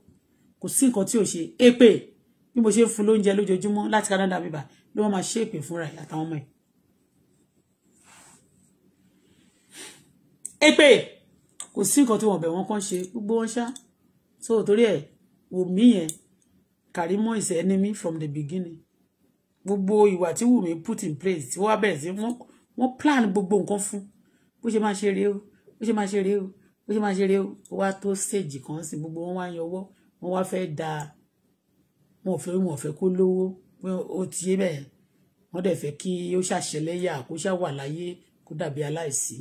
kò sí nǹkan tí ò ṣe èpè bí mo ṣe ń fún lóúnjẹ lójoojúmọ́ láti Canada bíbà ló máa ṣe èpè fúnra ẹ̀ àtàwọn ọmọ ẹ̀. èpè kò sí nǹkan tí wọ́n bẹ̀ wọ́n kàn ṣe gbogbo wọn ṣá so torí ẹ̀ wò mí yẹn Karimo is enemy from the beginning gbogbo ìwà tí Wùmí put in place tí wọ́n bẹ̀rẹ̀ sí wọ́n plan gbogbo nǹkan fún bó ṣe máa ṣe rèé o bó ṣe máa ṣe rèé o bó ṣe máa ṣe rèé o wá tó stage kan sí gbogbo wọn wá yanwọ́ wọn wá fẹ́ da wọn fẹ́ wọn fẹ́ kó lówó ó ti yé bẹ́ẹ̀ wọ́n dẹ̀ fẹ́ kí ó ṣàṣẹlẹ́yà kó ṣàwà láyé kó dàbí aláìsí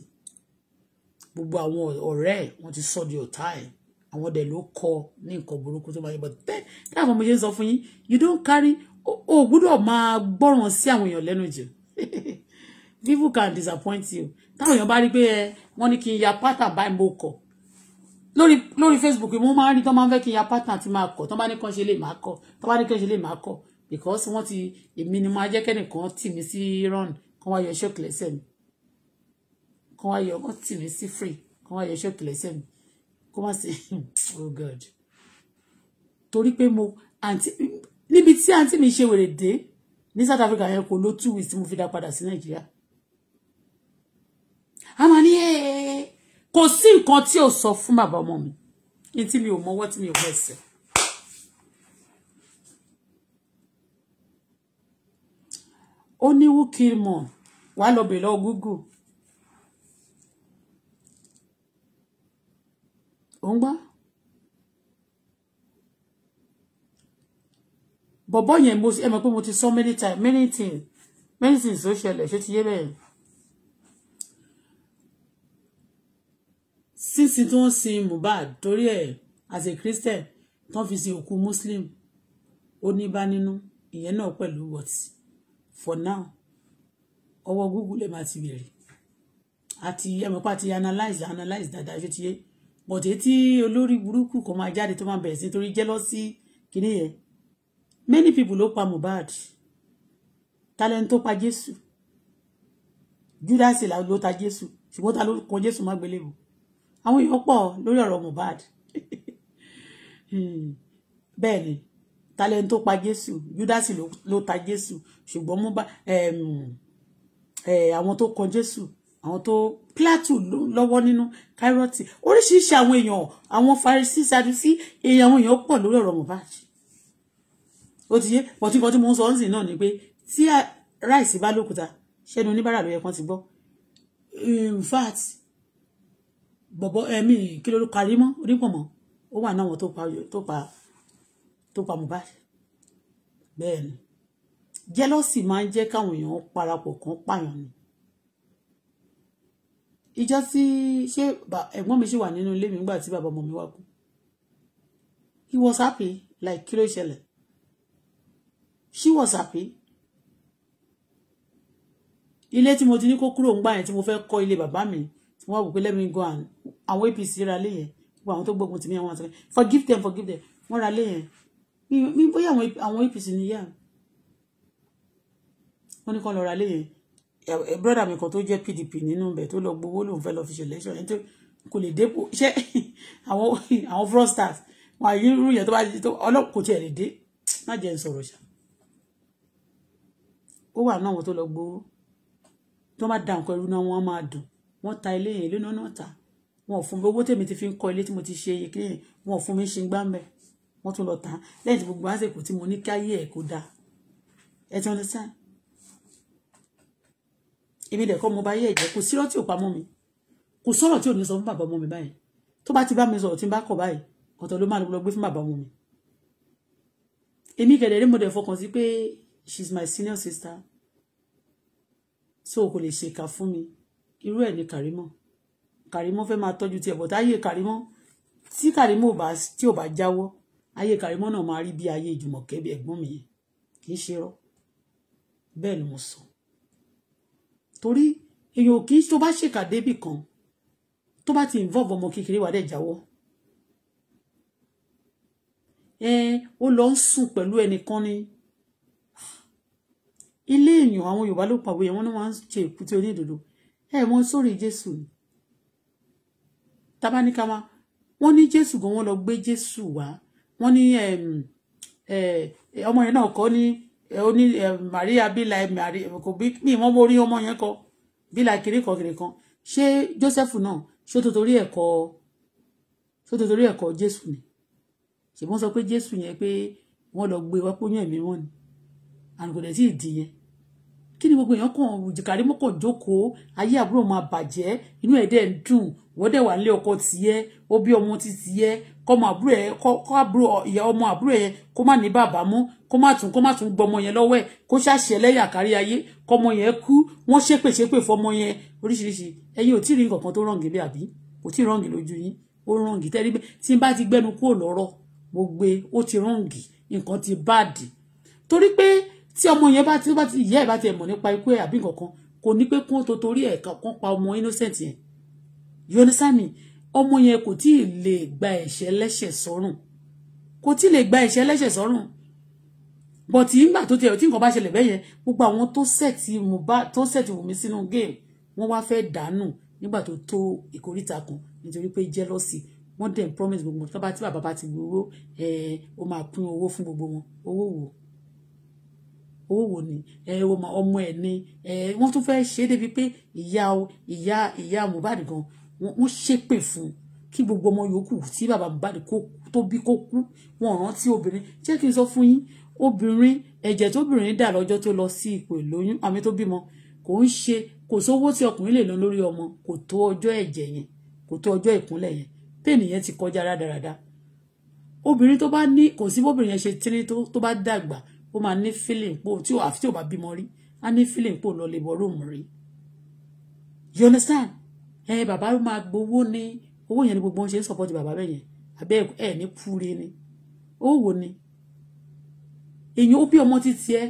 gbogbo àwọn ọ̀rẹ́ wọn ti sọ di ọ̀tá ẹ̀ àwọn dẹ̀ ló kọ ní nǹkan burúkú tó máa yẹ bọ́ tẹ́ tí àwọn ọmọ yẹn sọ fún yín you don't carry o gbúdọ̀ máa gbọ́ràn sí àwọn èèyàn lẹ́nu jù people can disappoint you táwọn èèyàn bá rí pé wọ́n ní kí n ya pátá báyìí mo kọ̀ lórí lórí facebook mo máa ń rí tán máa ń fẹ́ kí n ya partner ti máa kọ̀ tán bá ní kàn ṣe lè máa kọ̀ tán bá ní kàn ṣe lè máa kọ̀ because wọ́n ti èmi ni máa jẹ́ kẹ́nìkan tì mí sí run kán wá yọ ṣọ́ọ̀kì lẹ́sẹ̀ mi kán wá yọ kán tì mí sí free kán wá yọ ṣọ́ọ̀kì lẹ́sẹ̀ mi kó má sí oh god torí pé mo àǹtí níbi tí àǹtí mi ṣe wèrè dé ní south africa yẹn kò ló two weeks tí mo fi dá padà sí nàìjíríà kò sí nǹkan tí ò sọ fún bàbá ọmọ mi ní tí mi ò mọwọ́ tí mi ò mọ ẹsẹ̀ ó ní wúkìrìmọ wàá lọ bèèrè lọ Google ó ń gbọ́ bọ̀bọ́ yẹn mo ẹ mọ̀ pé mo ti sọ many times many things many things ó ṣẹlẹ̀ ṣé ti yé bẹ́ẹ̀. sísìn tó ń sin Mohbad torí ẹ̀ as a Christian tó ń fi sin òkú Muslim ó ní bá nínú ìyẹn náà pẹ̀lú what for now ọwọ́ Google ẹ̀ máa ti bẹ̀rẹ̀ àti ẹ̀mọ́pá ti analyze analyze dáadáa ṣó ti yé but etí olórí burúkú kan máa jáde tó máa bẹ̀rẹ̀ sí torí jealousy kìíní yẹn many people ló pa Mohbad talent tó pa Jésù Judas là ló ta Jésù ṣùgbọ́n ta ló kọ Jésù má gbélébùú àwọn èèyàn pọ̀ lórí ọ̀rọ̀ Mohbad hmm. bẹ́ẹ̀ ni talent tó pa Jésù Júdásì ló ta Jésù ṣùgbọ́n Mohbad eh, àwọn tó kọ Jésù àwọn tó plato lọ́wọ́ nínú kárọ́ọ̀tì oríṣiríṣi àwọn èèyàn àwọn Farisí Sadusí èèyàn àwọn èèyàn pọ̀ lórí ọ̀rọ̀ Mohbad ó ti yé pọtí kan tí mo ń sọ ọ́nsìn náà ni pé tí ráìsì bá lókùúta ṣẹ́nu oníbàárà ló yẹ kán ti gbọ́ in fact bọ̀bọ̀ ẹ̀mí eh, kí ló parí mọ́ onípọ̀mọ́ ó wà náà wọn tó pa tó pa tó pa Mohbad bẹ́ẹ̀ ni jẹ́lọ́sì máa ń jẹ́ káwọn èèyàn parapọ̀ kan pààyàn ni ìjọ tí ṣé ẹ̀gbọ́n mi ṣì wà nínú ilé mi nígbà tí bàbá ọmọ mi wá kú he was happy like kí ló ṣẹlẹ̀ she was happy ilé tí mo ti ní kó kúrò ń gbà yẹn tí mo fẹ́ kọ́ ilé bàbá mi tí wọ́n wò pé let me go and àwọn APC ra lé yẹn gbogbo àwọn tó gbógun tì mí àwọn àtàkùn forgive them forgive them wọ́n ra lé yẹn mi bóyá àwọn APC nìyà wọ́n ní kàn lọ ra lé yẹn brọ́dà mi kan tó jẹ́ PDP nínú ibẹ̀ tó lọ gbowó lòun fẹ́ lọ fi ṣe election ẹni tó kò lè dépò ṣé àwọn àwọn fraudsters wọn àyè irú yẹn tó bá tó ọlọ́pàá kò tiẹ̀ lè dé má jẹ́ ń sọ̀rọ̀ ṣá ó wà náà wọn tó lọ gbowó tó má da nǹkan ẹrú náà wọ́n máa dùn wọ́n ta ilé yẹn ilé náà náà ta wọn ò fún mi owó tèmi ti fi ń kọ́ ilé tí mo ti ṣe iye wọn ò fún mi ṣe ń gbá mẹ́ wọ́n tún lọ tà á lẹ́yìn tí gbogbo àsìkò tí mo ní káyé ẹ̀ kó dáa ẹ ti understand èmi dẹ̀ kọ́ mo bá yé ẹ̀jẹ̀ kò sírọ́ tí ò mi kò sọ̀rọ̀ tí ò ní sọ fún bàbá ọmọ mi báyìí tó bá ti bá mi sọ̀rọ̀ tí n bá kọ̀ báyìí ọ̀tọ̀ ló máa lọ gbé fún bàbá ọmọ mi èmi kẹ̀dẹ̀ rí mo dẹ̀ fọkàn sí pé she is my senior sister so kò lè ṣèkà fún mi irú ẹ̀ ní Karimo Karimo fẹ́ máa tọ́jú tiẹ̀ bọ̀tá ayé Karimo tí Karimo ò bá tí ò bá jáwọ́ ayé Karimo náà máa rí bí ayé Jùmọ̀kẹ́ bí ẹ̀gbọ́n mi yẹn kì í ṣe rọ́ bẹ́ẹ̀ ni mo sọ torí èèyàn kì í tó bá ṣèkà débì kan tó bá ti involve ọmọ kékeré wa dẹ̀ jáwọ́ ó lọ ń sùn pẹ̀lú ẹnìkan ni ilé èèyàn àwọn Yorùbá ló pàwé wọn ni wọn ṣe èkúté onídòdó ẹ mọ sórí Jésù ni tabaníkàmá wọ́n ní jésù gan wọ́n lọ gbé jésù wá wọ́n ní eh, eh, ọmọ yẹn náà kọ́ ní eh, ó maria bíla maria kò bí mi wọ́n borí ọmọ yẹn kọ bíla kìrìkọ kìrìkan ṣé joseph náà ṣó tó torí ẹ̀kọ́ ṣó tó torí ẹ̀kọ́ jésù ni ṣùgbọ́n sọ pé jésù yẹn pé wọ́n lọ gbé wá póyún ẹ̀mí wọn ni àrùn kò dẹ̀ sí ìdí yẹn kí ni gbogbo èèyàn kàn jìkàrí mọ́kàn jókòó ayé àbúrò máa bàjẹ́ inú ẹ̀ dẹ̀ ń dùn wọ́n dẹ̀ wà nílé ọkọ tiẹ̀ ó bí ọmọ ti tiẹ̀ kọ́mọ àbúrò ẹ̀ kọ́ àbúrò ìyá ọmọ àbúrò ẹ̀ kó má ní bàbá mú kó má tún kó má tún gbọ́ ọmọ yẹn lọ́wọ́ ẹ̀ kó ṣàṣẹ ẹlẹ́yà kárí ayé kọ́mọ yẹn kú wọ́n ṣépè ṣépè fọmọ yẹn oríṣiríṣi ẹ̀yin ò tí ì rí nǹkan kan tó rọ̀ǹgì bí àbí kò tí ì rọ̀ǹgì lójú yín ó rọ̀ǹgì tẹ́lí pé tí n ti gbẹ́nu kúrò lọ́rọ̀ mo gbé ó ti rọ̀ǹgì nǹkan ti báàdì torí pé tí ọmọ yẹn bá ti ìyá ẹ̀ bá ti ẹ̀ mọ̀ nípa ikú ẹ̀ àbí nǹkan kan kò ní pé kó tó torí ẹ̀ kan pa ọmọ innocent yẹn you understand me ọmọ yẹn kò tí ì lè gba ẹ̀ṣẹ̀ lẹ́ṣẹ̀ sọ́rùn kò tí ì lè gba ẹ̀ṣẹ̀ lẹ́ṣẹ̀ sọ́rùn but ìgbà tó tiẹ̀ tí nǹkan bá ṣẹlẹ̀ bẹ́yẹn gbogbo àwọn tó sẹ̀tì tó sẹ̀tì Wùmí sínú game wọ́n wá fẹ́ dànù nígbà tó tó ìkóríta kan nítorí pé jealousy wọ́n dẹ̀ promise gbogbo tó bá tí bàbá bá ti gbowó ẹ̀ ó máa pín owó fún gbogbo wọn owó wò owó wò ni ẹ ọmọ ẹ ni ẹ wọ́n tún fẹ́ ṣe é débi pé ìyá ìyá ìyá Mohbad gan wọ́n ṣépè fún kí gbogbo ọmọ yòókù tí bàbá Mohbad tó bí kó kú wọ́n rántí obìnrin jẹ́ kí n sọ fún yín obìnrin ẹ̀jẹ̀ tóbìnrin dà lọ́jọ́ tó lọ sí ipò ìlóyún àmì tó bímọ kò ń ṣe kò sówó tí ọkùnrin lè ná lórí ọmọ kò tó ọjọ́ ẹ̀jẹ̀ yẹn kò tó ọjọ́ ìkúnlẹ̀ yẹn péènì yẹn ti kọjá rádaràda obìnrin tó bá ní kò sí bóbìnrin yẹn ṣe tíní tó bá dàgbà ó máa ní fílìn pò tí ò àfi tí ò bá bímọ rí á ní fílìn lọ lè bọ rúùmù rí you understand ẹ bàbá máa gbowó ní owó yẹn ni gbogbo wọn ṣe ń support bàbá bẹ́ẹ̀ yẹn àbẹ́ ẹ̀ ní kúre ni ó wò ni èyàn ó bí ọmọ títí ẹ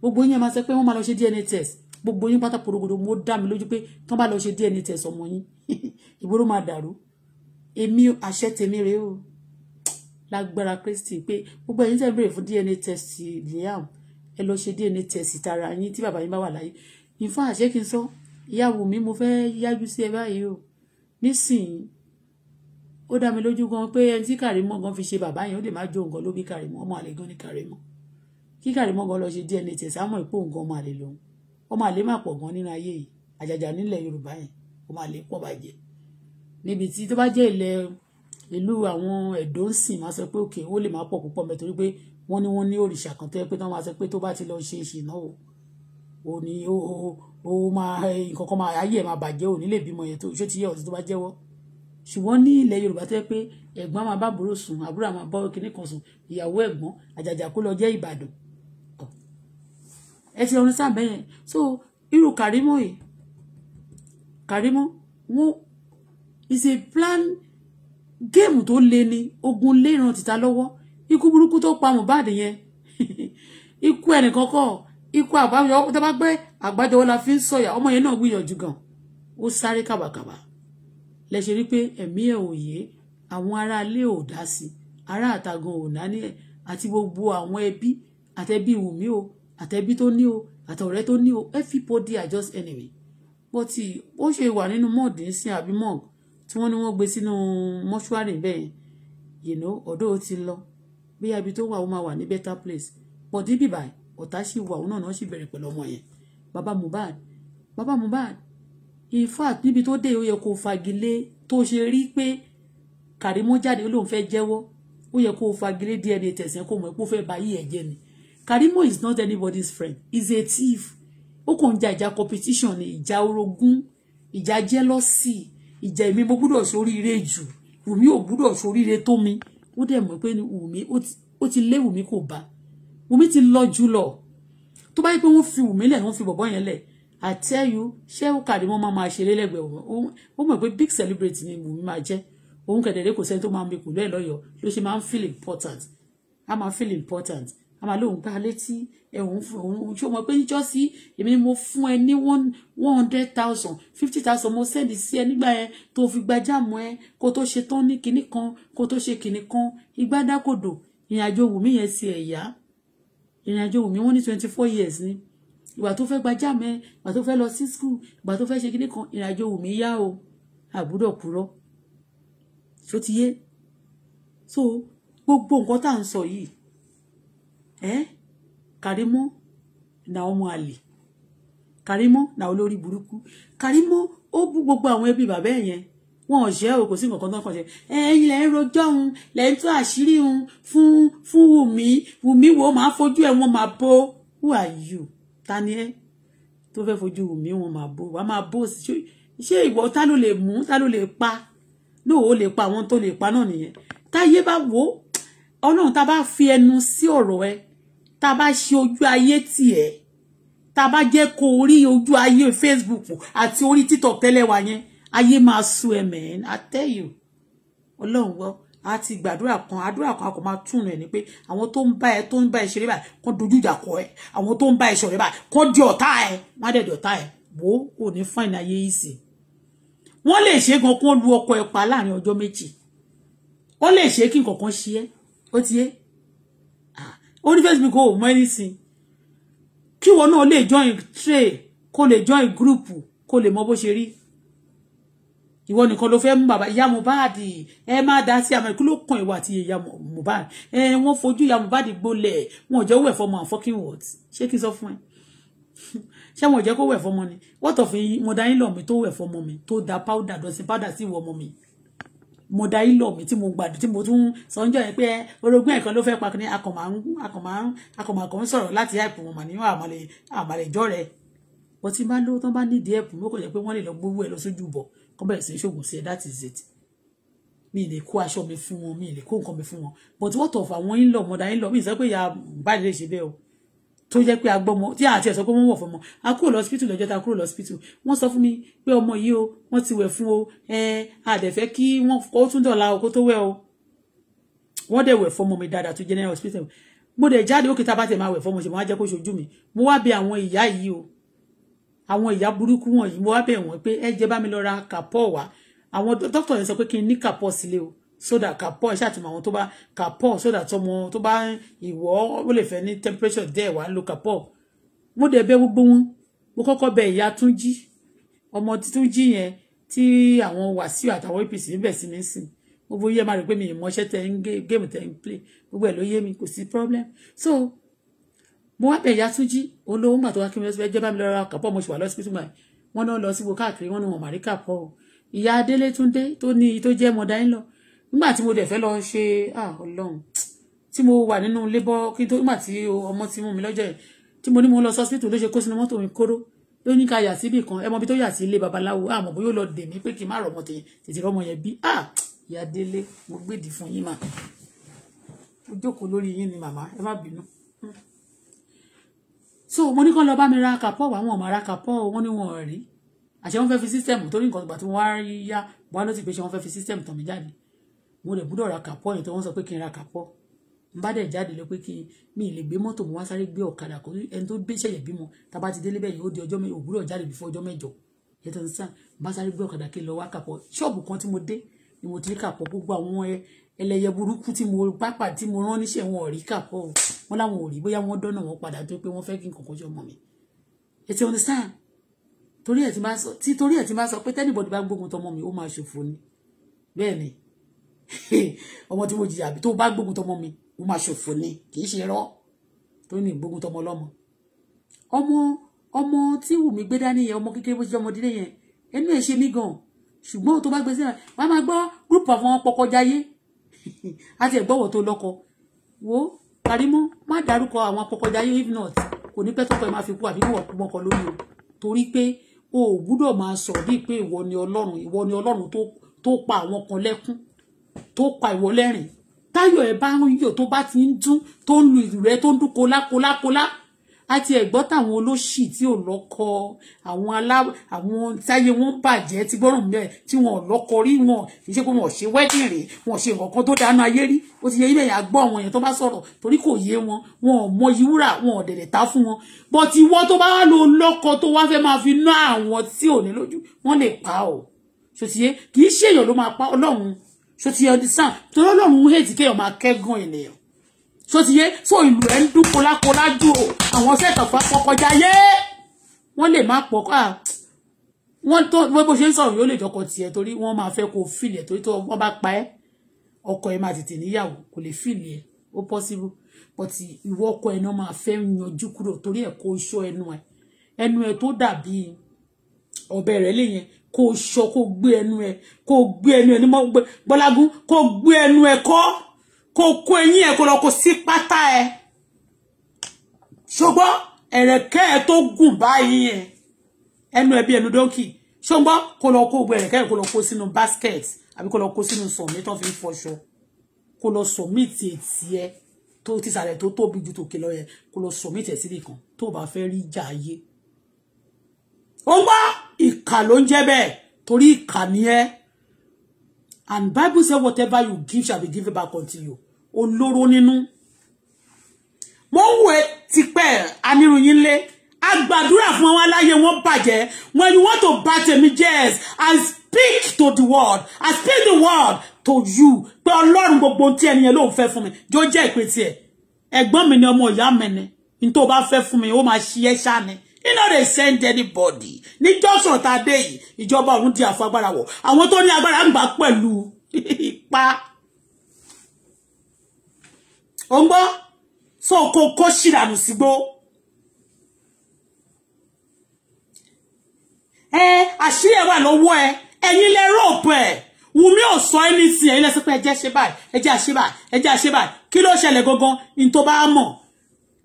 gbogbo yín máa sọ pé wọ́n máa lọ ṣe DNA test gbogbo yín pátá porogodo mo dá mi lójú pé tán bá lọ ṣe DNA test ọmọ yín ìgboro máa dàrú èmi àṣẹ tèmi rèé o lágbára Kristi pé gbogbo ẹ̀yin tẹ́ ń béèrè fún DNA test Liam ẹ lọ ṣe DNA test tara yín tí bàbá yín bá wà láyé ìfọ àṣẹ kí n sọ ìyá Wùmí mo fẹ́ yájú sí ẹ báyìí o nísìnyí ó dá mi lójú gan pé ẹni tí Kàrímọ́ gan fi ṣe bàbá yẹn ó lè má jó nǹkan ló bí Kàrímọ́ ọmọ àlè gan ní Kàrímọ́ kí Kàrímọ́ gan lọ ṣe DNA test àmọ́ ìpò nǹkan ọmọ àlè lòun ọmọ àlè má pọ̀ gan nínú ayé yìí àjàjà nílẹ̀ Yorùbá yẹn ọmọ àlè pọ̀ bàjẹ́ níbi tí tó bá jẹ́ ilẹ̀ ìlú àwọn Ẹ̀dó ń sìn máa sọ pé òkè ó lè má pọ̀ púpọ̀ mẹ́ torí pé wọ́n ní wọ́n ní òrìṣà kan tó yẹ pé tó bá ti lọ ṣe ìṣìná o ó máa nǹkan kan máa ayé ẹ̀ máa bàjẹ́ òní lè bímọ yẹn tó ṣé ti yẹ ọ̀sìn tó bá jẹ́wọ́ ṣùgbọ́n ní ilẹ̀ yorùbá tẹ́ pé ẹ̀gbọ́n máa bá àbúrò sùn àbúrò máa bá kinní kan sùn ìyàwó ẹ̀gbọ́n àjàjà kó lọ jẹ́ ìbàdàn tọ̀ ẹ ti ọdún sáà bẹ́yẹn so irú kàrímọ́ yìí kàrímọ́ wọn is a plan géèmù tó le ni ogun lé ìran títa lọ́wọ́ ikú burúkú tó pa Mohbad yẹn ikú ẹnìkan ikú àbáyọ tó bá gbé àgbájọ wọn la fi ń sọ̀yà ọmọ yẹn náà gbìyànjú gan ó sáré kàbàkàbà lẹ ṣe rí pé ẹ̀mí ẹ̀ ò yé àwọn aráalé ò dá sí ará àtàgàn ò náni ẹ̀ àti gbogbo àwọn ẹbí àtẹbí wùmí o àtẹbí tó ní o àtọ̀rẹ́ tó ní o everybody are just enemy but ó ṣe wà nínú mọ́ọ̀dì sí àbí mọ́ọ̀g tí wọ́n ní wọ́n gbé sínú mọ́ṣúárì bẹ́ẹ̀ yìí ná ọ̀dọ́ ò ti lọ bí ibi tó wà ó máa wà ní better place but níbí báyìí ọ̀tá sì wà òun náà náà sì bẹ̀rẹ̀ pẹ̀lú ọmọ yẹn Baba Mohbad Baba Mohbad in fact níbi tó dé ó yẹ kó fagilé tó ṣe rí pé Kàrímú jáde ó lóun fẹ́ jẹ́wọ́ ó yẹ kó fagilé DNA tẹ̀sán kó mọ̀ pé ó fẹ́ ba yí ẹ̀ jẹ́ ni Kàrímú is not anybody's friend he is a thief ó kàn ń ja ìjà competition ni ìjà orogún ìjà jealousy ìjà èmi mo gbúdọ̀ ṣoríire jù wùmí ò gbúdọ̀ ṣoríire tó mi ó dẹ̀ mọ̀ pé wùmí ó ti lé wùmí kò bá wùmí ti lọ jù lọ tó bá yẹ pé wọ́n fi wùmí lẹ̀ wọ́n fi bọ̀bọ́ yẹn lẹ̀ I tell you ṣé ó kàdé wọ́n máa máa ṣeré lẹ́gbẹ̀ẹ́ wọn ó mọ̀ pé big celebrity ni wùmí máa jẹ́ òun kẹ̀dẹ̀dẹ̀ kò sẹ́ni tó máa ń bi pẹ̀lú ẹ̀ lọ́yọ̀ọ́ ló ṣe máa ń feel important a máa feel important a máa lóun gbá létí ẹ̀hún òun ṣó mọ̀ pé níjọ́ sí èmi ni mo fún ẹ ní one hundred thousand fifty thousand mo send sí ẹ nígbà yẹn tó fi gba jáàmù ẹ kó tó ṣe tán ní kinní kan kó tó ṣe kinní kan igbá dákòdò ìrìnàjò ìrìn àjò Wùmí wọ́n ní twenty four years ni ìgbà tó fẹ́ gbajá mẹ́ ìgbà tó fẹ́ lọ sí school ìgbà tó fẹ́ ṣe kíní kan ìrìn àjò Wùmí yá o àbúrò kúrọ́ tó ti yé so gbogbo nǹkan tá à ń sọ yìí ẹ Karimo na ọmọ àlè Karimo na olórí burúkú Karimo ó bú gbogbo àwọn ẹbí bàbá ẹ̀ yẹn wọn ò ṣe o kò sí nǹkan tó ń kàn ṣe ẹ̀yin lẹ rojọ́ òun lẹ ń àṣírí òun fún fún wùmí wùmí wo máa fojú ẹ wọn máa bó who are you ta ni ẹ tó fẹ́ fojú wùmí wọn máa bó wàá máa bó ṣé ìwọ ta ló lè mú ta ló lè pa lóòó lè pa àwọn tó lè pa náà nìyẹn táyé bá wò ó ọlọ́run tá bá fi ẹnu sí ọ̀rọ̀ ẹ tá bá ṣe ojú ayé tiẹ̀ tá bá jẹ́ kó orí ojú ayé Facebook àti orí TikTok tẹ́lẹ̀ wa yẹn ayé máa sú ẹ mẹ́rin I tell you ọlọ́run gbọ́ a ti gbàdúrà kan àdúrà kan a kò máa túnú ẹ ni pé àwọn tó ń bá ẹ tó ń bá ẹ ṣeré báyìí kán dojú ìjà kọ ẹ àwọn tó ń bá ẹ ṣọ̀rẹ́ báyìí kán di ọ̀tá ẹ wọn á dẹ̀ di ọ̀tá ẹ wò ó kò ní fáìn ayé yìí sí wọn lè ṣe gan kán lu ọkọ ẹ pa láàrin ọjọ́ méjì ó lè ṣe kí nǹkan kan ṣe ẹ ó ti yé ó ní facebook kò mọ anything kí wọn náà lè join trade kó lè join group kó lè mọ bó ṣe rí ìwọ nìkan ló fẹ́ mú bàbá ìyá Mohbad ẹ má dá sí àmọ́ ìkúlò kan ìwà àti ìyá Mohbad ẹ wọ́n fojú ìyá Mohbad gbolẹ̀ wọn ò jẹ́ wẹ̀ fọmọ àwọn fọ́kìn wọ̀t ṣé kí n sọ fún ẹ ṣé wọn ò jẹ́ kó wẹ̀ fọmọ ni wọ́tọ̀ fi mo da yín lọ mi tó wẹ̀ fọmọ mi tó da páúdà dọ̀sìn páúdà sí ìwọ ọmọ mi mo da yín lọ mi tí mo gbàdú tí mo tún sọ ń jọ yẹn pé orogún ẹ̀kan ló fẹ́ pa kí ni akọ̀mọ̀ ń sọ̀rọ̀ láti àìpọ̀ wọn mà nínú àmàlẹ̀ rẹ̀ bọ́tí bá lówó tán bá nídìí ẹ̀pù mọ́kànlá ẹ̀ lọ sójú bọ̀ kó bẹ̀rẹ̀ sí ṣògùn sí ẹ that is it mi lè kó aṣọ mi fún wọn mi lè kó nǹkan mi fún wọn but what of àwọn in-law mother in-law mi sọ pé ìyá báyìí lè ṣe bẹ́ẹ̀ o tó jẹ́ pé agbọ́mọ tí àti ẹ̀sọ́ pé wọ́n wọ̀ fọmọ a kúrò lọ́sípítù lọ́jọ́ ta kúrò lọ́sípítù wọ́n sọ fún mi pé ọmọ yìí o wọ́n ti wẹ̀ fún o ẹ àdẹ̀fẹ́ kí wọ́n kó tún dọ̀la o kó tó wẹ̀ o wọ́n dẹ̀ wẹ̀ fọmọ mi dáadáa tó general hospital mo dẹ̀ jáde ó kí a bá tẹ̀ máa wẹ̀ fọmọ ṣe máa jẹ́ kó ṣojú mi mo wá bi àwọn ìyá yìí o àwọn ìyá burúkú wọ̀nyí mo wá bẹ̀ wọ́n pé ẹ jẹ́ bá mi lọ ra kàpọ̀ wá àwọn dókítà yẹn sọ pé kí n ní kàpọ̀ sílé o sódà kàpọ̀ ẹ ṣàtìmọ̀ àwọn tó bá kàpọ̀ sódà tọmọ tó bá ìwọ ó lè fẹ́ ní temperature díẹ̀ wá lo kàpọ̀ mo dẹ̀ bẹ̀ gbogbo wọn mo kọ́kọ́ bẹ̀ ìyá Túnjí ọmọ Túnjí yẹn tí àwọn Wàsíù àtàwọn APC ń bẹ̀ sí mi sìn gbogbo yẹ máa rí pé mi ìmọ̀ṣẹ́ tẹ ń géèmù tẹ ń play gbogbo ẹ̀ ló yé mi kò sí problem so mo wá pé ìyá túnjí òun lówó mà tó wá kí mi lọ sí ẹjẹ bá mi lọ ra kàpọ̀ mo sì wà lọ́sibítù mà wọ́n náà lọ síbo káàkiri wọ́n ní wọn màrí kàpọ̀ ìyá adélé túndé tó ní tó jẹ́ mọ̀dá ń lọ nígbà tí mo dẹ̀ fẹ́ lọ ṣe ọlọ́run tí mo wà nínú labour kí n tó nígbà tí ọmọ ti mú mi lọ́jọ́ yẹn tí mo ní mo lọ sọ́sibítù ló ṣe kó sínú mọ́tò mi kóró ló ní ká yà síbì kan ẹ mọ tó yà ilé babaláwo àmọ́ bó yóò lọ dè mí pé kí n má rọmọ tètè rọmọ yẹn bí ah ìyá délé mo gbèdì fún yín mà mo jókòó lórí yín ni màmá ẹ má bínú so mo ní kán lọ bá mi ra kapọ́ àwọn ọmọ ara kapọ́ wọn ni wọn rí àṣẹ wọn fẹ́ fi system torí nǹkan ìgbà tí wọ́n á rí yá wọn ló ti pèsè wọn fẹ́ fi system tàn mí jáde mo lè gbúdọ̀ ra kapọ́ yẹn tó wọ́n sọ pé kí n ra kapọ́ n bá dẹ̀ jáde lọ pé kí mi lè gbé mọ́tò mo wá sáré gbé ọ̀kadà kó ẹni tó gbé ṣẹ̀yẹ̀ bímọ tábà ti délé bẹ́ẹ̀ yóò di ọjọ́ mẹ́jọ òwúrọ̀ jáde bífọ́ ọjọ́ mẹ́jọ yẹn tó bá sáré gbé ọ̀kadà kí n lọ wá kapọ́ ṣọ́ọ̀bù kan tí mo dé ni mo ti rí kapọ́ gbogbo àwọn ẹlẹ́yẹ burúkú tí mo pápá tí mo rán níṣẹ́ wọn ò rí kàpọ̀ o wọn láwọn ò rí bóyá wọ́n dọ́nà wọn padà tó pé wọ́n fẹ́ kí n kọ̀kọ́ jọ mọ̀ mi ètò understand torí ẹ̀ ti máa sọ tí torí ẹ̀ ti máa sọ pé tẹ́nìbọ̀dì bá gbógun tọmọ mi ó máa ṣòfò ni bẹ́ẹ̀ ni ọmọ tí mo jìyà àbí tó bá gbógun tọmọ mi ó máa ṣòfò ni kì í ṣe rọ́ tó ní ìgbógun tọmọ lọ́mọ ọmọ ọmọ tí Wùmí gbé dání yẹn ọmọ kékeré bó ṣe ọmọdé yẹn ẹnu ẹ̀ ṣe mí gan ṣùgbọ́n tó bá gbé sí ẹ̀ wọ́n máa gbọ́ group of wọn pọkọjáyé àti ẹ̀gbọ́wọ̀ tó lọ́kọ wo Karimo má dárúkọ àwọn apọkọjáyé if not kò ní pẹ́ tọ́kọ ẹ máa fi kú àbí wọ̀ mọ́kọ lórí o torí pé o ò gbúdọ̀ máa sọ bíi pé ìwọ ni ọlọ́run ìwọ ni ọlọ́run tó pa àwọn kan lẹ́kún tó pa ìwọ lẹ́rìn táyọ̀ ẹ bá ń yọ̀ tó bá ti ń dún tó ń lu ìrẹ́ tó ń dún kólákólákólá àti ẹ̀gbọ́n táwọn olóṣì tí ò lọ́kọ àwọn alá àwọn táyé wọn bàjẹ́ ti gbọ́ràn mẹ́ tí wọn ò lọ́kọ rí wọn kì í ṣe pé wọn ò ṣe wedding rè wọn ò ṣe nǹkan kan tó dáná ayé rí ó ti yẹ ibẹ̀ yà gbọ́ àwọn èèyàn tó bá sọ̀rọ̀ torí kò yé wọn wọn ò mọ ìwúrà wọn ò dẹ̀dẹ̀ ta fún wọn but ìwọ tó bá wà lọ lọ́kọ tó wá fẹ́ máa fi ná àwọn tí ò ní lójú wọn lè pa ọ́ ṣòtìyẹ kì í ṣèèyàn ló máa pa ọlọ́run ṣòtìyẹ ọdún sàn torí ọlọ́run hate kéèyàn máa kẹ́gàn ènìyàn tó ti yé so ìlú ẹ̀ ń dún kólákólá jù o àwọn sẹ́tọ̀ pápọ̀ kọjá yé wọ́n lè má pọ̀ ká wọ́n tó bó ṣe ń sọ̀rọ̀ yóò lè jọkọ̀ tiẹ̀ torí wọ́n máa fẹ́ kó fìlẹ̀ torí tó wọ́n bá pa ẹ́ ọkọ ẹ̀ máa tètè níyàwó kò lè fìlẹ̀ ẹ̀ ó possible but ìwọ ọkọ ẹ̀ náà máa fẹ́ yanjú kúrò torí ẹ̀ kó iṣọ́ ẹnu ẹ̀ ẹnu ẹ̀ tó dàbí ọ̀bẹ rẹ̀ lè yẹn kó iṣọ́ kó gbé ẹnu ẹ̀ kó gbé ẹnu ẹ̀ ní mọ́ gbọ́lágún kó gbé ẹnu ẹ̀ kọ́ kò kó eyín ẹ kó lọ kó sí pátá ẹ ṣùgbọ́n ẹ̀rẹ̀kẹ́ ẹ tó gùn báyìí ẹ ẹnu ẹbí ẹnu dọ́kì ṣùgbọ́n kó lọ kó gbọ ẹ̀rẹ̀kẹ́ ẹ kó lọ kó sínú basket àbí kó lọ kó sínú sọ̀mí tó fi ń fọṣọ kó lọ sọ̀mí ti ètì ẹ tó ti sàlẹ̀ tó tóbi ju tòkè lọ yẹ kó lọ sọ̀mí tẹ̀ sílẹ̀ kan tó bá fẹ́ rí ìjà ayé ó ń gbọ́ ìkà ló ń jẹ́ bẹ́ẹ̀ torí ìkà ni ẹ́ and Bible say whatever you give shall be given back unto you olóró nínú mo ń wò ẹ́ tipẹ́ aniruyin lé a gbàdúrà fún wọn láyé wọn bàjẹ́ when you want to bà tèmi jẹ́ I speak to the world I speak the world to you pé ọlọ́run gbogbo tí ẹni yẹn ló ń fẹ́ fún mi jó jẹ́ ìpè tiẹ̀ ẹ̀gbọ́n mi ni ọmọ ìyá mi ni n tó bá fẹ́ fún mi ó máa ṣiyẹ́ ṣá ni you know they send anybody ní jọ́sùn tá a dé yìí ìjọba ọ̀hún di àfagbára wọ̀ àwọn tó ní agbára ń gbà pẹ̀lú ipa ò ń gbọ́ so kò kó ṣìdànù sígbó ẹ àṣírí ẹ wà lọ́wọ́ ẹ ẹ̀yin lẹ rọ́ọ̀pù ẹ̀ Wùmí ò sọ ẹ́ ní tiẹ̀ ẹ̀yin lẹ́sìn pé ẹ jẹ́ ṣe báyìí ẹ jẹ́ àṣe báyìí ẹ jẹ́ àṣe báyìí kí ló ṣẹlẹ̀ gangan ní tó bá mọ̀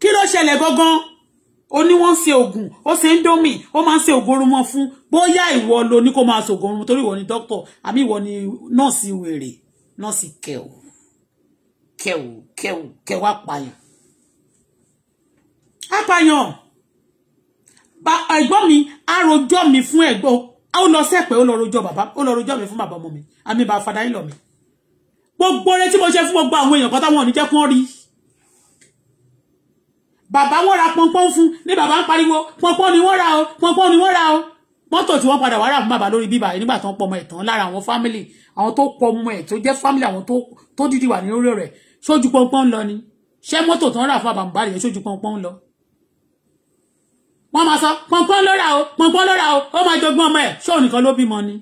kí ló ṣẹlẹ̀ gangan ó ní wọ́n ń ṣe oògùn ó ṣe ń dómì ó máa ń ṣe oògùn orun mọ́ fún bóyá ìwọ lo ní kó máa ṣe oògùn orun torí ìwọ ni dókítà àbí ìwọ ni nọ́ọ̀sì wèrè nọ́ọ̀sì kẹ̀ọ́ kẹ ò kẹ ò kẹ wá pààyàn apààyàn ẹ̀gbọ́n mi á rojọ́ mi fún ẹ̀gbọ́n ó lọ sẹ́pẹ̀ ó lọ rojọ́ bàbá ó lọ rojọ́ mi fún bàbá ọmọ mi àmì bàbá fada yín lọ mi gbogbo rẹ tí mo ṣe fún gbogbo àwọn èèyàn kan táwọn ò ní jẹ́ kí wọ́n rí bàbá wọn ra pọnpọn fún ní bàbá ń pariwo pọnpọn ni wọ́n ra o pọnpọn ni wọ́n ra o mọ́tò tí wọ́n padà wá rà fún bàbá lórí bíbà nígbà tó ń pọmọ ẹ̀ tán lára àwọn fámìlì àwọn tó pọmọ ẹ̀ tó jẹ́ fámìlì àwọn tó dídì wà ní orí sójú pọnpọ́n lọ ni ṣé mọ́tò tó ń rà fún àbàmùbá rẹ̀ sójú pọnpọ́n lọ. wọ́n máa sọ pọnpọ́n ló rà o pọnpọ́n ló rà o ó máa jogún ọmọ ẹ̀ ṣóò nìkan ló bímọ ni.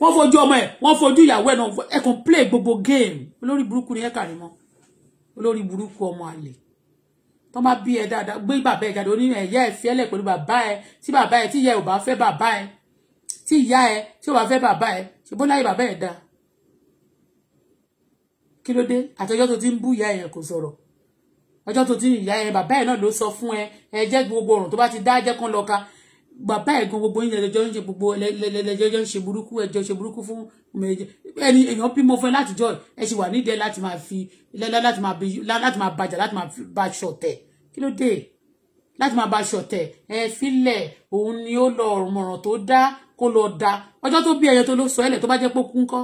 wọ́n fojú ọmọ ẹ̀ wọ́n fojú ìyàwó ẹ̀ náà ẹ̀ kàn play gbogbo game olórí burúkú ni ẹ̀ kàrí mọ́ olórí burúkú ọmọ àlè tó má bí ẹ dáadáa gbé bàbá ẹ jáde oníyàn ẹ̀yà ẹ̀ fiẹ́lẹ̀ pẹ̀lú bàbá ẹ tí bàbá ẹ tí ìyá ẹ ò bá fẹ́ bàbá ẹ tí ìyá ẹ tí ò bá fẹ́ bàbá ẹ ṣùgbọ́n láyé bàbá ẹ dáa kí ló dé àtọjọ́ tó ti ń bú ìyá yẹn kò sọ̀rọ̀ ọjọ́ tó ti ń ìyá yẹn bàbá ẹ̀ náà ló sọ fún ẹ ẹ jẹ́ gbogbo ọ̀ràn tó bá ti dá jẹ́ kán lọ ka bàbá ẹ̀ gan gbogbo yín lẹ́jọ́ ń ṣe gbogbo lẹ́jọ́ ń ṣe burúkú ẹjọ́ ṣe burúkú fún ẹni èèyàn bímọ fún ẹ látijọ́ ẹ ṣì wà nídìí láti máa fi láti máa bàjà láti máa ba ṣọ̀tẹ̀ kí ló dé láti máa ba ṣọ̀tẹ̀ ẹ filẹ̀ òun ni ó lọ ọ̀rọ̀ mọ̀ràn tó dá kó lọ da ọjọ́ tó bí ẹyẹ tó ló sọ ẹ̀lẹ̀ tó bá jẹ́ pé ó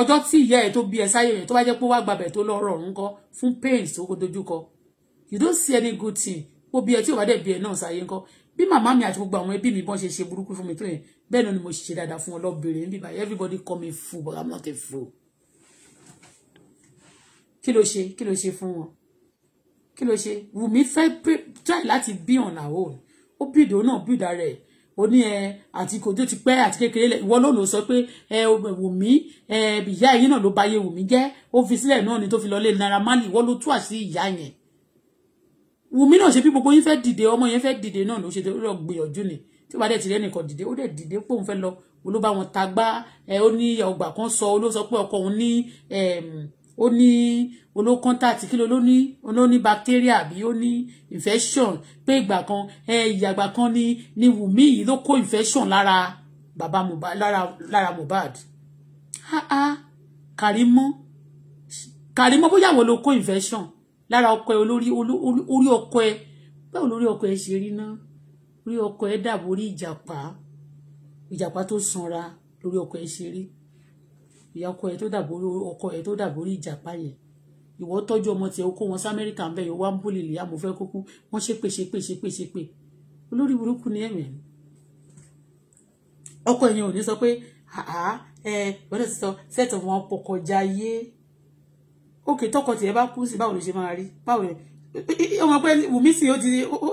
ọjọ́ tí ìyá ẹ̀ tó bí ẹ sáyé yẹn tó bá jẹ́ pé wàá gbàbẹ̀ tó lọ́rọ̀ ń kọ́ fún pains tó dojúkọ you don't see any good thing ó bí ẹ tí ò bá dẹ̀ bí ẹ náà sáyé ń kọ́ bí màmá mi àti gbogbo àwọn ẹbí mi bọ́n ṣe ṣe burúkú fún mi tó yẹn bẹ́ẹ̀ náà ni mo ṣe dáadáa fún ọlọ́bìnrin níbi báyìí everybody call me fool but i'm not a fool. kí ló ṣe kí ló ṣe fún wọn kí ló ṣe Wùmí fẹ́ try láti be on her own ó bìdó náà bìdá rẹ̀ ó ní ẹ àti kòjó ti pẹ́ àti kékeré lẹ̀ ìwọ ló lò sọ pé ẹ Wùmí ẹ ìyá yìí náà ló ba iye Wùmí jẹ́ ó fi sílẹ̀ náà ni tó fi lọ lé Naira Marley ìwọ ló tú àṣírí ìyá yẹn Wùmí náà ṣe bí gbogbo yín fẹ́ dìde ọmọ yẹn fẹ́ dìde náà ló ṣe tó lọ gbìyànjú ni tí ó bá dẹ̀ ti rẹ́ nìkan dìde ó dẹ̀ dìde pé òun fẹ́ lọ ló bá wọn tagbá ẹ ó ní ọgbà kan sọ ó ló sọ pé ọkọ òun ní ó ní oló kọ́ńtàtì kí ló ló ní ló ní bacteria àbí ó ní infection pé ìgbà kan ẹ ìyàgbà kan ni ni Wùmí yìí ló kó infection lára bàbá Mohbad lára lára Mohbad ah ah Kàrímọ́ Kàrímọ́ bóyá àwọn ló kó infection lára ọkọ ẹ olórí orí ọkọ ẹ báwo lórí ọkọ ẹ ṣe rí náà orí ọkọ ẹ dàbò orí ìjàpá ìjàpá tó sanra lórí ọkọ ẹ ṣe rí ìyá ọkọ ẹ tó dàbò orí ọkọ ẹ tó dàbò orí ìjàpá yẹn ìwọ tọ́jú ọmọ tiẹ̀ o kó wọn sí amẹ́ríkà ń bẹ̀ yọ wá ń bólè lè àmọ́ fẹ́ kúkú wọ́n ṣépè ṣépè ṣépè ṣépè olórí burúkú ni ẹ̀mí ọkọ ẹ̀yìn ò ní sọ pé àá ẹ gbọ́dọ̀ ti sọ sẹ́ẹ̀tì wọn pọ̀ kọjá yé òkè tọkọ tiẹ̀ bá kú sí báwo ló ṣe máa rí báwo lè ọmọ pé wùmí sì ó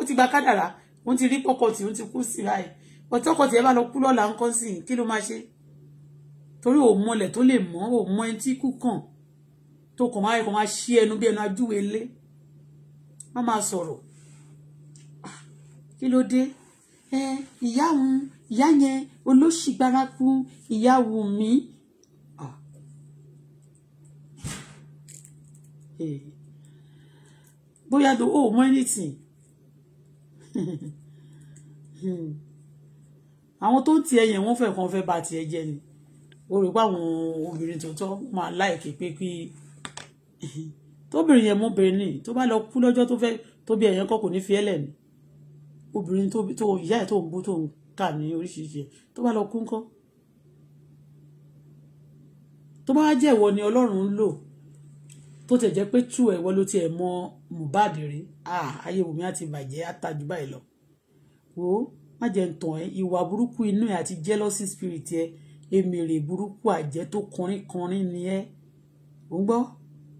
ti gba kádàrá wọ́n ti rí pọ́kọ tí wọ́n ti kú sí báyìí ọtọkọ tiẹ̀ bá lọ kú lọ́la ńkọ́ sí kí ló máa ṣe torí òun mọlẹ̀ tó lè mọ́ òun mọ ẹni tí kú kàn tó kàn máa kàn máa ṣí ẹnu bí ẹnu ajúwe lé wọ́n máa sọ̀rọ̀ ah, kí ló dé ẹ ìyá òun ìyá yẹn olóṣì gbárakú ìyá wù mí ah. bóyá do o mọ anything àwọn tó ń ti ẹyẹ wọn fẹ́ kàn fẹ́ bà tiẹ̀ jẹ́ ni o rò pé àwọn obìnrin tó tọ́ máa láìké pé kí tóbìnrin yẹn mọ́bìnrin ni tó bá lọ kú lọ́jọ́ tó fẹ́ tó bí ẹ̀yẹn ní fi ni obìnrin tó ìyá ẹ̀ tó ń bú tó ń kà ní oríṣiríṣi tó bá lọ kú ńkọ́ tó bá jẹ́ ìwọ ni ọlọ́run ń lò tó tẹ̀ jẹ́ pé tú ẹ̀wọ́ ló tiẹ̀ mọ Mohbad rí ayé wùmí àti ìbàjẹ́ àtàjù báyìí lọ wo má jẹ́ ń tàn ẹ́ ìwà burúkú inú ẹ̀ àti jealousy spirit ẹ̀ èmèrè burúkú àjẹ́ tó kọrin kọrin ni ẹ́ ò ń gbọ́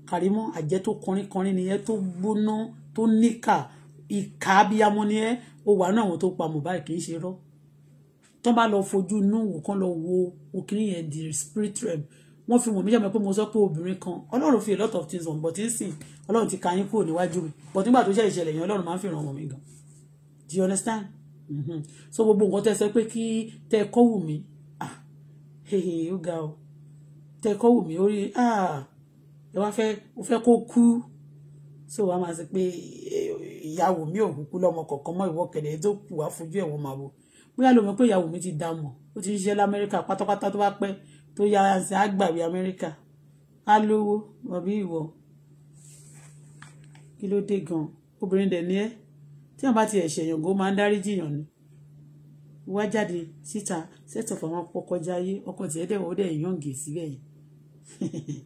Karimo àjẹ́ tó kọrin kọrin nìyẹn tó gbóná tó níkà ìkà abiyamọ nìyẹn ó wà náà àwọn tó pa Mohbad kì í ṣe rọ tó bá lọ fojú inú wò kán lọ wo òkìrí yẹn the spirit realm wọ́n fi wò mí jẹ́mi pé mo sọ pé obìnrin kan ọlọ́run fi a lot of things on but n sìn ọlọ́run ti ka yín kúrò níwájú mi but nígbà tó ṣe ìṣẹ̀lẹ̀ yẹn ọlọ́run máa ń fi ràn wọ́n mi gan do you understand mm-hmm. so gbogbo nǹkan tẹ́ sọ pé kí tẹ́ kọ́ wù mí ah hehe ó ga o tẹ́ kọ́ wù mí ó rí ah ẹ wá fẹ́ ó fẹ́ kó kú so wàá máa sọ pé ìyàwó mi ò kúkú lọ́mọ kọ̀ọ̀kan mọ́ ìwọ kẹ̀lẹ́ tó kù wá fojú ẹ̀wọ̀n máa wò bóyá lómi pé ìyàwó mi ti dà mọ̀ ó ti ń ṣiṣẹ́ lamẹ́ríkà pátápátá tó bá pẹ́ tó yá àǹsí àgbàwé amẹ́ríkà á lówó bàbí ìwọ kí ló dé gan obìnrin dẹ̀ ni ẹ́ tí wọ́n bá ti ẹ̀ṣẹ̀ yàngó máa ń dáríjì yàn ni wá jáde síta sẹ́tọ̀ fún àwọn ọkọ̀ kọjá ayé ọkọ̀ tiẹ̀ dẹ̀ wọ́n dẹ̀ yàngè síbẹ̀ yìí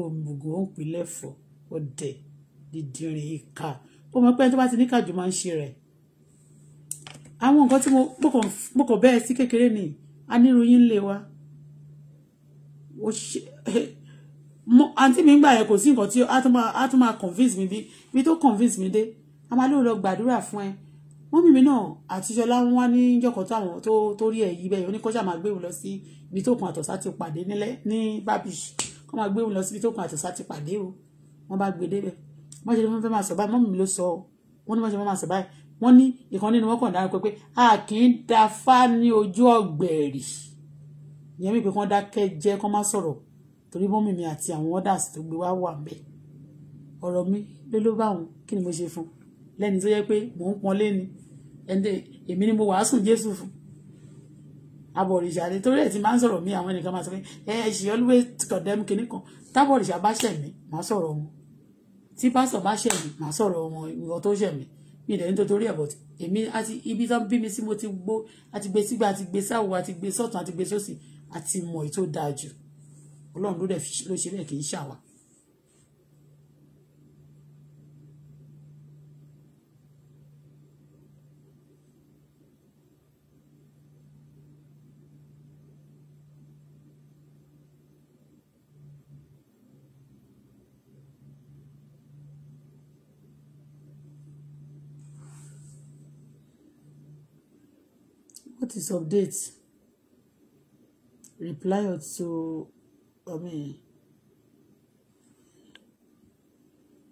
òmùgọ̀ ó ń pè lẹ́fọ̀ ọ̀dẹ̀ dídìrín ìka ó mọ pé ẹni tó bá ti ní kàjù máa ń ṣe rẹ̀ àwọn nǹkan tí mo kàn bẹ́ẹ̀ sí kékeré ni aníròyìn lè wa àǹtí mi ń gbà yẹn kò sí nǹkan tí a tún máa convince mi bí tó convince mi dé a máa lóò lọ gbàdúrà fún ẹ mọ́mí mi náà àti ṣọlá ń wá ní jọ̀kọ̀ táwọn tó rí ẹ̀ yí bẹ́ẹ̀ oníkọ́ṣà máa gbé wọn lọ sí ibi tó kan àtọ̀sá ti pàdé ní bábíṣì kọ́ máa gbé òun lọ síbi tó kan àṣọṣá ti pàdé o wọ́n bá gbé débẹ̀ wọ́n ṣe fẹ́ máa sọ báyìí mọ́mí ló sọ wọ́n ní wọ́n ṣe fẹ́ máa sọ báyìí wọ́n ní ìkan nínú wọn kàn dára pé pé a kì í da fá ní ojú ọ̀gbẹ̀rì ìyẹn mi pé kán dákẹ́ jẹ́ kán má sọ̀rọ̀ torí mọ́mí mi àti àwọn ọ́dàsì tó gbé wá wà mẹ́ ọ̀rọ̀ mi ló ló bá wọn kí ni mo ṣe fún lẹ́ni tó yẹ pé mò ń pọn lé ni èmi ni mo wàásù Jésù fún abọ̀rìṣà ni torí ẹ̀ ti máa ń sọ̀rọ̀ mí àwọn ẹnìkan máa sọ pé ẹ ẹ ṣì always condemn kinní kan tábọ̀rìṣà bá ṣẹ̀ mí màá sọ̀rọ̀ wọn tí pásọ̀ bá ṣẹ̀ mí màá sọ̀rọ̀ wọn ìwọ tó ṣẹ̀ mí mi ìdẹ̀ nítorí ẹ̀ bọ̀ èmi àti ibi tó ń bí mi sí mo ti gbó àti gbé sígbà àti gbé sáwo àti gbé sọ́tún àti gbé sósì àti mọ̀ èyí tó dáa jù ọlọ́run ló dẹ̀ ló ṣe bẹ́ẹ̀ í ṣàwà notice update reply to I mean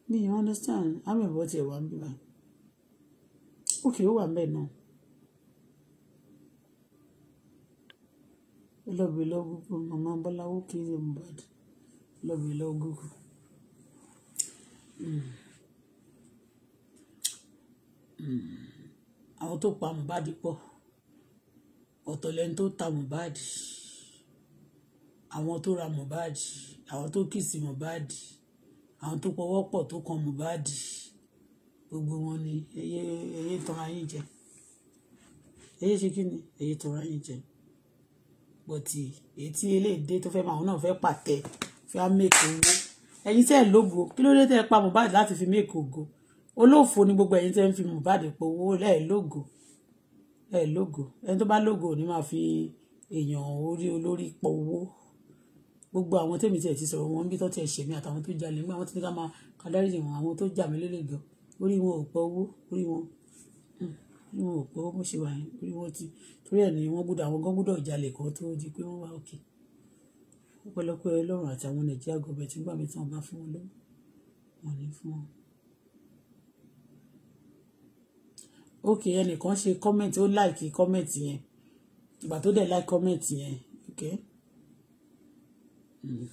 me you understand àmì ìbọn tiẹ̀ wà ń bí wa òkè ó wà ń bẹ̀ náà love below Google mama Bola who kill him bad love below Google hmm. hmm. àwọn tó pa Mohbad pọ̀ ọ̀tọ̀ lẹni tó ta Mohbad àwọn tó ra Mohbad àwọn tó kìsì Mohbad àwọn tó pọwọ́ pọ̀ tó kan Mohbad gbogbo wọn ni ẹyẹ ẹyẹ tọra yín jẹ ẹyẹ ṣe kí ni ẹyẹ tọra yín jẹ bọ̀tì èyí tí eléèdè tó fẹ́ máa wọn náà fẹ́ pàtẹ fẹ́ á mẹ́kì owó ẹ̀yin tẹ́ ẹ̀ lógo kí ló dé tẹ́ ẹ pa Mohbad láti fi mẹ́kì ògo olóòfo ni gbogbo ẹ̀yin tẹ́ ń fi Mohbad pọ̀ owó lẹ́ẹ̀ lógo ẹ lógo ẹni tó bá lógo ò ní máa fi èèyàn orí olórí pọ owó gbogbo àwọn tèmi tiẹ̀ ti sọ̀rọ̀ wọn bí tó tiẹ̀ ṣèmi àtàwọn tó jalè nígbà wọn ti ní ká máa kádárìjì wọn àwọn tó jà mí lélẹ̀ gan orí wọn ò pọ owó orí wọn hmm, orí wọn ò pọ owó bó ṣe wà yẹn orí wọn ti torí ẹ̀ ni wọ́n gbọ́dọ̀ àwọn gan gbọ́dọ̀ jalè kan tó di pé wọ́n wá òkè ọpẹ́lọpẹ́ Ọlọ́run àtàwọn Nàìjíríà gọbẹ tí gbàmí tí wọ́n bá fún wọn lọ́wọ́ wọn ní fún wọn. okay ẹnìkan ṣe comment ó like comment yẹn ìgbà tó dẹ̀ like comment yẹn okay. Hmm.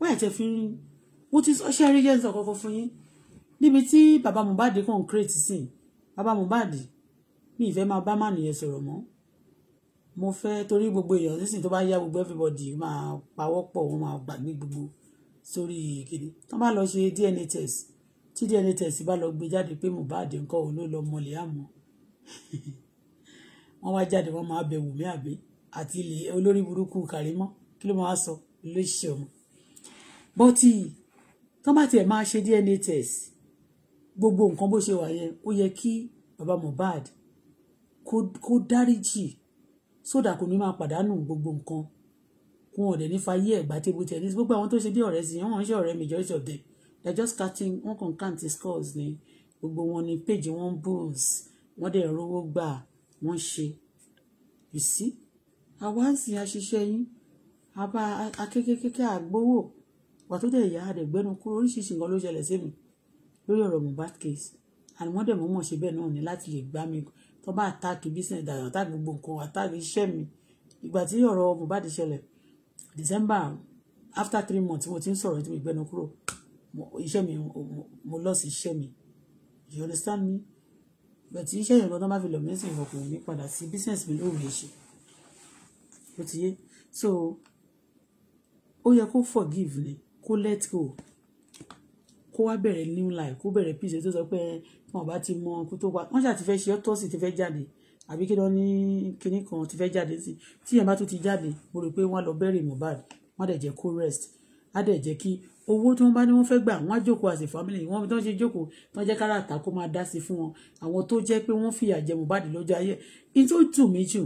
wọ́n ẹ̀ tẹ́ fi ń wọ́n ti sọ ṣẹ́rí jẹ́ nsọ kọ́kọ́ fún yín níbi tí bàbá Mohbad kàn create sí bàbá Mohbad mi ìfẹ́ máa bá mànì yẹn sọ̀rọ̀ mọ́ mo fẹ́ torí gbogbo èèyàn sísìn tó bá yá gbogbo everybody máa pawọ́pọ̀ wọ́n máa gbàgbé gbogbo sórí kiri tó bá lọ ṣe DNA test tí dna test bá lọ gbé jáde pé Mohbad nǹkan ò ló lọ mọlẹ̀ àmọ́ wọ́n wá jáde wọ́n máa bẹ̀ Wùmí àbí àti ilé olórí burúkú Kàrímọ́ kí ló máa sọ lóṣìṣẹ́ ọmọ bọ́tì tó bá tiẹ̀ máa ṣe dna test gbogbo nǹkan bó ṣe wà yẹn ó yẹ kí bàbá Mohbad kó dáríjì sódà kò ní máa pàdánù gbogbo nǹkan wọn ò dẹ̀ ní ẹ̀gbá tébùtẹ̀ ní gbogbo àwọn tó ṣe bí ọ̀rẹ́ sí wọn ṣe ọ̀rẹ́ majority of them they're just counting wọ́n kàn count scores ni gbogbo wọn ni page wọn bones wọ́n dẹ̀ rówó gbà wọ́n ṣe you see àwa ń sìn àṣìṣe yín àbá akékèké àgbówó wà tó dẹ̀ yá àdẹ̀gbẹ́nu kúrò oríṣiríṣi nǹkan ló ṣẹlẹ̀ sí mi lórí ọ̀rọ̀ Mohbad case and wọ́n dẹ̀ mọ́mọ́ ṣe bẹ́ẹ̀ náà ni láti lè gbá mi tó bá àtàkì business dàgbà àtàkì gbogbo nǹkan àtàkì iṣẹ́ mi ìgbà tí ọ̀rọ̀ Mohbad ṣẹlẹ̀ December after three months mo ti ń sọ̀rọ̀ tí mo gbẹ́nu kúrò iṣẹ́ mi mo lọ sí iṣẹ́ mi you understand me but iṣẹ́ yẹn lọ́dọ́ má fi lọ mẹ́sìn ìfọkùnrin mi padà sí business mi ló rèé ṣe ó ti yé so ó yẹ kó forgive ni kó let go kó wá bẹ̀rẹ̀ new life kó bẹ̀rẹ̀ peace tó sọ pé wọn bá ti mọ kó tó wá wọn ṣáà ti fẹ́ ṣe ọ́tọ́ sí ti fẹ́ jáde àbí kí lọ ní kinní kan ti fẹ́ jáde sí tí yẹn bá tún ti jáde mo rò pé wọ́n lọ bẹ́rẹ̀ Mohbad wọ́n dẹ̀ jẹ́ kó rest á dẹ̀ jẹ́ kí owó tí wọ́n bá ní wọ́n fẹ́ gbà wọ́n á jókòó àsè family wọ́n tó ń ṣe jókòó tó ń jẹ́ kára àtà kó máa dá sí fún wọn àwọn tó jẹ́ pé wọ́n fìyà jẹ Mohbad lọ́jọ́ ayé in tó dùn mí jù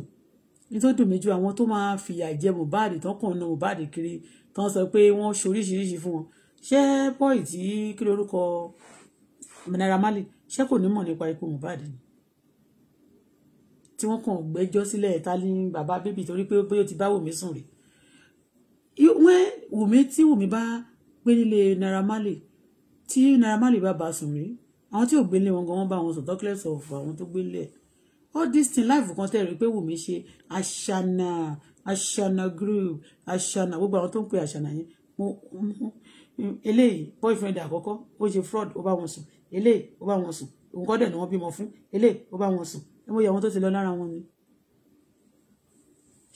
in tó dùn mí jù àwọn tó máa fìyà jẹ Mohbad tó kàn ná Mohbad kiri tó ń sọ pé wọ́n ṣoríṣiríṣi fún wọn ṣé bọ́ì tí kí lorúkọ Naira Marley ṣé kò ní mọ̀ nípa ikú Mohbad ni tí wọ́n kàn gbẹ́jọ́ sílẹ̀ ta ní bàbá bébì torí pé bóyá ti bá Wùmí sùn rè wọ́n Wùmí tí Wùmí bá gbé nílé Naira Marley tí Naira Marley bá bá sùn rí àwọn tí ò gbé nílé wọn gan wọn bá wọn sùn talkless of àwọn tó gbé nílé all this thing life kan tẹ̀rí pé Wùmí ṣe aṣana aṣana group aṣana gbogbo àwọn tó ń pè aṣana yẹn eléyìí boyfriend àkọ́kọ́ ó ṣe fraud ó bá wọn sùn eléyìí ó bá wọn sùn nǹkan dẹ̀ ni wọ́n bímọ fún eléyìí ó bá wọn sùn ẹ mọ̀ yẹ àwọn tó ti lọ lára wọn ni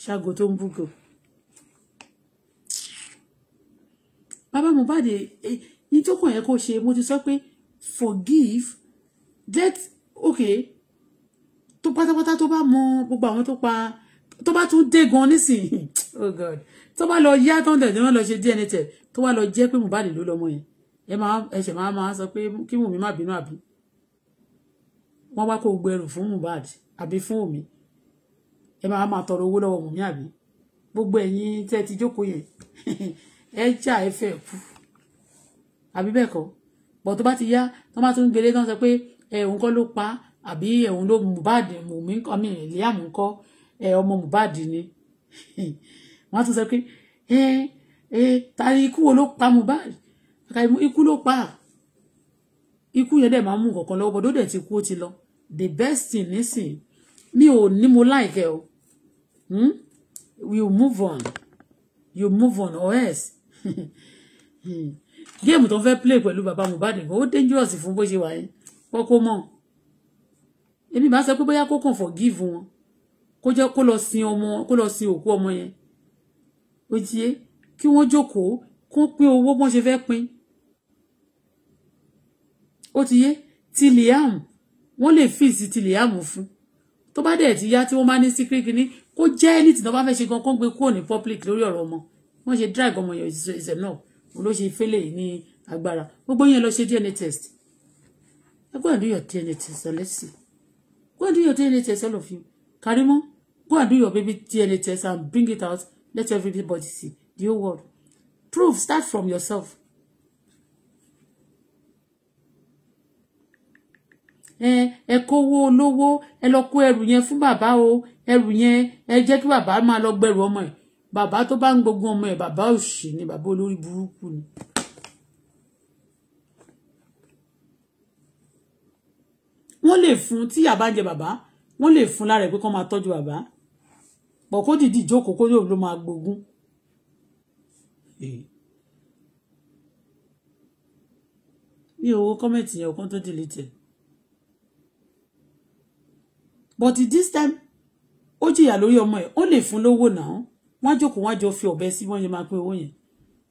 ṣáàgó tó ń búgò. bàbá Mohbad eh, eh, ní tó kàn yẹ kó ṣe mo ti sọ pé forgive let okay tó pátápátá tó bá mọ gbogbo àwọn tó pa tó bá tún dé gan nísìnyí oh god tó bá lọ yá tó ń tẹ̀lé wọn lọ ṣe DNA tẹ̀ tó wá lọ jẹ́ pé Mohbad ló lọ́mọ yẹn ẹ máa ẹsẹ̀ máa máa sọ pé kí Wùmí má bínú àbí wọ́n wá kó gbẹrù fún Mohbad àbí fún Wùmí ẹ máa máa tọrọ owó lọ́wọ́ Wùmí àbí gbogbo ẹ̀yin tẹ́ ti jókòó yẹn ẹ jà ẹ fẹ́ kú àbí bẹ́ẹ̀ kọ́ bọ̀ tó bá ti yá tó bá tún gbélé náà sọ pé ẹ̀hún kọ́ ló pa àbí ẹ̀hún ló Mohbad mùmí kọ́ mi Liam ńkọ́ ẹ̀ ọmọ Mohbad ni wọ́n tún sọ pé ẹ̀ ẹ̀ tari ikú wo ló pa Mohbad ikú ló pa ikú yẹn dẹ̀ máa mú nǹkan kan lọ́wọ́ bọ́dọ̀ ti kú ó ti lọ the best thing nísìn mi ò ní mo like ẹ o hmm? we move on you move on or else géèmù tó ń fẹ́ play pẹ̀lú bàbá Mohbad nǹkan ó dangerous fún bó ṣe wà yẹn wọ́n kó mọ̀ èmi bá sọ pé bóyá kó kàn forgive wọn kó jẹ́ kó lọ sin ọmọ kó lọ sin òkú ọmọ yẹn ó ti yé kí wọ́n jókòó kó pín owó bọ́n ṣe fẹ́ pín ó ti yé ti Liam wọ́n lè fíìsì ti Liam fún tó bá dẹ̀ ti yá tí wọ́n bá ní síkírì kínní kó jẹ́ ẹni tí wọ́n bá fẹ́ ṣe gan kó gbé kúrò ní public lórí ọ̀rọ̀ ọmọ wọ́n ṣe drag ọmọ yẹn ìṣẹ̀ náà òun ló ṣe fẹ́lẹ̀ ní agbára gbogbo yẹn lọ ṣe DNA test ẹ go and do your DNA test and let's see go and do your DNA test all of you Karimo go and do your baby DNA test and bring it out let everybody see the whole world prove start from yourself ẹ kówó olówó ẹ lọ kó ẹrù yẹn fún bàbá o ẹrù yẹn ẹ jẹ́ kí bàbá máa lọ gbẹrù ọmọ ẹ̀ bàbá tó bá ń gbógun ọmọ ẹ̀ bàbá òṣì ni bàbá olórí burúkú ni. wọ́n lè fún tí yàbá jẹ bàbá wọ́n lè fún lára ẹ̀ pé kó máa tọ́jú bàbá pọ̀ kó dìdí ìjókòó kó yóò ló máa gbógun. mi ò kọ́mẹ̀tì yẹn ọ̀kan tó delete but this time ó jìyà lórí ọmọ ẹ̀ ó lè fún lówó náà wọ́n á jókòó wọ́n á jọ fi ọ̀bẹ sí wọ́n yẹn máa pín owó yẹn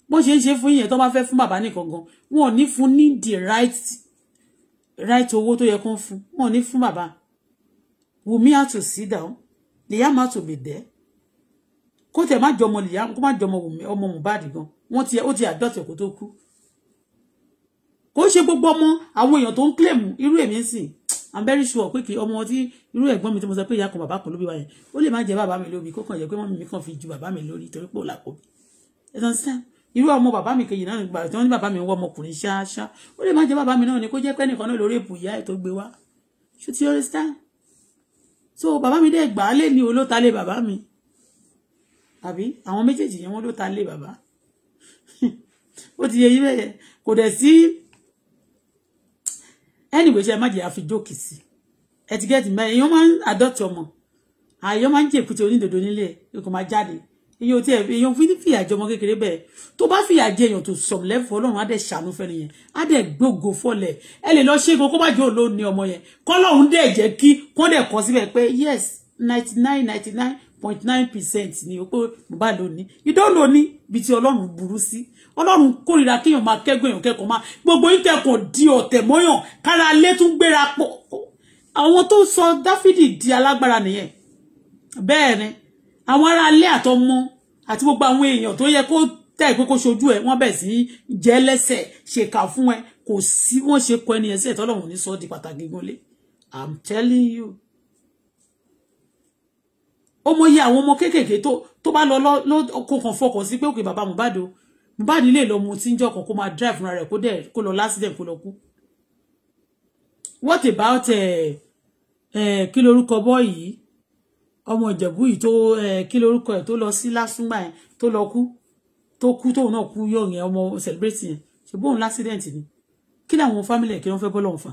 wọ́n ṣe ń ṣe fún yẹn tó bá fẹ́ fún bàbá nìkan gan wọn ò ní fún ní the right right owó tó yẹ kán fún wọn ò ní fún bàbá Wùmí had to sit down Liam had to be there kó tẹ̀ má jọmọ Liam kó má jọmọ ọmọ Mohbad gan wọ́n ti ó ti àdọ́tẹ̀ kó tó kú kò ń ṣe gbogbo ọmọ àwọn èèyàn tó ń claim irú èmi sìn i'm very sure pé kì ọmọ tí irú ẹ̀gbọ́n mi tí mo sọ pé ìyá kan bàbá kan ló bí wa yẹn ó lè má jẹ́ bàbá mi lóbi kó kàn jẹ́ pé mọ́mí mi kàn fi ju bàbá mi lórí torí pé ó là kó bí ẹ tán sí irú ọmọ bàbá mi kejì náà nígbà tí wọ́n ní bàbá mi ń wọ ọmọkùnrin ṣáṣá ó lè má jẹ́ bàbá mi náà ni kó jẹ́ pé nìkan náà lórí èpù ìyá ẹ̀ tó gbé wá ṣó ti yọrí sítá so bàbá mi dẹ́ gbà á lé ní olóta lé bàbá mi àbí àwọn méjèèjì yẹn wọ́n ló ta lé bàbá ó ti yẹ yí bẹ́ẹ̀ kò dẹ̀ sí anyway ṣe imagine jẹ́ àfi jókì sí ẹ ti gẹ́tì mẹ́rin èèyàn máa ń àdọ́tì ọmọ àyàn máa ń jẹ́ èkúté onídòdó nílé ẹ̀ kò máa jáde èèyàn ò tí èèyàn fi ní fìyà jẹ ọmọ kékeré bẹ́ẹ̀ tó bá fìyà jẹ èèyàn tó sọ̀rọ̀ lẹ́fọ̀ọ́ ọlọ́run á dẹ̀ ṣàánú fẹ́ni yẹn á dẹ̀ gbógo fọ́lẹ̀ ẹ lè lọ ṣẹ́gun kó má jẹ́ òun ló ní ọmọ yẹn kọ́lọ́run dẹ̀ jẹ́ kí kó dẹ̀ kọ́ síbẹ̀ pé yes ninety nine point nine percent ni o pé Mohbad ló ní ìdó ló ní ibi tí ọlọ́run burú sí ọlọ́run kórìíra kéèyàn máa kẹ́gbọ́n èèyàn kẹ́kọ̀ọ́ máa gbogbo yín kẹ́kọ̀ọ́ di ọ̀tẹ̀ mọ́yàn kára lé tún gbéra pọ̀ àwọn tó sọ Dáfídì di alágbára nìyẹn bẹ́ẹ̀ ni àwọn ará ilé àtọmọ àti gbogbo àwọn èèyàn tó yẹ kó tẹ́ ìpé kó ṣojú ẹ wọ́n bẹ̀ sí jẹ́ lẹ́sẹ̀ ṣèkà fún ẹ kò sí wọ́n ṣe kọ ẹni ẹsẹ̀ tọ́lọ́run ní sọ di pàtàkì gúnlé I'm telling you ó mọ iye àwọn ọmọ kéékèèké tó tó bá lọ lọ kó kàn fọkàn sí pé òkè bàbá Mohbad o Mohbad lè lọ mu tí ń jọkàn kó máa drive fúnra rẹ̀ kó dẹ̀ kó lọ lásìdẹ̀n kó lọ kú. what about ẹ eh, ẹ eh, kí lorúkọ boy yìí ọmọ ìjẹ̀bú yìí tó ẹ eh, kí lorúkọ ẹ̀ tó lọ sí lásùnmá ẹ̀ tó lọ kú tó kú tóun náà kú yọ̀ yẹn ọmọ celebrate yẹn ṣe bóun lásìdẹ̀ǹtì ni kí làwọn family ẹ̀ kí wọ́n fẹ́ bọ́ lọ́wọ́ fà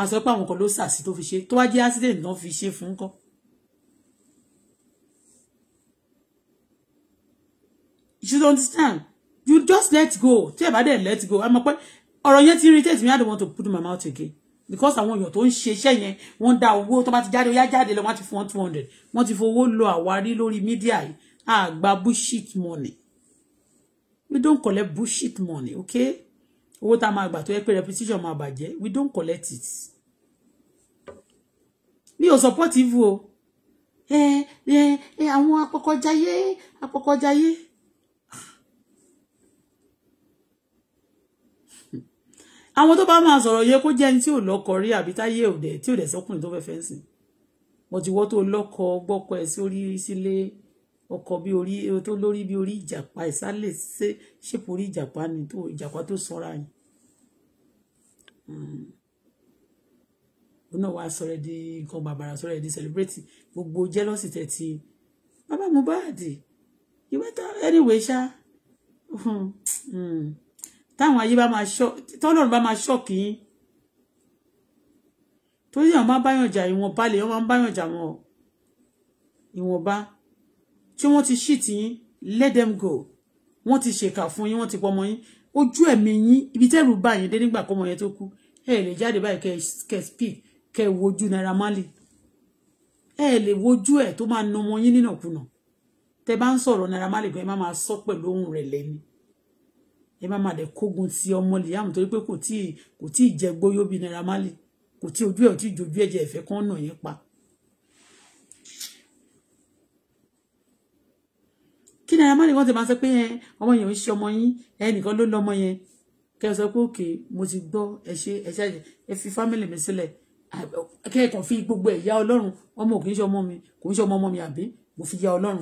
àṣọ pé àwọn kan ló sàṣì tó fi ṣe tó wá jẹ́ accident náà fi ṣe fún kọ́ you should understand you just let go tí ẹ bá dẹ̀ let go àmọ́ pé ọ̀rọ̀ yẹn ti irritate me I don't want to put my mouth again because àwọn èèyàn tó ń ṣe iṣẹ́ yẹn wọ́n dá owó tó bá ti jáde ó yá jáde lọ wọ́n ti fún wọn two hundred wọ́n ti fowó lo àwárí lórí mídíà yìí àgbà bullshit money we don't collect bullshit money okay owó tá a máa gbà tó yẹ pé repetition máa bàjẹ́ we don't collect it mi ò supportive o ẹ eh, ẹ eh, eh, àwọn apọkọjáyé apọkọjáyé àwọn tó bá máa sọ̀rọ̀ yẹ kó jẹ́ ẹni tí ò lọ́kọ rí àbí táyé òde tí ò dẹ̀ sọ́kùnrin tó fẹ́ fẹ́ sìn wọ́n ti wọ́ tó lọ́kọ gbọ́kọ ẹ̀ sórí sílé ọkọ bí orí tó lórí bí orí ìjàpá ìsálẹ̀ ṣèpò orí ìjàpá ni tó ìjàpá tó sọ́ra yìí òun náà wàá sọ̀rọ̀ di nǹkan bàbàrà sọ̀rọ̀ di celebrate gbogbo jealousy tẹ̀tí bàbá Mohbad ìwé ta anyway ṣá. Hmm. Hmm táwọn ayé bá máa ṣọ tọ́lọ́run bá máa ṣọ́ọ̀kì yín torí àwọn máa báyàn jà ìwọ̀nba lè wọ́n máa báyàn jà wọn ìwọ̀nba tí wọ́n ti ṣì tì yín let them go wọ́n ti ṣèkà fún yín wọ́n ti pọmọ yín ojú ẹ̀mí yín ibi tẹ́rù bá yín dé nígbà kọ́mọ yẹn tó kú ẹ lè jáde báyìí kẹ speak kẹ wojú Naira Marley ẹ lè wojú ẹ tó máa nà ọmọ yín nínàkúnà tẹ bá ń sọ̀rọ̀ Naira Marley gan ẹ má máa sọ pẹ̀lú ohùn rẹ̀ lẹ́ni ẹ má má dẹ̀ kógun ti ọmọ Liam torí pé kò tí kò tí ì jẹ gbóyó bíi Naira Marley kò tí ojú ẹ̀ ò tí ì jojú ẹ̀jẹ̀ ẹ̀fẹ́ kan nà yín pa. kí Naira Marley wọ́n ti máa sọ pé ọmọ yẹn ò ń ṣe ọmọ yín ẹnìkan ló lọ́mọ yẹn kẹ́ ẹ sọ pé òkè mo ti gbọ́ ẹ ṣe ẹ ṣe ẹ fi fámìlì mi sílẹ̀ kẹ́ẹ̀kan fi gbogbo ẹ̀ yá ọlọ́run ọmọ kì í ṣe ọmọ mi kò ń ṣe ọmọ ọmọ mi àbí mo fi yá ọlọ́run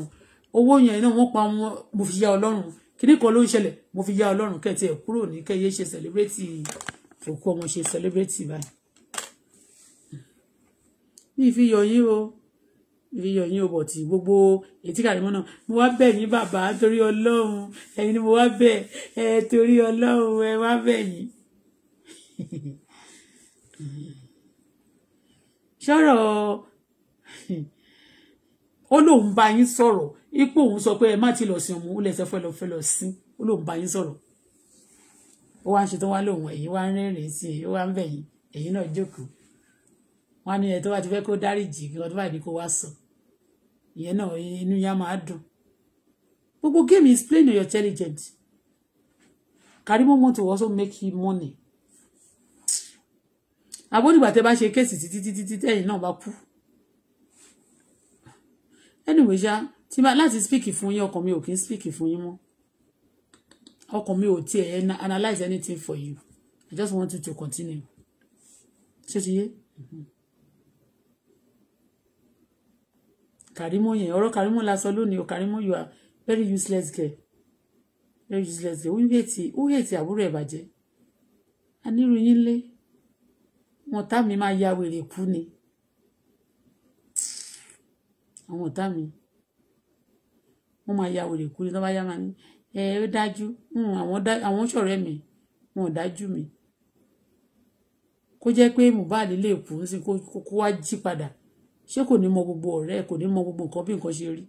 owó yẹn náà wọ́n pa wọn mo fi yá ọlọ́run Kini kan ló ń ṣẹlẹ̀ mo fi yá ọlọ́run kẹ́ tiẹ̀ kúrò ní kẹ́ yé ṣe sẹlẹ́bírẹ́tì òkú ọmọ ṣe sẹlẹ́bírẹ́tì báyìí. mi fi yọ o mi fi o bọ̀tì gbogbo ètí kàrímọ́ náà mo wá bẹ̀ yín bàbá torí ọlọ́run ẹ̀yin ni mo wá bẹ̀ ẹ torí ọlọ́run ẹ wá bẹ̀ yín. sọ̀rọ̀ ó lóun bá yín sọ̀rọ̀ ipò òun sọ pé ẹ má ti lọ sin òun ó lẹsẹ fẹ́ lọ fẹ́ lọ sin ó lóun bá yín sọ̀rọ̀ ó wá ń ṣe tó wá lóun ẹ̀yin wá ń rẹ́rìn sí i ó wá ń bẹ̀yìn ẹ̀yin náà jókòó wọn á ní ẹ tó bá ti fẹ́ kó dáríjì kí wọn tó bá ní kó wá sọ ìyẹn náà inú yá máa dùn gbogbo game is playing your intelligence Karimo want to also make him money àbódìgbà tẹ bá ṣe kéèsì títí títí tẹ̀yin náà bá kú anyway ṣáá tí bá láti speak fún yín ọkàn mi ò kí ń speak fún yín mọ́ ọkàn mi ò tiẹ̀ analyze anything for you I just want you to continue ṣé ti yé mm-hmm. Karimo yẹn ọ̀rọ̀ Karimo la sọ lónìí o Karimo you are very useless girl very useless girl ó yẹ̀tì àbúrò ẹ̀ bàjẹ́ anírú yín lé wọn tá mi máa ya wèrè kú ni àwọn ọ̀tá mi wọ́n máa ya wèrè kú ni tó bá yá máa ní ẹ ẹ dájú hmm, àwọn ṣọ̀rẹ́ mi wọn ò dájú mi kó jẹ́ pé Mohbad lè kú sí kó wá jí padà ṣé kò ní mọ gbogbo ọ̀rẹ́ kò ní mọ gbogbo nǹkan bí nǹkan ṣe rí.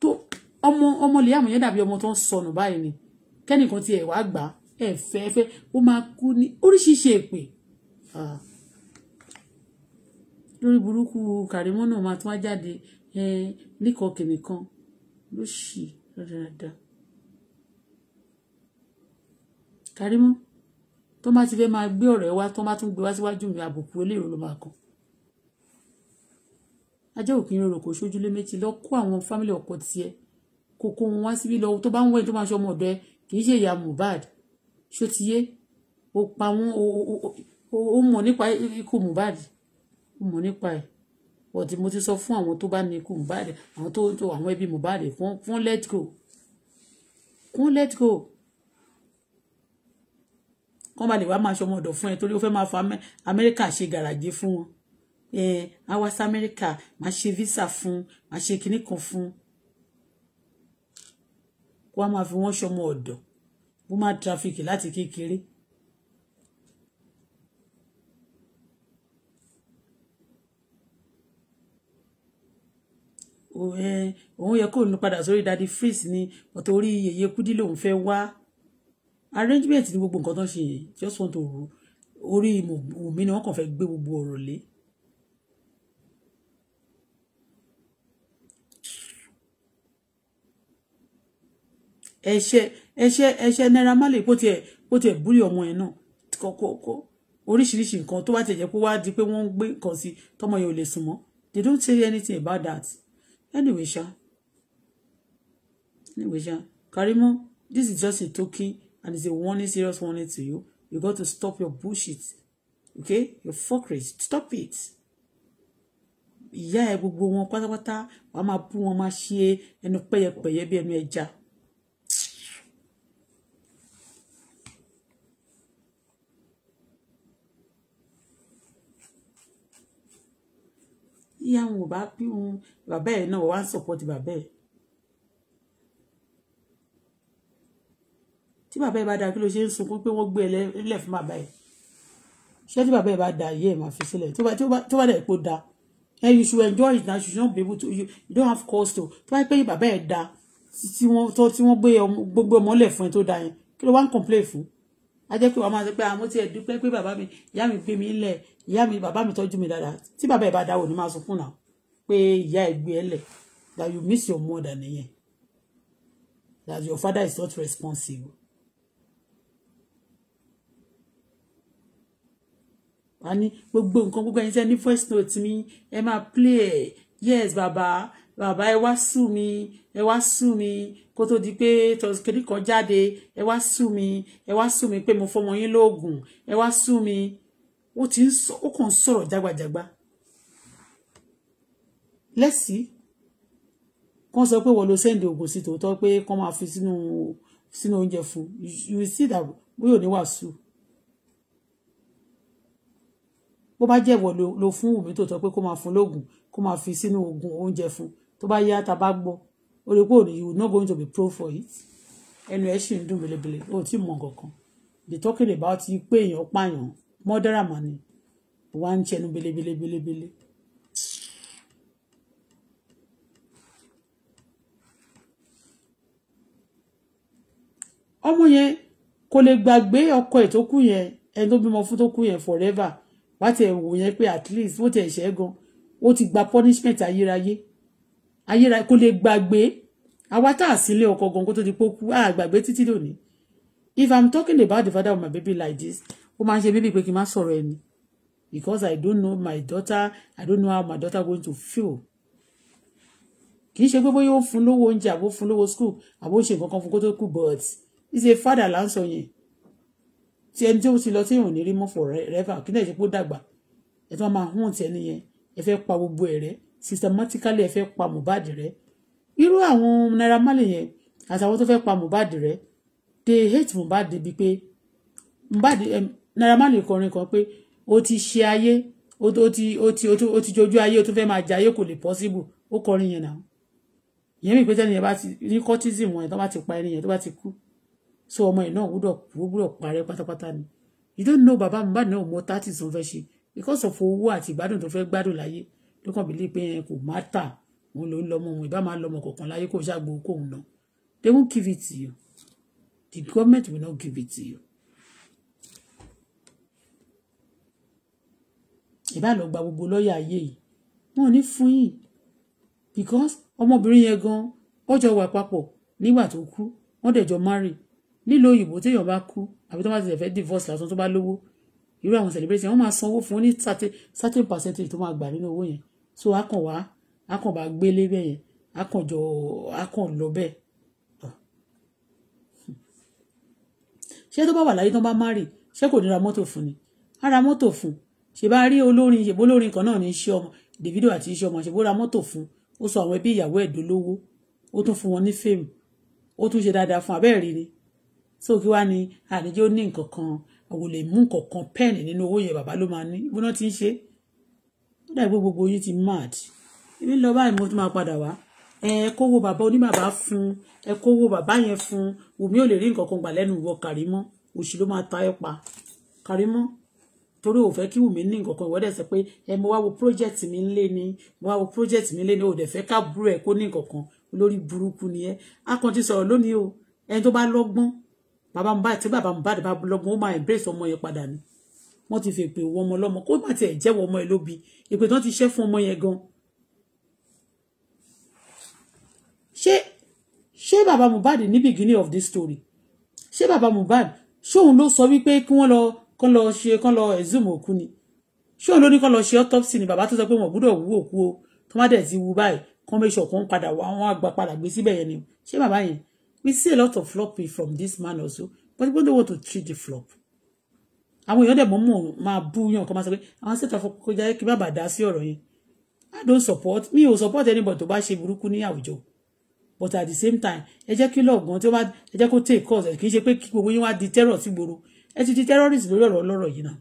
tó ọmọ ọmọ lè àmọ̀yẹ́ dàbí ọmọ tó ń sọnù báyìí ni kẹ́nìkan ti ẹ̀ wá gbà ẹ̀ fẹ́ fẹ́ ó máa kú ní oríṣiríṣi èpè. Ah lórí burúkú kàrímọ́ náà máa tún wá jáde líkọ̀ọ́ kìnìkan ló ṣì dáadáa. kàrímọ́ tó bá ti fẹ́ máa gbé ọ̀rẹ́ wá tó bá tún gbé wá síwájú mi àbùkù eléèrò ló máa kàn. ajá òkìní rorò kò sójúlé méjì lọ kó àwọn fámìlì ọkọ tiẹ̀ kó kó wọn wá síbí lọ tó bá ń wẹ̀ tó máa ṣe ọmọ ọ̀dọ̀ ẹ kì í ṣe ìyá Mohbad ṣó ti yé o pa wọn o mọ̀ nípa ikú Mohbad ó mọ̀ nípa ẹ̀ but mo ti sọ fún àwọn tó bá ní ikú Mohbad àwọn tó tó àwọn ẹbí Mohbad fún fún let go fún let go kọ́n bá lè wá máa ṣọmọ ọ̀dọ̀ fún ẹ torí ó fẹ́ máa fa Amẹ́ríkà ṣe gàràjì fún wọn ẹ á wá sí Amẹ́ríkà máa ṣe visa fún máa ṣe kinní kan fún kó wá máa fi wọ́n ṣọmọ ọ̀dọ̀ bó máa traffic láti kékeré òun yẹ kó padà sórí dadi freeze ni ọ̀tọ̀ orí yèyé kúdí lòun fẹ́ wá arrangement ni gbogbo nǹkan tó ń ṣe just want to orí Wùmí ni wọ́n kàn fẹ́ gbé gbogbo ọ̀rọ̀ lé. ẹṣẹ ẹṣẹ ẹṣẹ Naira Marley bó tiẹ̀ bó tiẹ̀ búrí ọmọ ẹ̀ náà kọkọkọ oríṣiríṣi nǹkan tó bá tẹjẹ pé wá di pé wọ́n ń gbé nǹkan sí tọmọ yẹn ò lè sùn mọ́ they don't say anything about that anyway sha anyway sha Karimo this is just a token and it's a warning serious warning to you you got to stop your bullshit okay your fuckery stop it ìyá ẹ gbogbo wọn pátápátá wàá máa bú wọn máa ṣe ẹnu pẹyẹpẹyẹ bí ẹnu ẹja tí bá bí wọn bàbá ẹ̀ náà wá ń sọ̀pọ̀tì bàbá ẹ̀ tí bàbá ẹ̀ bá dáa kí ló ṣe ń sunkún pé wọ́n gbé ẹ lẹ̀ fún bàbá ẹ̀ ṣé tí bàbá ẹ̀ bá dáa yẹ́ ẹ̀ máa fi sílẹ̀ tó bá dẹ̀ pò dáa ẹ̀ you should enjoy it now you should not be able to you, you don't have cause to tó bá yẹ pé bàbá ẹ̀ dáa tí wọ́n gbé gbogbo ọmọ lẹ̀ fún ẹ tó dáa yẹn kí ló wá ń complain fún a pé wọ́n máa sọ pé àwọn tí ẹ dúpẹ́ pé bàbá mi ìyá mi gbé mi lẹ̀ ìyá mi bàbá mi tọ́jú mi dáadáa tí bàbá ẹ̀ bá dáwọ́ ni máa sọ fún náà pé ìyá ẹ̀ gbé ẹ lẹ̀ that you miss your mother nìyẹn that your father is not responsible. wọ́n á ní gbogbo nǹkan gbogbo ẹni tẹ́ ní voice note mi ẹ máa play yes bàbá bàbá ẹ wá sù mí ẹ wá sù mí kó tó di pé tọ́síkiri kan jáde ẹ wá sù mí ẹ wá sù mí pé mo fọmọ yín lóògùn ẹ wá sù mí ó ti ń sọ ó kàn ń sọ̀rọ̀ jágbajàgba lẹ́sì kan sọ pé wọ́n lo sẹ́ǹdì ògùn sí tòótọ́ pé kán máa fi sínú sínú oúnjẹ fún you see that bóyá ní wàásù bó bá jẹ́ ìwọ lo fún wùmí tòótọ́ pé kó máa fún lóògùn kó máa fi sínú oògùn oúnjẹ fún tó bá yá tá a bá gbọ́ o lè pé you no going to be pro for it ẹnu ẹ sì ń dùn belebele o tí mọ kankan they talking about you pé èèyàn pààyàn mọ́dẹ́rà mà ni wà ń tẹnu belebele belebele. ọmọ yẹn kò lè gbàgbé ọkọ ẹ̀ tó kú yẹn ẹni tó bímọ fún tó kú yẹn forever wá tiẹ̀ wò yẹn pé at least wọ́n tiẹ̀ ṣẹ́ gan ó ti gba punishment ayérayé ayérayé kò lè gbàgbé àwa tá à sílé ọkọ gan kó tó di pé ó kú á gbàgbé títí lónìí if i'm talking about the father of my baby like this ó máa ń ṣe bíbí pé kí n má sọ̀rọ̀ ẹni because i don't know my daughter i don't know how my daughter going to feel kì í ṣe pé bóyá ó fún lówó oúnjẹ àbó fún lówó school àbó ṣe nǹkan fún kó tó kú but it's a father là ń sọ yẹn tí ẹni tó ti lọ tí èèyàn ò ní rí mọ́ forever kí náà ṣe pé ó dàgbà ẹ̀ tó máa hàn tí ẹni yẹn ẹ fẹ́ pa gbogbo ẹ̀ rẹ́ systematically ẹ fẹ́ pa Mohbad rẹ́ irú àwọn Naira Marley yẹn àtàwọn tó fẹ́ pa Mohbad rẹ́ they hate Mohbad débi pé Mohbad Naira Marley kọrin kan pé ó ti ṣe ayé ó ti ó ti ó ti jojú ayé ó tún fẹ́ máa jẹ ayé kò lè possible ó kọrin yẹn náà ìyẹn mi pé tẹ́ni yẹn bá ti ní cortism wọn yẹn tó bá ti pa ẹni yẹn tó bá ti kú so ọmọ yẹn náà gbúdọ̀ gbúdọ̀ parẹ́ pátápátá ni you don't know baba Mohbad náà mọ thirty tó fẹ́ ṣe because of owó àti ìgbádùn tó fẹ́ gbádùn láyé ló kàn bílí pé kò má tà òun ló ń lọmọ òun ìbá máa lọmọ kọ̀ọ̀kan láyé kó ṣàgbó kóun náà they won't give it to you the government will not give it to you. ìbá lọ gba gbogbo lọ́ọ̀yà ayé yìí wọn ò ní fún yìí because ọmọbìnrin yẹn gan ó jọ wà papọ̀ nígbà tó kú wọ́n dẹ̀ jọ marry nílò òyìnbó téèyàn bá kú àbí tó bá ti fẹ́ divorce lásán tó bá lówó irú àwọn celebration wọ́n máa sanwó fún ní certain percentage tó máa gbà nínú owó yẹn so a kàn wá a kàn bá gbélé bẹ́ẹ̀ yẹn a jọ a lọ bẹ́ẹ̀. ṣé tó bá wà láyé tán bá má ṣé kò ní ra mọ́tò fún ni á ra mọ́tò fún ṣe bá rí olórin ṣèbó olórin kan náà ní iṣẹ́ ọmọ Davido àti iṣẹ́ ọmọ ṣèbó ra mọ́tò fún ó sọ àwọn ẹbí ìyàwó ẹ̀dọ́ lówó ó tún fún wọn ní fèmù ó tún ṣe dáadáa fún abẹ́rẹ́ ni so kí wá ní àdéjọ́ ní nǹkan kan àwọn olè mú nǹkan kan pẹ́ẹ̀nì nínú owó yẹn bàbá ló máa ní bó náà ti ń ṣe é dàbí gbogbo yín ti mad èmi lọ báyìí mo tún máa padà wá ẹ kówó bàbá oníbàbá fún ẹ kówó bàbá yẹn fún wùmí ò lè rí nǹkan kan gbà lẹ́nu ìwọ kàrímọ́ òṣì ló máa ta ẹ pa kàrímọ́ torí ò fẹ́ kí wùmí ní nǹkan kan ìwọ dẹ̀ sọ pé ẹ mo wá wo project mi ńlé ni mo wá wo project mi ńlé ni ò dẹ̀ fẹ́ ká burú ẹ kó ní nǹkan kan lórí burúkú ni ẹ a ti sọ̀rọ̀ lónìí o ẹni tó bá lọ́gbọ́n bàbá Mohbad tí bàbá Mohbad bá lọ́gbọ́n ó máa embrace ọmọ yẹn padà ni wọ́n ti fi èpè wọ ọmọ lọ́mọ kó má tiẹ̀ jẹ́wọ́ ọmọ ẹ lóbi èpè tí wọ́n ti ṣẹ́ fún ọmọ yẹn gan. ṣé ṣé bàbá Mohbad ní beginning of this story ṣé bàbá Mohbad ṣóun ló sọ wípé kí wọ́n lọ kán lọ ṣe kán lọ exhume òkú ni ṣóun ló ní kán lọ ṣe autopsy ni bàbá tó sọ pé wọn gbúdọ̀ wú òkú o tó má dẹ̀ ti wú báyìí kán méṣọ̀ kán padà wá wọn àgbà padà gbé síbẹ̀ yẹn ni ṣé bàbá yẹn we see a lot of floppy from this man also but we don't want to treat the flop àwọn èèyàn dẹ̀mọ́ mọ̀ máa bú yàn kọ́ máa sọ pé àwọn state of kọjá kí bàbá dá sí ọ̀rọ̀ yẹn i don't support mi ò support anybody tó bá ṣe burúkú ní àwùjọ but at the same time ẹ jẹ́ kí lọ́ọ̀gán tí ó bá ẹ jẹ́ kó take cause kì í ṣe pé kí gbogbo yín wá di terror sí gbòòrò ẹ ti di terrorist lórí ọ̀rọ̀ ọlọ́rọ̀ yìí náà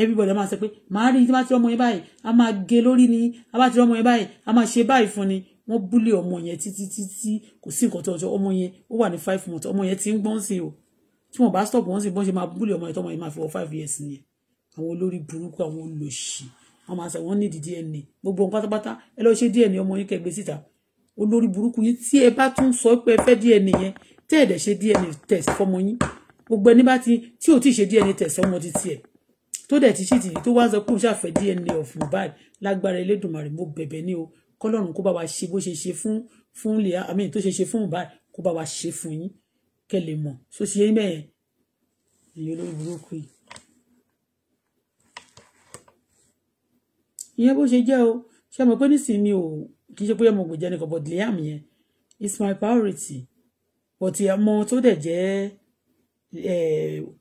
everybody máa sọ pé màá rí tí bá ti ọmọ yẹn báyìí a máa gé lórí ni a bá ti ọmọ yẹn báyìí a máa ṣe báyìí fún ni wọ́n búlé ọmọ yẹn títí títí kò sí nǹkan tó ọjọ́ ọmọ yẹn ó wà ní five months ọmọ yẹn ti ń gbọ́n sí o tí wọn bá stop wọn sì bọ́n ṣe máa búlẹ̀ ọmọ ìtọ́mọ yìí máa fi wọ five years ni àwọn olórí burúkú àwọn olòṣì wọn máa sọ wọn ní ìdí DNA gbogbo ohun pátápátá ẹ lọ ṣe DNA ọmọ yín kẹgbẹ síta olórí burúkú yín tí ẹ bá tún sọ pé ẹ fẹ́ DNA yẹn tẹ́ ẹ̀ dẹ̀ ṣe DNA test fọmọ yín gbogbo ẹni bá ti tí ò tí ì ṣe DNA test ọmọ ti tiẹ̀ tó dẹ̀ ti ṣìtì tó wá ń sọ pé òun ṣàfẹ́ DNA of Mohbad lágbára Elédùmarè mo bẹ̀bẹ̀ ní o kọ́lọ́run kó bá wa ṣe bó ṣe ṣe fún fún lè àmì tó ṣe ṣe fún Mohbad kó bá wa ṣe fún yín kẹ́ lè mọ̀ so ṣe ń bẹ́ẹ̀ ìyẹn olórí burúkú yìí. ìyẹn bó ṣe jẹ́ o ṣe mọ̀ pé nísìnyí o kì í ṣe pé ọmọ ògbèjẹ nìkan but Liam yẹn is my priority but ọmọ tó dẹ̀ jẹ́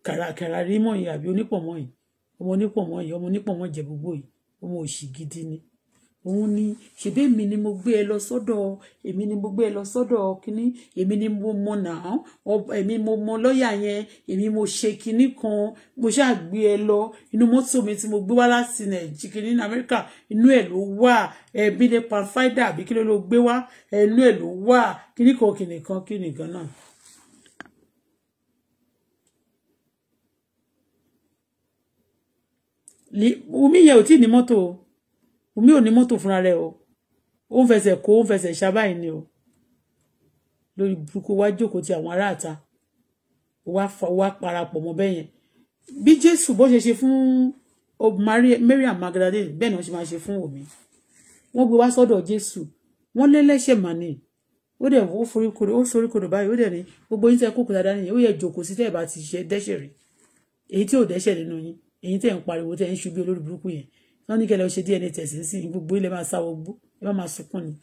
kàràkàrà rí mọ̀ yìí àbí onípọ̀mọ́ yìí ọmọ onípọ̀mọ́ yìí ọmọ onípọ̀mọ́ jẹ gbogbo yìí ọmọ òṣì gidi ni òun ni ṣèbí èmi ni mo gbé ẹ lọ sọ́dọ̀ èmi ni mo gbé ẹ lọ sọ́dọ̀ kínní èmi ni mo mọ nàá èmi mo mọ lọ́ọ̀yà yẹn èmi mo ṣe kínní kan mo ṣáà gbé ẹ lọ inú mọ́tò mi tí mo gbé wá láti nàìjí kínní ní amẹ́ríkà inú ẹ̀ ló wà ẹbí ní panfida àbí kí ló ló gbé wá inú ẹ̀ ló wà kínní kan kínní kan kínní kan náà. Wùmí yẹn ò tí ì ní mọ́tò Wùmí ò ní mọ́tò fúnra rẹ̀ o ó ń fẹsẹ̀ kó ó ń fẹsẹ̀ ṣá báyìí ni o lórí burúkú wá jókòó ti àwọn aráàta wá parapọ̀ mọ́ bẹ́ẹ̀ yẹn bí Jésù bó ṣe ṣe fún Maryam Magdalene bẹ́ẹ̀ náà ṣe máa ṣe fún Wùmí wọ́n gbé wá sọ́dọ̀ Jésù wọ́n lé lẹ́sẹ̀ màní ó dẹ̀ ó foríkodò ó soríkodò báyìí ó dẹ̀ ní gbogbo yín tẹ́ kókò dáadáa nìyẹn ó yẹ jòkó sí tẹ́ ẹ̀ bá ti ṣe dẹ́ṣẹ̀ rí èyí tí ò dẹ́ṣẹ̀ nínú yín èyí tẹ́ ń pariwo tẹ́ ń ṣubú olórí burúkú yẹn wọ́n ní kẹlẹ́ o ṣe DNA test sí gbogbo ilẹ̀ máa sáwọ́ gbó ẹ má máa sunkún ni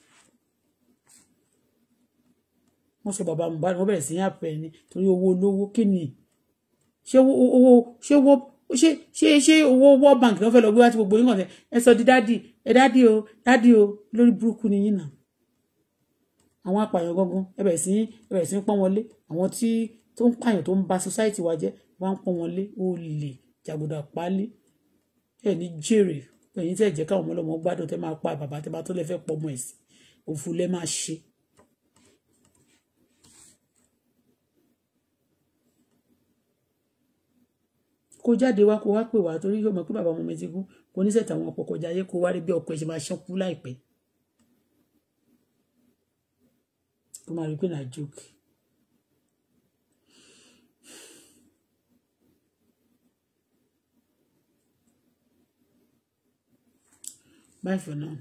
wọ́n sọ bàbá Mohbad wọ́n bẹ̀rẹ̀ sí ní àpẹ ni torí owó olówó kí ni ṣé owó ṣé owó ṣé ṣé ṣé owó World Bank ló fẹ́ lọ gbogbo yín ẹ sọ di dádì ẹ dádì o dádì o lórí burúkú ni yín náà àwọn apààyàn gangan ẹ bẹ̀rẹ̀ sí ẹ bẹ̀rẹ̀ sí ń pọ́n wọn lé àwọn tí tó ń pààyàn tó ń ba society wa jẹ́ wọ́n á ń pọ́n wọn lé ó lè jàgùdà pálí ẹ̀ ní jèrè ẹ̀yin tẹ́ jẹ́ káwọn ọmọlọ́mọ gbádùn tẹ́ máa pa bàbá tẹ́ bá tó lè fẹ́ pọ̀ ọmọ ẹ̀sìn òfu lẹ́ máa ṣe. kó jáde wá kó wá pè wá torí yóò mọ̀ pé bàbá ọmọ mi ti kú kò ní sẹ̀tà àwọn ọkọ̀ jayé kó wá rí bí ọkọ̀ ẹ̀ ṣe máa ṣánkú láìpẹ́ kó máa rí pé nà jókè. Bye for now.